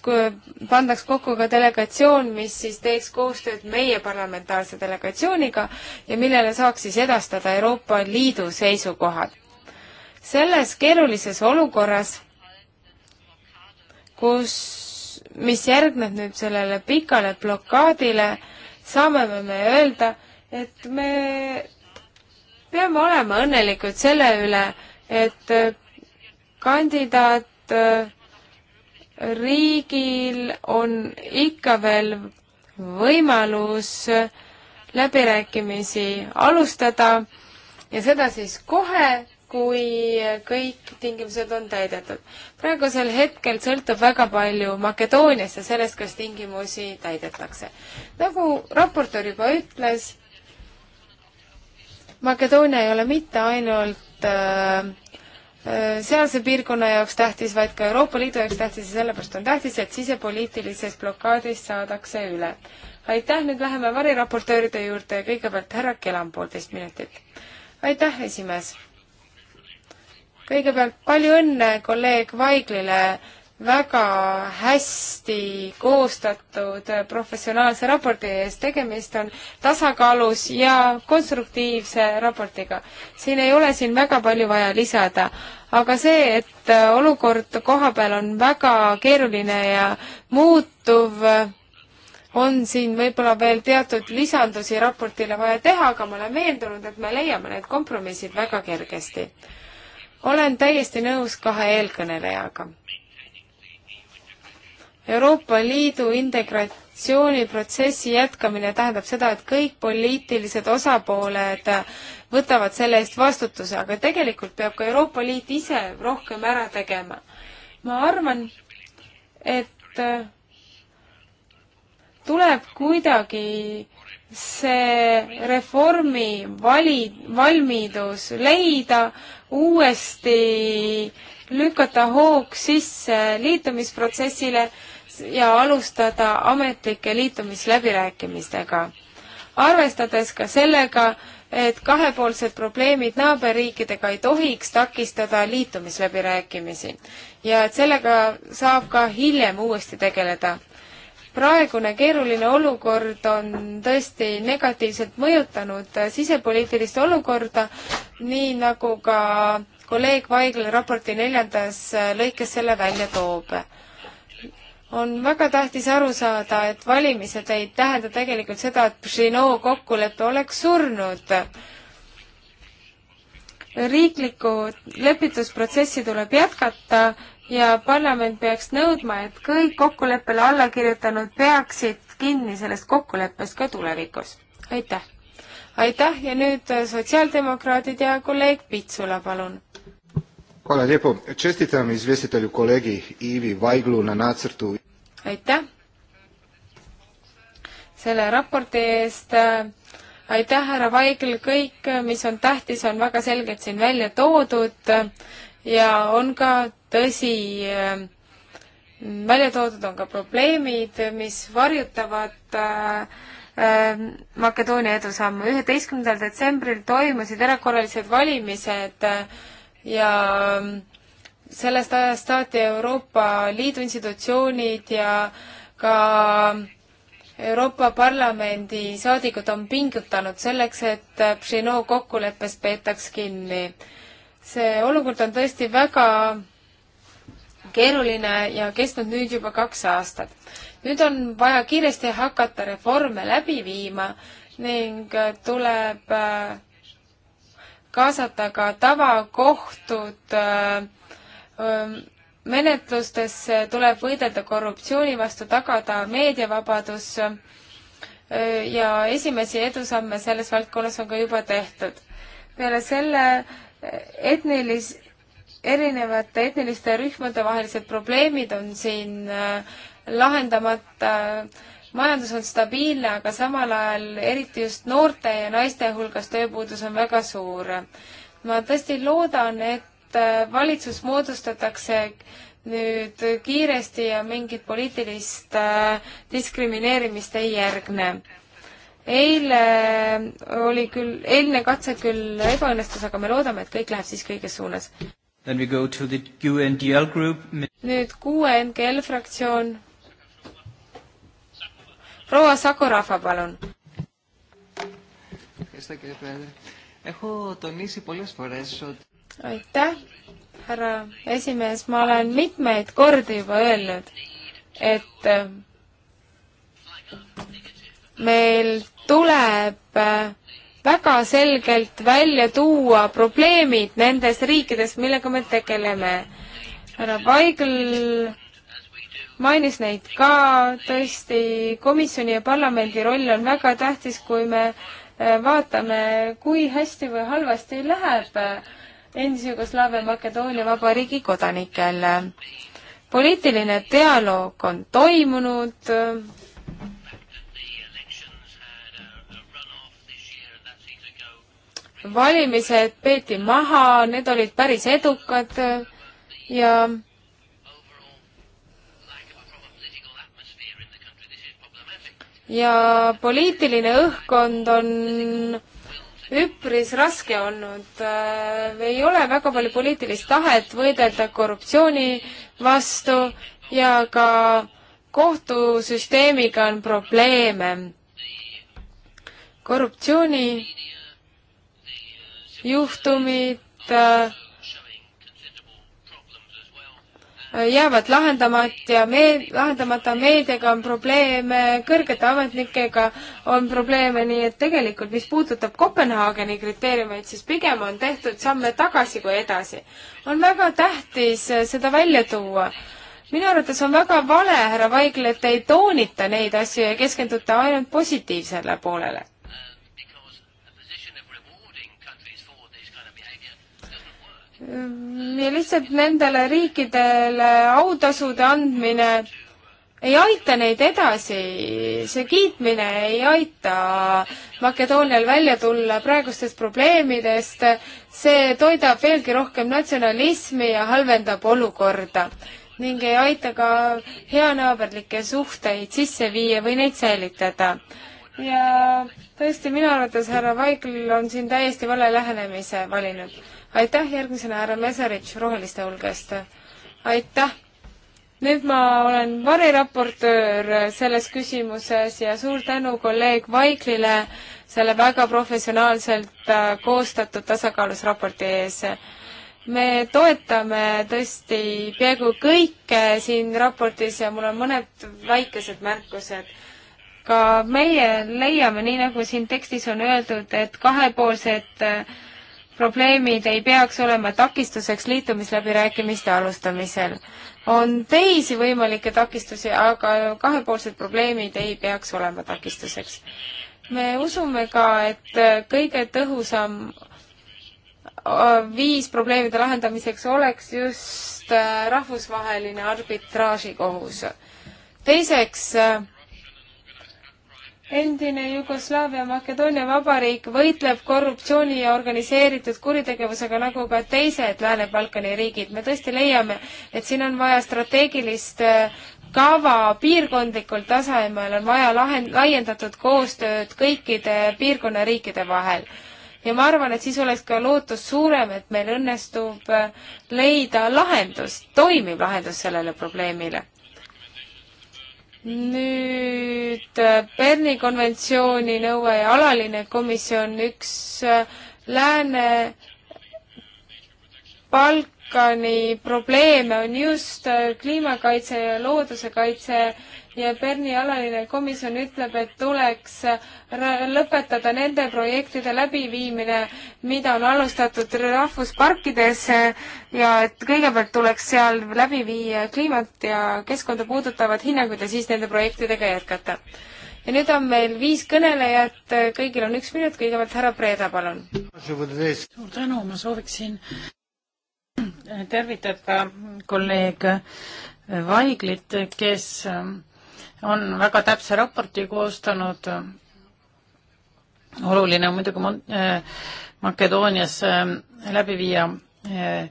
pandaks kokku ka delegatsioon, mis siis teeks koostööd meie parlamentaarse delegatsiooniga ja millele saaks siis edastada Euroopa Liidu seisukohad. selles keerulises olukorras, kus mis järgneb nüüd sellele pikale blokaadile, saame me öelda, et me peame olema õnnelikud selle üle, et äh, kandidaat äh, riigil on ikka veel võimalus äh, läbirääkimisi alustada ja seda siis kohe kui kõik tingimused on täidetud. praegusel hetkel sõltub väga palju Makedooniast ja sellest, kas tingimusi täidetakse. nagu raportöör juba ütles, Makedoonia ei ole mitte ainult äh, äh sealse piirkonna jaoks tähtis, vaid ka Euroopa Liidu jaoks tähtis ja sellepärast on tähtis, et sisepoliitilisest blokaadist saadakse üle. aitäh, nüüd läheme variraportööride juurde, kõigepealt härra Kelam, poolteist minutit. aitäh, esimees kõigepealt palju õnne kolleeg Vaiglile väga hästi koostatud professionaalse raporti eest. tegemist on tasakaalus ja konstruktiivse raportiga. siin ei ole siin väga palju vaja lisada, aga see, et olukord koha peal on väga keeruline ja muutuv, on siin võib-olla veel teatud lisandusi raportile vaja teha, aga ma olen veendunud, et me leiame need kompromissid väga kergesti olen täiesti nõus kahe eelkõnelejaga. Euroopa Liidu integratsiooniprotsessi jätkamine tähendab seda, et kõik poliitilised osapooled võtavad selle eest vastutuse, aga tegelikult peab ka Euroopa Liit ise rohkem ära tegema. ma arvan, et tuleb kuidagi see reformi vali, valmidus leida uuesti lükata hoog sisse liitumisprotsessile ja alustada ametlike liitumisläbirääkimistega. arvestades ka sellega, et kahepoolsed probleemid naaberriikidega ei tohiks takistada liitumisläbirääkimisi ja et sellega saab ka hiljem uuesti tegeleda praegune keeruline olukord on tõesti negatiivselt mõjutanud äh, sisepoliitilist olukorda, nii nagu ka kolleeg Vaigla raporti neljandas äh, lõikes selle välja toob. on väga tähtis aru saada, et valimised ei tähenda tegelikult seda, et Pšinoo kokkulepe oleks surnud riiklikku lepitusprotsessi tuleb jätkata ja parlament peaks nõudma, et kõik kokkuleppele alla kirjutanud peaksid kinni sellest kokkuleppest ka tulevikus. aitäh! aitäh ja nüüd äh, sotsiaaldemokraadid ja kolleeg Pitsula, palun! Hvala lijepo. Čestitam izvjestitelju kolegi Ivi Vajglu na nacrtu. Aitäh selle raporti eest. Äh, aitäh, härra Vaigel, kõik, äh, mis on tähtis, on väga selgelt siin välja toodud ja on ka tõsi, ehm, välja toodud on ka probleemid, mis varjutavad äh, ehm, Makedoonia edusamme. üheteistkümnendal detsembril toimusid erakorralised valimised äh, ja ehm, sellest ajast saati Euroopa Liidu institutsioonid ja ka Euroopa Parlamendi saadikud on pingutanud selleks, et Pšinoo kokkuleppest peetaks kinni. see olukord on tõesti väga keeruline ja kestnud nüüd juba kaks aastat. nüüd on vaja kiiresti hakata reforme läbi viima ning tuleb äh, kaasata ka tavakohtud äh, ähm, menetlustesse, tuleb võidelda korruptsiooni vastu, tagada meediavabadus äh, ja esimesi edusamme selles valdkonnas on ka juba tehtud. peale selle etnilis-, erinevate etniliste rühmade vahelised probleemid on siin äh, lahendamata, majandus on stabiilne, aga samal ajal eriti just noorte ja naiste hulgas tööpuudus on väga suur. ma tõesti loodan, et äh, valitsus moodustatakse nüüd kiiresti ja mingit poliitilist äh, diskrimineerimist ei järgne. eile oli küll, eilne katse küll ebaõnnestus, aga me loodame, et kõik läheb siiski õiges suunas. Then we go to the QNDL group. nüüd QNGL fraktsioon. proua Sakorafa, palun. aitäh, härra esimees, ma olen mitmeid kordi juba öelnud, et eh, meil tuleb eh, väga selgelt välja tuua probleemid nendes riikides, millega me tegeleme. härra Vaigel mainis neid ka, tõesti, komisjoni ja parlamendi roll on väga tähtis, kui me äh, vaatame, kui hästi või halvasti läheb äh, endise Jugoslaavia Makedoonia Vabariigi kodanikel. poliitiline dialoog on toimunud valimised peeti maha, need olid päris edukad ja ja poliitiline õhkkond on üpris raske olnud. ei ole väga palju poliitilist tahet võidelda korruptsiooni vastu ja ka kohtusüsteemiga on probleeme. korruptsiooni juhtumid äh, jäävad lahendamata ja me-, lahendamata meediaga on probleeme, kõrgete ametnikega on probleeme, nii et tegelikult mis puudutab Kopenhaageni kriteeriumeid, siis pigem on tehtud samme tagasi kui edasi. on väga tähtis äh, seda välja tuua. minu arvates on väga vale, härra Vaigla, et te ei toonita neid asju ja keskendute ainult positiivsele poolele ja lihtsalt nendele riikidele autasude andmine ei aita neid edasi, see kiitmine ei aita Makedoonial välja tulla praegustest probleemidest, see toidab veelgi rohkem natsionalismi ja halvendab olukorda ning ei aita ka heanaaberlikke suhteid sisse viia või neid säilitada. ja tõesti, minu arvates härra Vaigel on siin täiesti vale lähenemise valinud aitäh, järgmisena härra Meserich Roheliste hulgast. aitäh! nüüd ma olen variraportöör selles küsimuses ja suur tänu kolleeg Vaiklile selle väga professionaalselt äh, koostatud tasakaalus raporti ees. me toetame tõesti peaaegu kõike siin raportis ja mul on mõned väikesed märkused ka meie leiame, nii nagu siin tekstis on öeldud, et kahepoolsed äh, probleemid ei peaks olema takistuseks liitumisläbirääkimiste alustamisel. on teisi võimalikke takistusi, aga kahepoolsed probleemid ei peaks olema takistuseks. me usume ka, et kõige tõhusam äh, viis probleemide lahendamiseks oleks just äh, rahvusvaheline arbitraažikohus. teiseks äh, endine Jugoslaavia Makedoonia Vabariik võitleb korruptsiooni ja organiseeritud kuritegevusega nagu ka teised Lääne-Balkani riigid. me tõesti leiame, et siin on vaja strateegilist äh, kava piirkondlikul tasemel, on vaja lahend-, laiendatud koostööd kõikide piirkonna riikide vahel. ja ma arvan, et siis oleks ka lootus suurem, et meil õnnestub äh, leida lahendus, toimiv lahendus sellele probleemile nüüd äh, Berni konventsiooni nõue ja alaline komisjon, üks äh, lääne Balkani probleeme on just äh, kliimakaitse ja looduse kaitse ja Berni alaline komisjon ütleb, et tuleks lõpetada nende projektide läbiviimine, mida on alustatud rahvusparkides ja et kõigepealt tuleks seal läbi viia kliimat ja keskkonda puudutavad hinnangud ja siis nende projektidega jätkata. ja nüüd on meil viis kõnelejat, kõigil on üks minut, kõigepealt härra Preeda, palun. suur tänu, ma sooviksin tervitada kolleeg Vaiglit, kes on väga täpse raporti koostanud. oluline on muidugi äh, Makedoonias äh, läbi viia äh,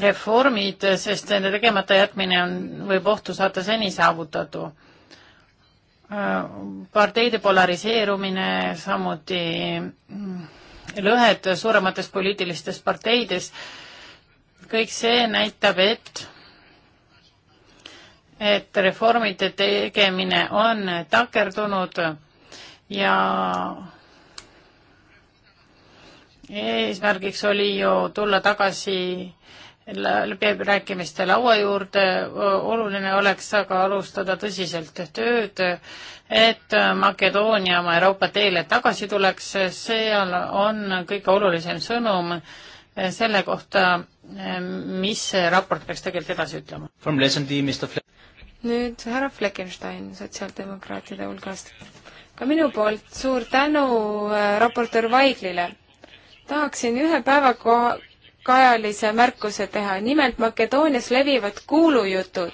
reformid, sest nende tegemata jätmine on, võib ohtu saata seni saavutatu. parteide polariseerumine, samuti mm, lõhed suuremates poliitilistes parteides, kõik see näitab, et et reformide tegemine on takerdunud ja eesmärgiks oli ju tulla tagasi läbirääkimiste laua juurde, oluline oleks aga alustada tõsiselt tööd, et Makedoonia oma Euroopa teele tagasi tuleks, seal on kõige olulisem sõnum selle kohta, mis raport peaks tegelikult edasi ütlema nüüd härra Fleckenstein sotsiaaldemokraatide hulgast. ka minu poolt suur tänu äh, raportöör Vaiglile. tahaksin ühe päevakajalise märkuse teha, nimelt Makedoonias levivad kuulujutud.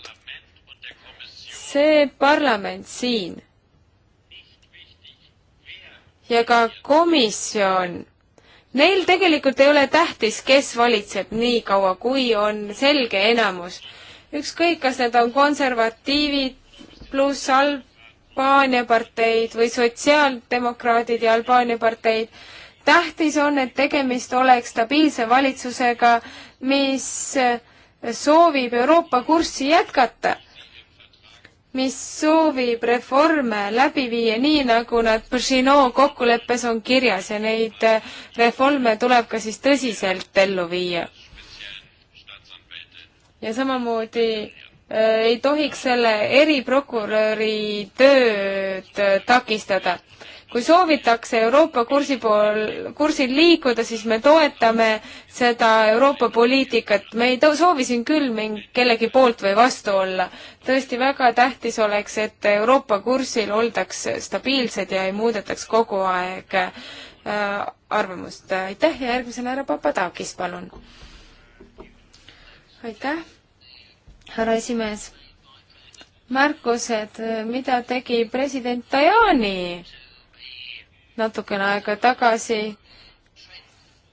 see parlament siin ja ka komisjon Neil tegelikult ei ole tähtis, kes valitseb nii kaua, kui on selge enamus ükskõik, kas need on konservatiivid pluss Albaania parteid või sotsiaaldemokraadid ja Albaania parteid, tähtis on, et tegemist oleks stabiilse valitsusega, mis soovib Euroopa kurssi jätkata, mis soovib reforme läbi viia nii, nagu nad Pešino kokkuleppes on kirjas ja neid reforme tuleb ka siis tõsiselt ellu viia ja samamoodi äh, ei tohiks selle eriprokuröri tööd äh, takistada. kui soovitakse Euroopa kursi pool, kursil liikuda, siis me toetame seda Euroopa poliitikat, me ei soovi siin küll mingi, kellegi poolt või vastu olla. tõesti väga tähtis oleks, et Euroopa kursil oldaks stabiilsed ja ei muudetaks kogu aeg äh, arvamust. aitäh ja järgmisena härra Papadakis, palun! aitäh, härra esimees. märkused, mida tegi president Tajani natukene aega tagasi,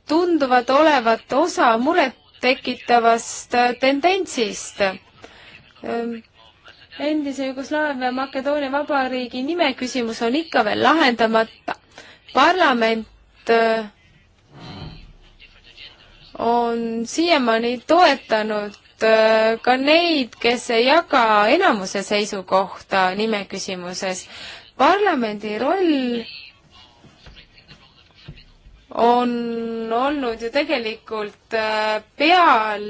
tunduvad olevat osa murettekitavast tendentsist ehm, endise Jugoslaavia Makedoonia Vabariigi nime küsimus on ikka veel lahendamata. parlament eh, on siiamaani toetanud äh, ka neid, kes ei jaga enamuse seisukohta nime küsimuses. parlamendi roll on olnud ju tegelikult äh, peal,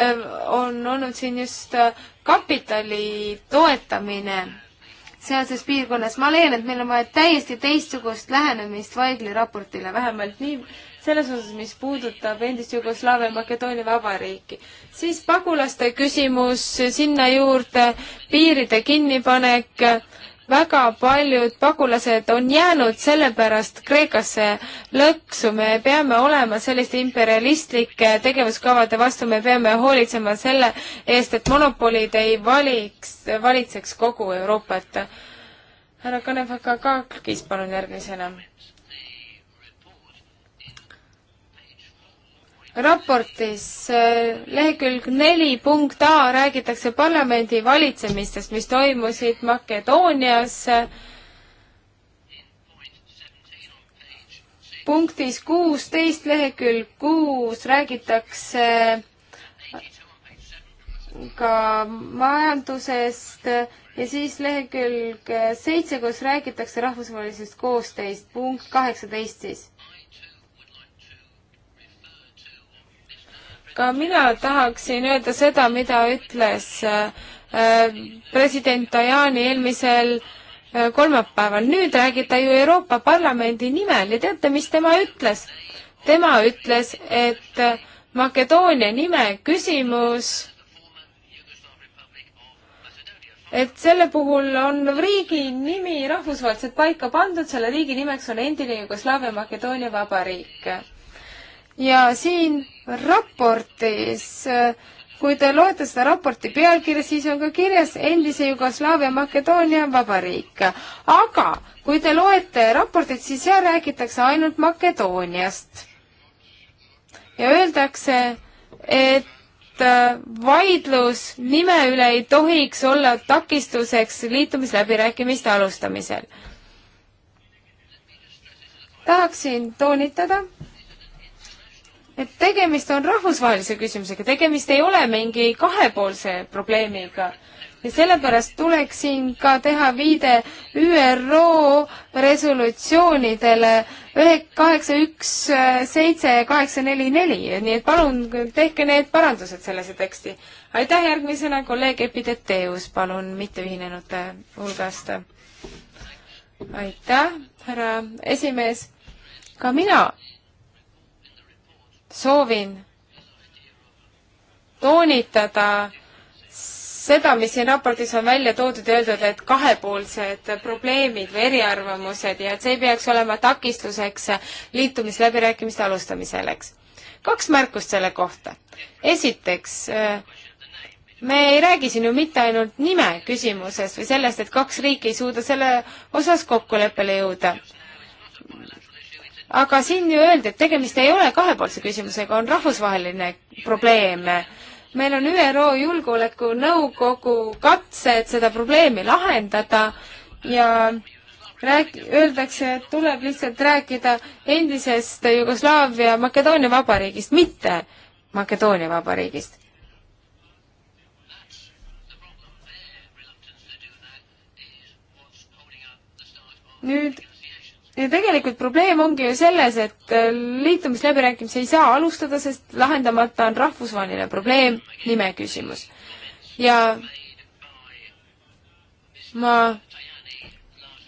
äh, on olnud siin just kapitali toetamine sealses piirkonnas. ma leian, et meil on vaja täiesti teistsugust lähenemist Vaigli raportile, vähemalt nii selles osas, mis puudutab endist Jugoslaavia Makedoonia Vabariiki. siis pagulaste küsimus sinna juurde, piiride kinnipanek, väga paljud pagulased on jäänud sellepärast Kreekasse lõksu, me peame olema selliste imperialistlike tegevuskavade vastu, me peame hoolitsema selle eest, et monopolid ei valiks, valitseks kogu Euroopat. härra Kanev Hakakakis, palun järgmisena raportis äh, lehekülg neli punkt A räägitakse parlamendi valitsemistest, mis toimusid Makedoonias. punktis kuusteist lehekülg kuus räägitakse ka majandusest ja siis lehekülg seitse, kus räägitakse rahvusvahelisest koostööst, punkt kaheksateist siis ka mina tahaksin öelda seda, mida ütles äh, äh, president Tajani eelmisel äh, kolmapäeval. nüüd räägib ta ju Euroopa Parlamendi nimel ja teate, mis tema ütles? tema ütles, et Makedoonia nime küsimus, et selle puhul on riigi nimi rahvusvaheliselt paika pandud, selle riigi nimeks on endine Jugoslaavia Makedoonia Vabariik ja siin raportis kui te loete seda raporti pealkirja, siis on ka kirjas endise Jugoslaavia Makedoonia vabariik. aga kui te loete raportit, siis seal räägitakse ainult Makedooniast. ja öeldakse, et vaidlus nime üle ei tohiks olla takistuseks liitumisläbirääkimiste alustamisel. tahaksin toonitada, et tegemist on rahvusvahelise küsimusega, tegemist ei ole mingi kahepoolse probleemiga. ja sellepärast tuleks siin ka teha viide ÜRO resolutsioonidele ühe, kaheksa, üks, seitse ja kaheksa, neli, neli, nii et palun tehke need parandused sellesse teksti. aitäh, järgmisena kolleeg Epideteus, palun, mitteühinenute hulgast. aitäh, härra esimees. ka mina soovin toonitada seda, mis siin raportis on välja toodud ja öeldud, et kahepoolsed probleemid või eriarvamused ja et see ei peaks olema takistuseks liitumisläbirääkimiste alustamiseks. kaks märkust selle kohta. esiteks, äh, me ei räägi siin ju mitte ainult nime küsimusest või sellest, et kaks riiki ei suuda selle osas kokkuleppele jõuda aga siin ju öeldi, et tegemist ei ole kahepoolse küsimusega, on rahvusvaheline probleem. meil on ÜRO Julgeolekunõukogu katsed seda probleemi lahendada ja rääk-, öeldakse, et tuleb lihtsalt rääkida endisest Jugoslaavia Makedoonia vabariigist, mitte Makedoonia vabariigist. nüüd ja tegelikult probleem ongi ju selles, et äh, liitumisläbirääkimisi ei saa alustada, sest lahendamata on rahvusvaheline probleem, nime küsimus. ja ma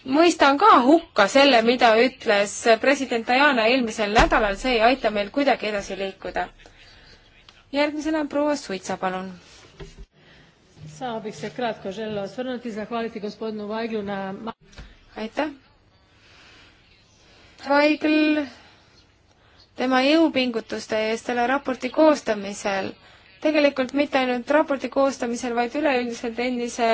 mõistan ka hukka selle, mida ütles president Diana eelmisel nädalal, see ei aita meil kuidagi edasi liikuda. järgmisena proua Suitsa, palun. aitäh Weigl tema jõupingutuste eest selle raporti koostamisel. tegelikult mitte ainult raporti koostamisel, vaid üleüldiselt endise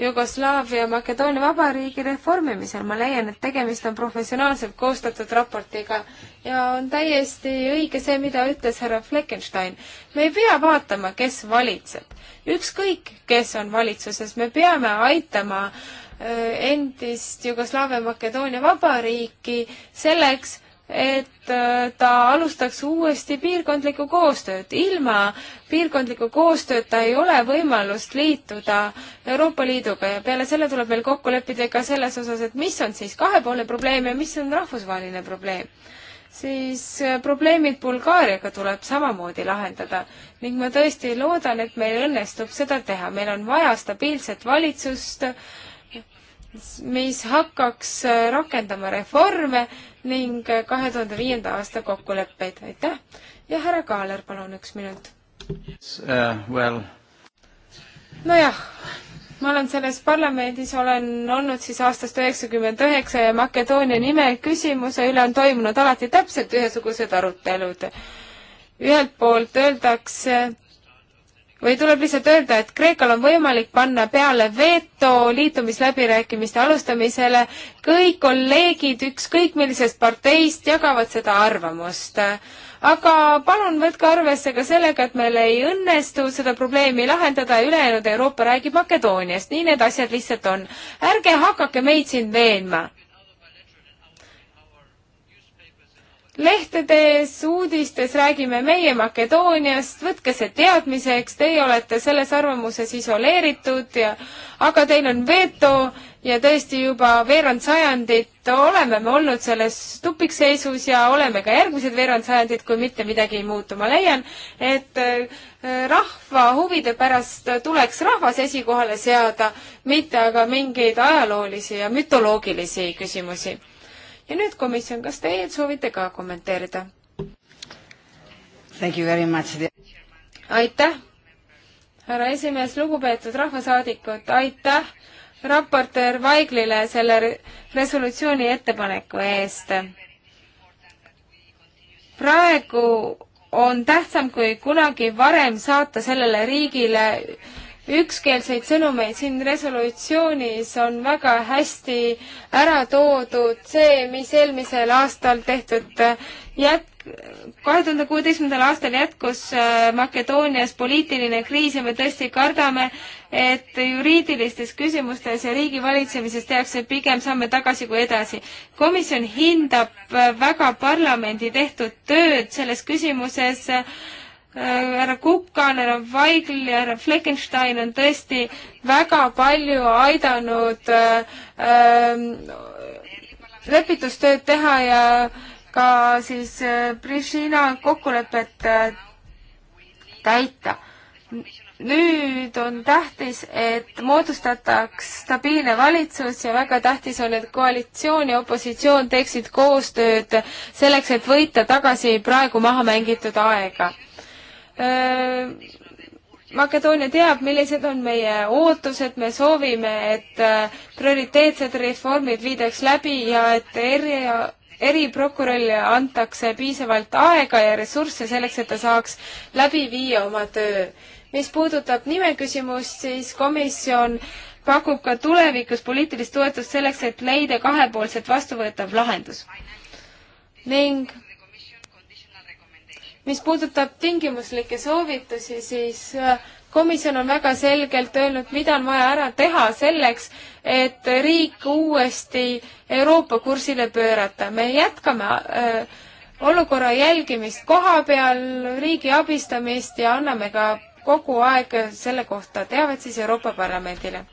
Jugoslaavia Makedoonia Vabariigi reformimisel. ma leian, et tegemist on professionaalselt koostatud raportiga ja on täiesti õige see, mida ütles härra Fleckenstein. me ei pea vaatama, kes valitseb. ükskõik, kes on valitsuses, me peame aitama äh, endist Jugoslaavia Makedoonia vabariiki selleks, et äh, ta alustaks uuesti piirkondlikku koostööd. ilma piirkondliku koostööta ei ole võimalust liituda Euroopa Liiduga ja peale selle tuleb meil kokku leppida ka selles osas, et mis on siis kahepoolne probleem ja mis on rahvusvaheline probleem. siis äh, probleemid Bulgaariaga tuleb samamoodi lahendada ning ma tõesti loodan, et meil õnnestub seda teha. meil on vaja stabiilset valitsust äh, mis hakkaks äh, rakendama reforme ning äh, kahe tuhande viienda aasta kokkuleppeid. aitäh! ja härra Kaaler, palun üks minut uh,. Well. nojah, ma olen selles parlamendis, olen olnud siis aastast üheksakümmend üheksa ja Makedoonia nime küsimuse üle on toimunud alati täpselt ühesugused arutelud. ühelt poolt öeldakse, või tuleb lihtsalt öelda, et Kreekal on võimalik panna peale veto liitumisläbirääkimiste alustamisele, kõik kolleegid ükskõik millisest parteist jagavad seda arvamust. aga palun võtke arvesse ka sellega, et meil ei õnnestu seda probleemi lahendada ja ülejäänud Euroopa räägib Makedooniast, nii need asjad lihtsalt on. ärge hakake meid siin veenma lehtedes, uudistes räägime meie Makedooniast, võtke see teadmiseks, teie olete selles arvamuses isoleeritud ja aga teil on veto ja tõesti juba veerand sajandit oleme me olnud selles tupikseisus ja oleme ka järgmised veerand sajandit, kui mitte midagi ei muutu. ma leian, et äh, rahva huvide pärast tuleks rahvas esikohale seada, mitte aga mingeid ajaloolisi ja mütoloogilisi küsimusi ja nüüd komisjon, kas teie soovite ka kommenteerida? aitäh, härra esimees, lugupeetud rahvasaadikud, aitäh raportöör Vaiglile selle resolutsiooni ettepaneku eest. praegu on tähtsam kui kunagi varem saata sellele riigile ükskeelseid sõnumeid. siin resolutsioonis on väga hästi ära toodud see, mis eelmisel aastal tehtud äh, jät-, kahe tuhande kuueteistkümnendal aastal jätkus äh, Makedoonias poliitiline kriis ja me tõesti kardame, et juriidilistes küsimustes ja riigivalitsemises tehakse pigem samme tagasi kui edasi. komisjon hindab äh, väga parlamendi tehtud tööd selles küsimuses äh, Äh, härra Kukan, härra Vaigl ja härra Fleckenstein on tõesti väga palju aidanud äh, äh, lepitustööd teha ja ka siis äh, Brežina kokkulepet äh, täita. nüüd on tähtis, et moodustataks stabiilne valitsus ja väga tähtis on, et koalitsioon ja opositsioon teeksid koostööd selleks, et võita tagasi praegu maha mängitud aega Äh, Makedoonia teab, millised on meie ootused, me soovime, et äh, prioriteetsed reformid viidaks läbi ja et eri, eriprokurörile antakse piisavalt aega ja ressursse selleks, et ta saaks läbi viia oma töö. mis puudutab nime küsimust, siis komisjon pakub ka tulevikus poliitilist toetust selleks, et leida kahepoolselt vastuvõetav lahendus. ning mis puudutab tingimuslikke soovitusi, siis äh, komisjon on väga selgelt öelnud, mida on vaja ära teha selleks, et riik uuesti Euroopa kursile pöörata. me jätkame äh, olukorra jälgimist koha peal, riigi abistamist ja anname ka kogu aeg selle kohta teavet siis Euroopa Parlamendile.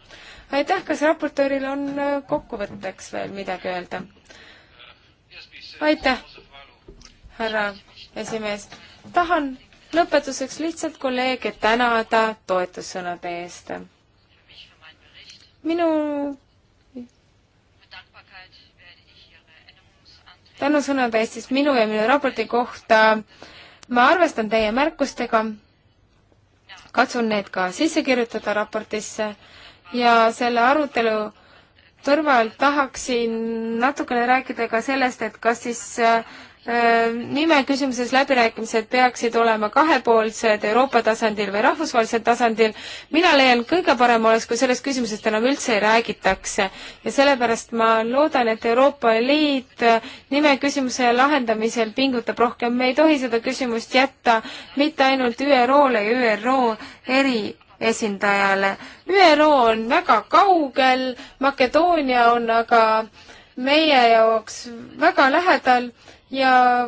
aitäh, kas raportööril on äh, kokkuvõtteks veel midagi öelda? aitäh, härra esimees tahan lõpetuseks lihtsalt kolleege tänada toetussõnade eest. minu tänusõnade eest siis minu ja minu raporti kohta. ma arvestan teie märkustega, katsun need ka sisse kirjutada raportisse ja selle arutelu kõrval tahaksin natukene rääkida ka sellest, et kas siis äh, Äh, nime küsimuses läbirääkimised peaksid olema kahepoolsed Euroopa tasandil või rahvusvahelisel tasandil. mina leian, kõige parem oleks, kui sellest küsimusest enam üldse ei räägitaks ja sellepärast ma loodan, et Euroopa Liit äh, nime küsimuse lahendamisel pingutab rohkem. me ei tohi seda küsimust jätta mitte ainult ÜRO-le ja ÜRO eri esindajale. ÜRO on väga kaugel, Makedoonia on aga meie jaoks väga lähedal ja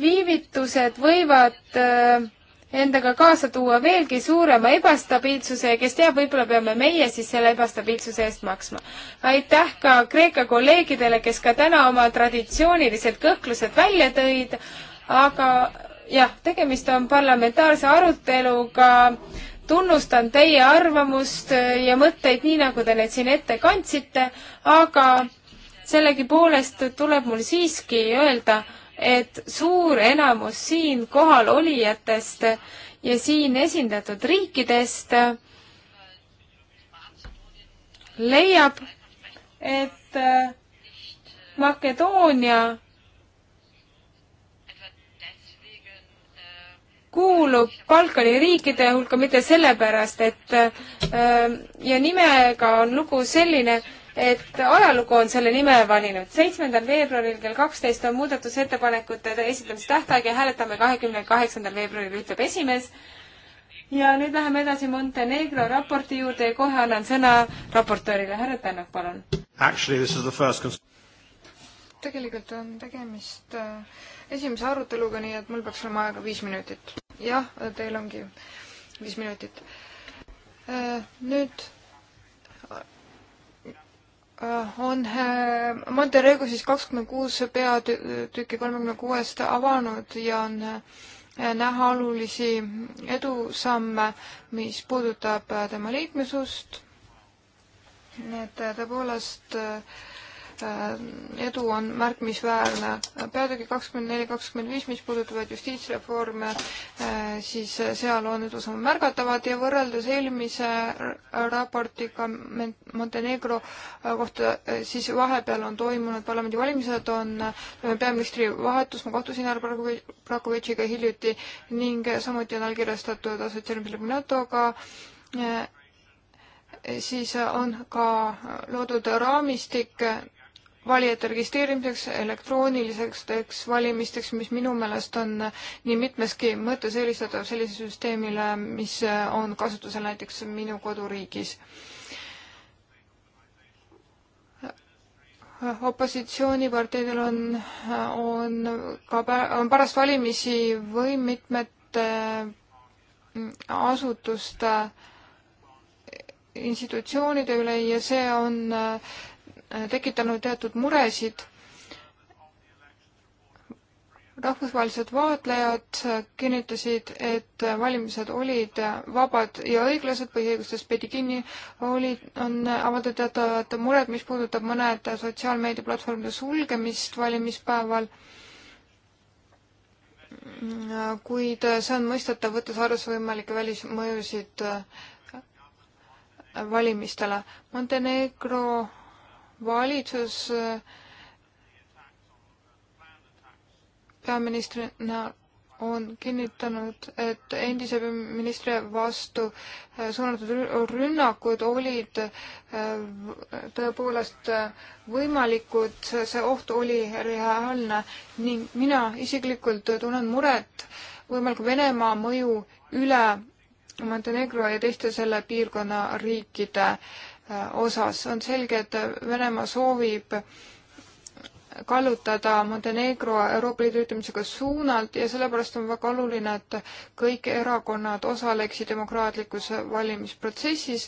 viivitused võivad äh, endaga kaasa tuua veelgi suurema ebastabiilsuse ja kes teab, võib-olla peame meie siis selle ebastabiilsuse eest maksma. aitäh ka Kreeka kolleegidele, kes ka täna oma traditsioonilised kõhklused välja tõid, aga jah, tegemist on parlamentaarse aruteluga, tunnustan teie arvamust ja mõtteid, nii nagu te need siin ette kandsite, aga sellegipoolest tuleb mul siiski öelda, et suur enamus siin kohal olijatest ja siin esindatud riikidest leiab, et äh, Makedoonia kuulub Balkani riikide hulka mitte sellepärast, et äh, ja nimega on lugu selline, et ajalugu on selle nime valinud. seitsmendal veebruaril kell kaksteist on muudatusettepanekute esitamise tähtaeg ja hääletame kahekümne kaheksandal veebruaril, ütleb esimees. ja nüüd läheme edasi Montenegro raporti juurde ja kohe annan sõna raportöörile. härra Tänak, palun. tegelikult on tegemist äh, esimese aruteluga, nii et mul peaks olema aega viis minutit. jah, teil ongi viis minutit. Äh, nüüd Äh, on äh, Monterrey siis kakskümmend kuus peatükki kolmekümne kuuest avanud ja on äh, näha olulisi edusamme, mis puudutab tema liikmesust. nii et tõepoolest äh, Äh, edu on märkimisväärne. peatükk kakskümmend neli, kakskümmend viis, mis puudutavad justiitsreforme, äh, siis seal on edusammud märgatavad ja võrreldes eelmise raportiga Montenegro äh, kohta, siis vahepeal on toimunud parlamendivalimised, on peaministri vahetus, ma kohtusin härra Brakovitšiga hiljuti ning samuti on allkirjastatud assotsieerimisleping NATO-ga siis on ka loodud raamistik valijate registreerimiseks, elektrooniliseks valimisteks, mis minu meelest on nii mitmeski mõttes eelistatav sellisele süsteemile, mis on kasutusel näiteks minu koduriigis. opositsiooniparteidel on, on ka, on pärast valimisi või mitmete asutuste institutsioonide üle ja see on äh, Äh, tekitanud teatud muresid. rahvusvahelised vaatlejad kinnitasid, et valimised olid vabad ja õiglased, põhiõigustest peeti kinni, olid, on avaldatud teatavad mured, mis puudutab mõned sotsiaalmeediaplatvormide sulgemist valimispäeval kuid see on mõistetav, võttes arvesse võimalikke välismõjusid valimistele. Montenegro valitsus äh, peaministrina on kinnitanud, et endise ministri vastu äh, suunatud rünnakud olid äh, tõepoolest võimalikud, see oht oli reaalne ning mina isiklikult tunnen muret võimaliku Venemaa mõju üle Montenegro ja teiste selle piirkonna riikide äh, Äh, osas. on selge, et Venemaa soovib kallutada Montenegro Euroopa Liidu liitumisega suunalt ja sellepärast on väga oluline, et kõik erakonnad osaleksid demokraatlikus valimisprotsessis.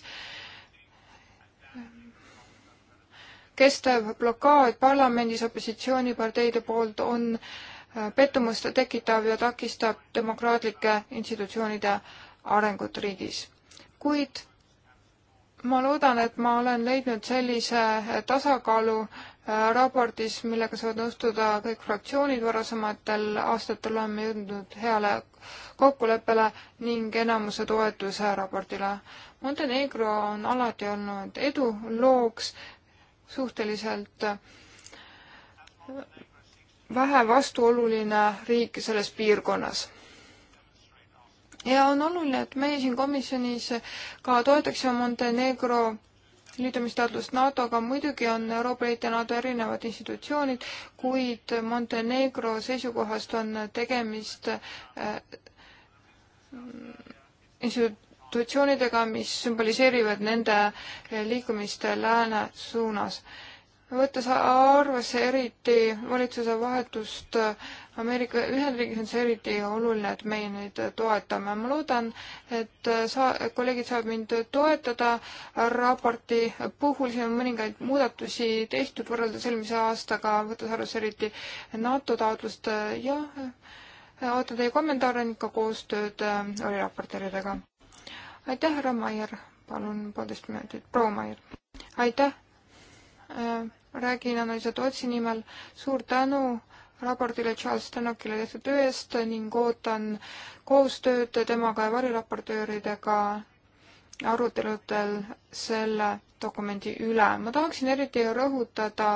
kestev blokaad parlamendis opositsiooniparteide poolt on äh, pettumust tekitav ja takistab demokraatlike institutsioonide arengut riigis. kuid ma loodan, et ma olen leidnud sellise eh, tasakaalu eh, raportis, millega saavad nõustuda kõik fraktsioonid, varasematel aastatel oleme jõudnud heale kokkuleppele ning enamuse toetuse raportile. Montenegro on alati olnud edulooks, suhteliselt eh, vähe vastuoluline riik selles piirkonnas ja on oluline, et meie siin komisjonis ka toetaksime Montenegro liitumistaotlust NATO-ga, muidugi on Euroopa Liit ja NATO erinevad institutsioonid, kuid Montenegro seisukohast on tegemist äh, institutsioonidega, mis sümboliseerivad nende liikumist lääne suunas võttes arvesse eriti valitsuse vahetust Ameerika Ühendriigis on see eriti oluline, et meie neid toetame. ma loodan, et sa, kolleegid saavad mind toetada raporti puhul, siin on mõningaid muudatusi tehtud võrreldes eelmise aastaga, võttes arvesse eriti NATO taotlust ja äh, ootan teie kommentaare ning ka koostööd äh, raportööridega. aitäh, härra Maier, palun poolteist minutit, proua Maier. aitäh äh, räägin Annalisa Tootsi nimel. suur tänu raportile Charles Stenokile tehtud töö eest ning ootan koostööd temaga ja variraportööridega aruteludel selle dokumendi üle. ma tahaksin eriti rõhutada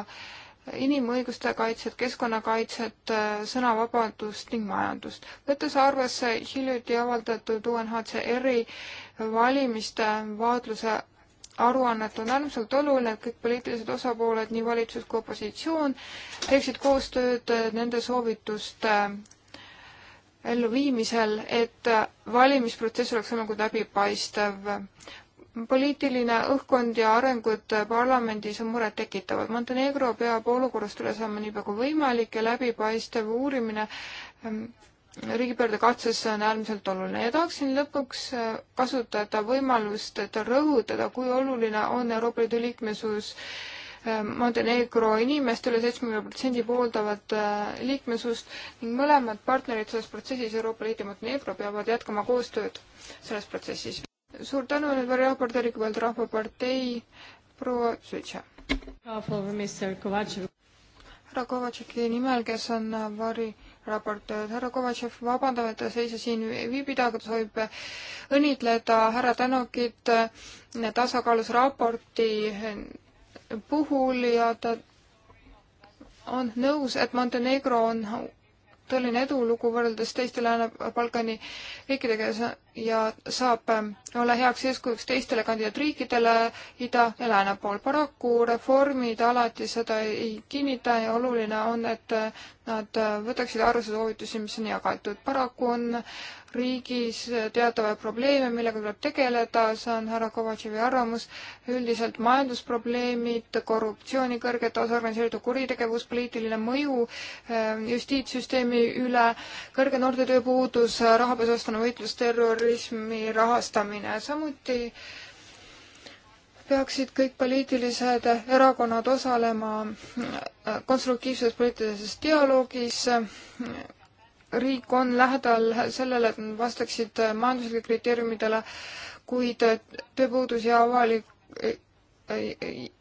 inimõiguste kaitset, keskkonnakaitset, sõnavabadust ning majandust. võttes arvesse hiljuti avaldatud UNHCR-i valimiste vaatluse aruannet on äärmiselt oluline, et kõik poliitilised osapooled, nii valitsus kui opositsioon, teeksid koostööd nende soovituste elluviimisel, et valimisprotsess oleks võimalikult läbipaistev. poliitiline õhkkond ja arengud parlamendis on murettekitavad. Montenegro peab olukorrast üle saama niipea kui võimalik ja läbipaistev uurimine riigipöördekatsus on äärmiselt oluline ja tahaksin lõpuks äh, kasutada võimalust, et rõhutada, kui oluline on Euroopa Liidu liikmesus äh, Montenegro inimest üle seitsmekümne protsendi pooldavat äh, liikmesust ning mõlemad partnerid selles protsessis, Euroopa Liit ja Montenegro, peavad jätkama koostööd selles protsessis. suur tänu nüüd veel raportööri kõigepealt Rahvapartei proua Sütša. härra Kovatšeki nimel, kes on vari raportöör härra Kovatšev vabandab, et ta seisis siin viibida, aga ta soovib õnnitleda härra Tänokit tasakaalus raporti puhul ja ta on nõus, et Montenegro on tõeline edulugu võrreldes teiste Lääne-Balkani riikidega ja see ja saab ähm, olla heaks eeskujuks teistele kandidaatriikidele ida ja lääne pool. paraku reformid alati seda ei kinnita ja oluline on, et äh, nad äh, võtaksid arvesse soovitusi, mis on jagatud. paraku on riigis teatavaid probleeme, millega tuleb tegeleda, see on härra Kovatševi arvamus, üldiselt majandusprobleemid, korruptsiooni kõrge tase, organiseeritud kuritegevus, poliitiline mõju äh, justiitssüsteemi üle, kõrge noorte tööpuudus, rahapesuvastane võitlus, terror, turismi rahastamine, samuti peaksid kõik poliitilised erakonnad osalema konstruktiivses poliitilises dialoogis. riik on lähedal sellele, et nad vastaksid majanduslikele kriteeriumidele, kuid tööpuudus ja avalik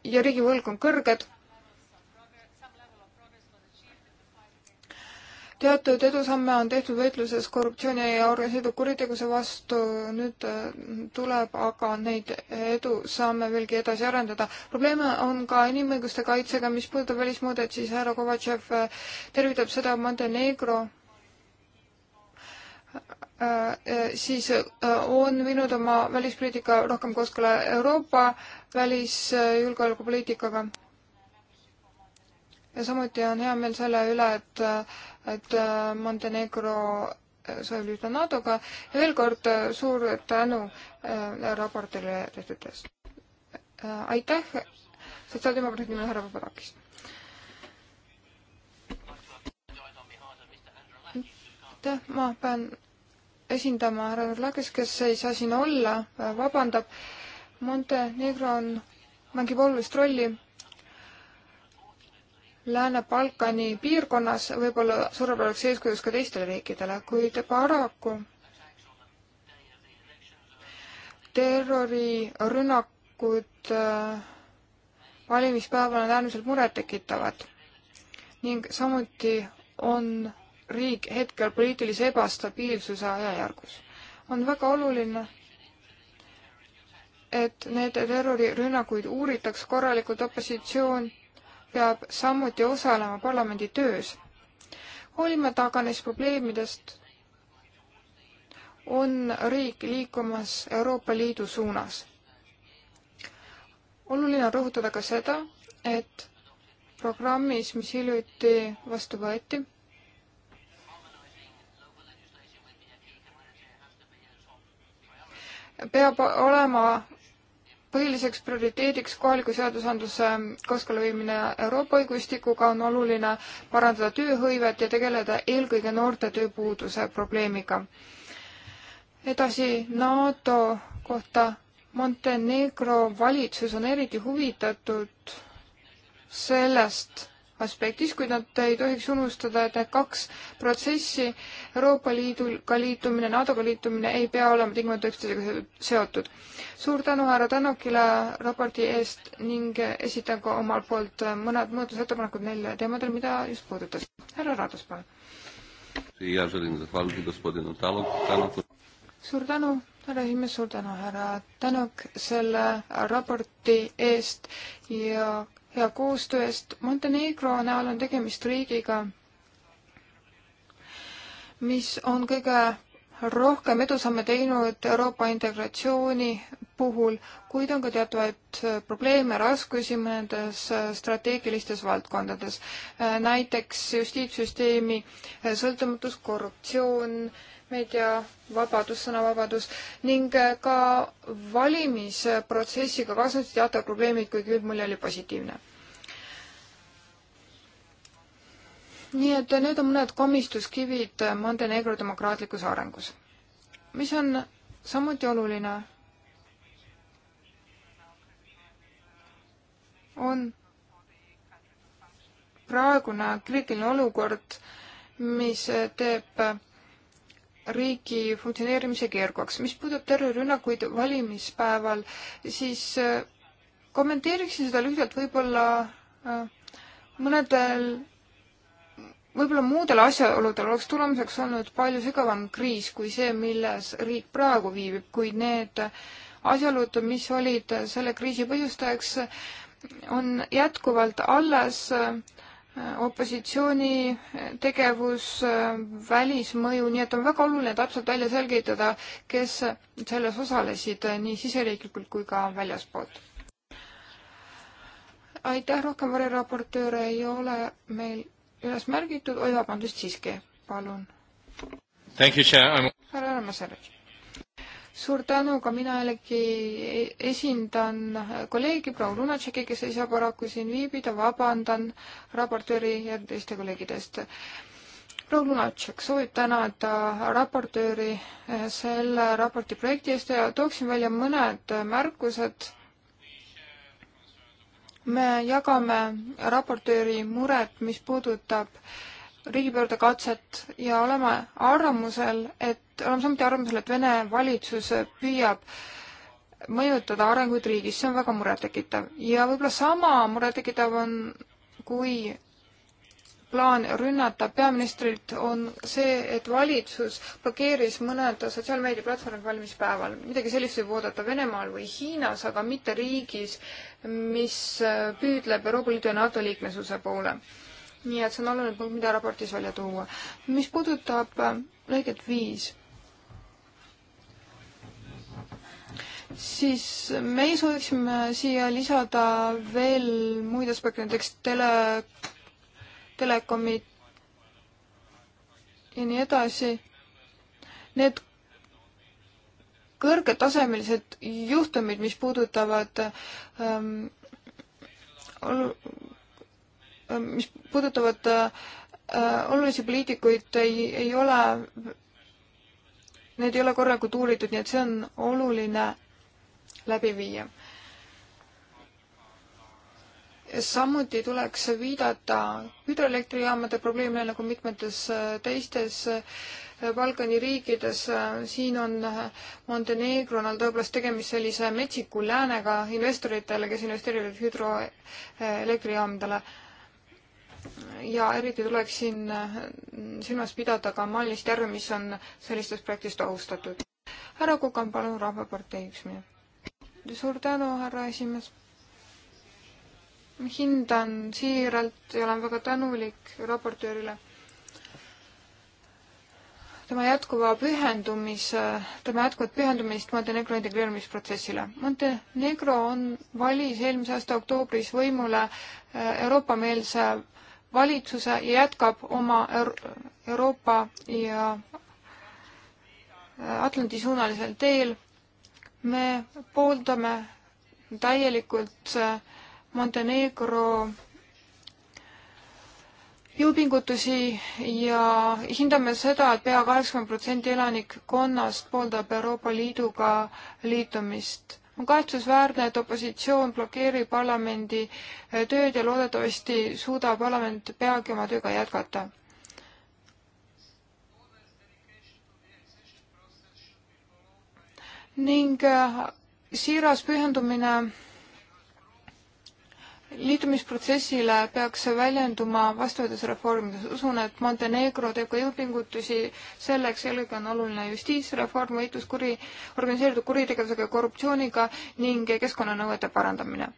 ja riigivõlg on kõrged teatud edusamme on tehtud võitluses korruptsiooni ja organiseeritud kuritegevuse vastu, nüüd äh, tuleb aga neid edusamme veelgi edasi arendada. probleeme on ka inimõiguste kaitsega, mis puudutab välismõõdet, siis härra Kovatšev äh, tervitab seda Montenegro äh, siis on viinud oma välispoliitika rohkem kooskõla Euroopa välisjulgeolekupoliitikaga ja samuti on hea meel selle üle, et, et äh, Montenegro äh, soovib liituda NATO-ga ja veel kord äh, suur tänu äh, raportile tehtud eest äh,. aitäh, sotsiaaldemokraadi nimel härra Papadakis. aitäh, ma pean esindama härra Nurlakis, kes ei saa siin olla, vabandab. Montenegro on, mängib olulist rolli Lääne-Balkani piirkonnas võib-olla suurepäraseks eeskujuks ka teistele riikidele, kuid paraku terrorirünnakud äh, valimispäeval on äärmiselt murettekitavad ning samuti on riik hetkel poliitilise ebastabiilsuse ajajärgus. on väga oluline, et need terrorirünnakuid uuritaks korralikult opositsioon peab samuti osalema parlamendi töös. hoolimata aga neist probleemidest on riik liikumas Euroopa Liidu suunas. oluline on rõhutada ka seda, et programmis, mis hiljuti vastu võeti, peab olema põhiliseks prioriteediks kohaliku seadusandluse kooskõlla viimine Euroopa õigustikuga on oluline parandada tööhõivet ja tegeleda eelkõige noorte tööpuuduse probleemiga. edasi NATO kohta. Montenegro valitsus on eriti huvitatud sellest, aspektis, kuid nad ei tohiks unustada, et need kaks protsessi, Euroopa Liiduga liitumine, NATO-ga liitumine, ei pea olema tingimata üksteisega seotud. suur tänu härra Tänakile raporti eest ning esitan ka omalt poolt mõned muudatusettepanekud neil teemadel, mida just puudutas. härra Raadas, palun. suur tänu härra esimees, suur tänu, härra Tänak, selle raporti eest ja hea koostöö eest. Montenegro näol on tegemist riigiga, mis on kõige rohkem edusamme teinud Euroopa integratsiooni puhul, kuid on ka teatavaid probleeme, raskusi mõnedes strateegilistes valdkondades. näiteks justiitssüsteemi sõltumatus, korruptsioon, meediavabadus, sõnavabadus ning äh, ka valimisprotsessiga kaasnesid teatav probleemid, kuigi üldmulje oli positiivne. nii et need on mõned komistuskivid Montenegro demokraatlikus arengus. mis on samuti oluline, on praegune kriitiline olukord, mis teeb riigi funktsioneerimise keerukaks. mis puudutab terrorirünnakuid valimispäeval, siis äh, kommenteeriksin seda lühidalt võib-olla äh, mõnedel, võib-olla muudel asjaoludel oleks tulemuseks olnud palju sügavam kriis kui see, milles riik praegu viibib, kuid need asjaolud, mis olid selle kriisi põhjustajaks, on jätkuvalt alles äh, opositsiooni tegevus, välismõju, nii et on väga oluline täpselt välja selgitada, kes selles osalesid nii siseriiklikult kui ka väljaspoolt. aitäh, rohkem variraportööre ei ole meil üles märgitud, oi vabandust, siiski, palun. härra Armasjärv suur tänu, ka mina jällegi esindan kolleegi proua Lunatšeki, kes ei saa paraku siin viibida, vabandan raportööri ja teiste kolleegide eest. proua Lunatšek soovib tänada raportööri eh, selle raporti projekti eest ja tooksin välja mõned märkused me jagame raportööri muret, mis puudutab äh, riigipöördekatset ja oleme arvamusel, et, oleme samuti arvamusel, et Vene valitsus püüab mõjutada arenguid riigis, see on väga murettekitav. ja võib-olla sama murettekitav on, kui plaan rünnata peaministrilt, on see, et valitsus blokeeris mõned sotsiaalmeediaplatvormid valmispäeval. midagi sellist võib oodata Venemaal või Hiinas, aga mitte riigis, mis püüdleb Euroopa Liidu ja NATO liikmesuse poole nii et see on oluline punkt, mida raportis välja tuua. mis puudutab äh, lõiget viis, siis meie sooviksime siia lisada veel muid aspekte, näiteks tele, telekomid ja nii edasi. Need kõrgetasemelised juhtumid, mis puudutavad ähm, mis puudutavad äh, äh, olulisi poliitikuid, ei, ei ole, need ei ole korralikult uuritud, nii et see on oluline läbi viia. samuti tuleks viidata hüdroelektrijaamade probleemile nagu mitmetes äh, teistes Balkani riikides, siin on Montenegronal tõepoolest tegemist sellise metsiku läänega investoritele, kes investeerivad hüdroelektrijaamdele äh, ja eriti tuleks siin äh, silmas pidada ka Mallist järve, mis on sellistest projektist ohustatud. härra Kukan, palun, Rahvapartei üks minut. suur tänu, härra esimees. hindan siiralt ja olen väga tänulik raportöörile tema jätkuva pühendumise, tema jätkuvat pühendumist Montenegro integreerimisprotsessile. Montenegro on, valis eelmise aasta oktoobris võimule äh, Euroopa-meelse valitsuse ja jätkab oma Euro Euroopa ja Atlandi suunalisel teel. me pooldame täielikult Montenegro jõupingutusi ja hindame seda et, et pea kaheksakümmend protsenti elanikkonnast pooldab Euroopa Liiduga liitumist on kahetsusväärne, et opositsioon blokeerib parlamendi äh, tööd ja loodetavasti suudab parlament peagi oma tööga jätkata. ning äh, siiras pühendumine liitumisprotsessile peaks see väljenduma vastavates reformides. usun, et Montenegro teeb ka jõupingutusi selleks, sellega on oluline justiitsreform, võitlus kuri, organiseeritud kuritegevusega ja korruptsiooniga ning keskkonnanõuete parandamine.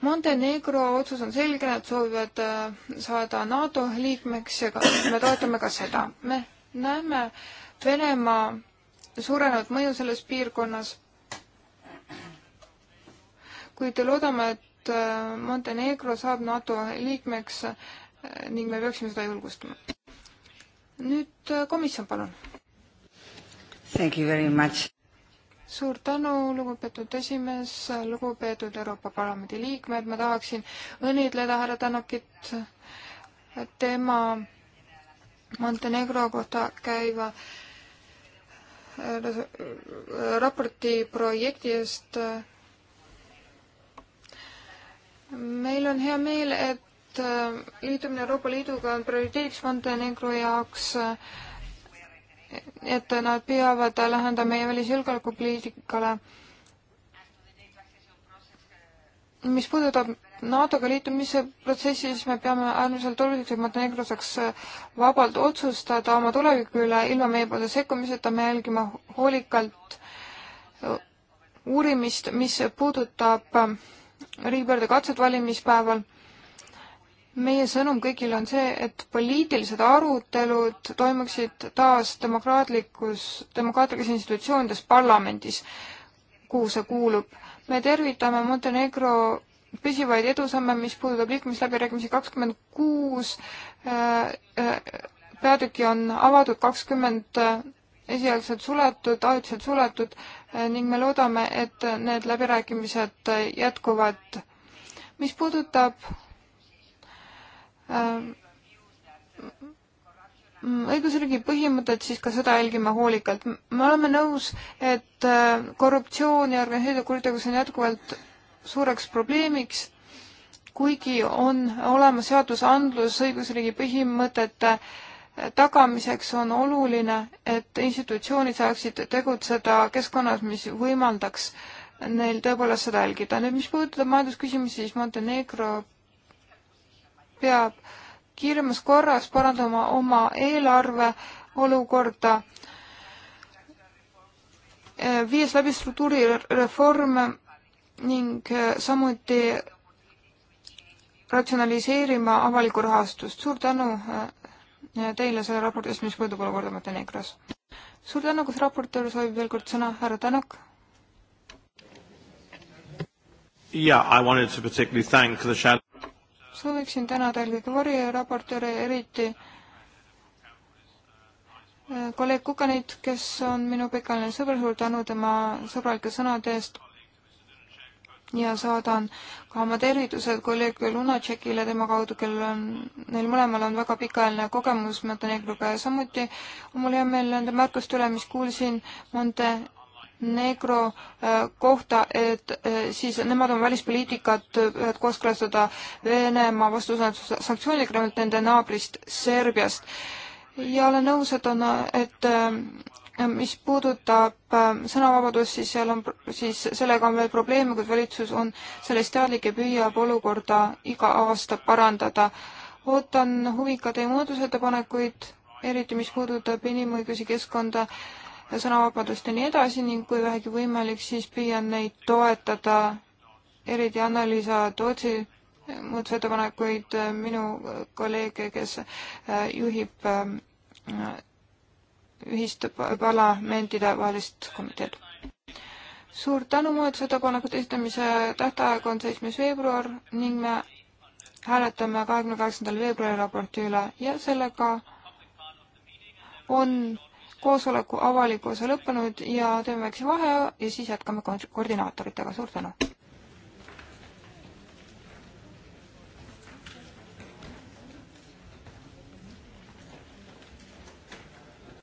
Montenegro otsus on selge, nad soovivad äh, saada NATO liikmeks ja me toetame ka seda. me näeme Venemaa suurenevat mõju selles piirkonnas kuid loodame, et et äh, Montenegro saab NATO liikmeks äh, ning me peaksime seda julgustama. nüüd äh, komisjon, palun. Thank you very much. suur tänu, lugupeetud esimees, lugupeetud Euroopa Parlamendi liikmed, ma tahaksin õnnitleda härra Tänokit tema Montenegro kohta käiva raporti projekti eest meil on hea meel, et äh, liitumine Euroopa Liiduga on prioriteediks Montenegro jaoks, äh, et nad püüavad lahendada meie välisjulgeolekupoliitikale. mis puudutab NATO-ga liitumise protsessi, siis me peame äärmiselt oluliseks, et Montenegro saaks äh, vabalt otsustada oma tuleviku üle ilma meie poole sekkumiseta, me jälgime hoolikalt uurimist, mis puudutab äh, riigipöörde katset valimispäeval. meie sõnum kõigile on see, et poliitilised arutelud toimuksid taas demokraatlikus, demokraatlikes institutsioonides parlamendis, kuhu see kuulub. me tervitame Montenegro püsivaid edusamme, mis puudutab liikumisläbirääkimisi kakskümmend kuus, äh, äh, peatüki on avatud kakskümmend äh, esialgselt suletud, ajutiselt suletud ning me loodame, et need läbirääkimised jätkuvad. mis puudutab ähm, õigusriigi põhimõtet, siis ka seda jälgime hoolikalt. me oleme nõus, et äh, korruptsioon ja organiseeritud kuritegevus on jätkuvalt suureks probleemiks, kuigi on olemas seadusandlus õigusriigi põhimõtete äh, tagamiseks on oluline, et institutsioonid saaksid tegutseda keskkonnas, mis võimaldaks neil tõepoolest seda jälgida. nüüd, mis puudutab majandusküsimusi, siis Montenegro peab kiiremas korras parandama oma eelarve olukorda, viies läbi struktuurireforme ning samuti ratsionaliseerima avalikku rahastust. suur tänu teile selle raporti eest, mis puudutab olukorda Montenegros. suur tänu, kas raportöör soovib veel kord sõna, härra Tänak? sooviksin tänada eelkõige variraportööre, eriti eh, kolleeg Kukanit, kes on minu pikaajaline sõber, suur tänu tema sõbralike sõnade eest ja saadan ka oma tervitused kolleeg Lunatšekile tema kaudu, kellel on, neil mõlemal on väga pikaajaline kogemus Montenegroga ja samuti on mul hea meel nende märkuste üle, mis kuulsin Montenegro äh, kohta, et äh, siis nemad on välispoliitikat ühed äh, kooskõlastada Venemaa vastusõnaduse sanktsioonidega, nende naabrist Serbiast. ja olen nõus, et on, et mis puudutab äh, sõnavabadust, siis seal on, siis sellega on veel probleeme, kuid valitsus on sellest teadlik ja püüab olukorda iga aasta parandada. ootan huviga teie muudatusettepanekuid, eriti mis puudutab inimõigusi, keskkonda, sõnavabadust ja nii edasi ning kui vähegi võimalik, siis püüan neid toetada, eriti Anna-Liisa Tootsi muudatusettepanekuid, äh, minu kolleeg, kes äh, juhib ühist parlamentide vahelist komiteed. suur tänu, muudatusettepanekute esitamise tähtaeg on seitsmes veebruar ning me hääletame kahekümne kaheksandal veebruaril raporti üle ja sellega on koosoleku avalik osa lõppenud ja teeme väikse vahe ja siis jätkame koordinaatoritega, suur tänu!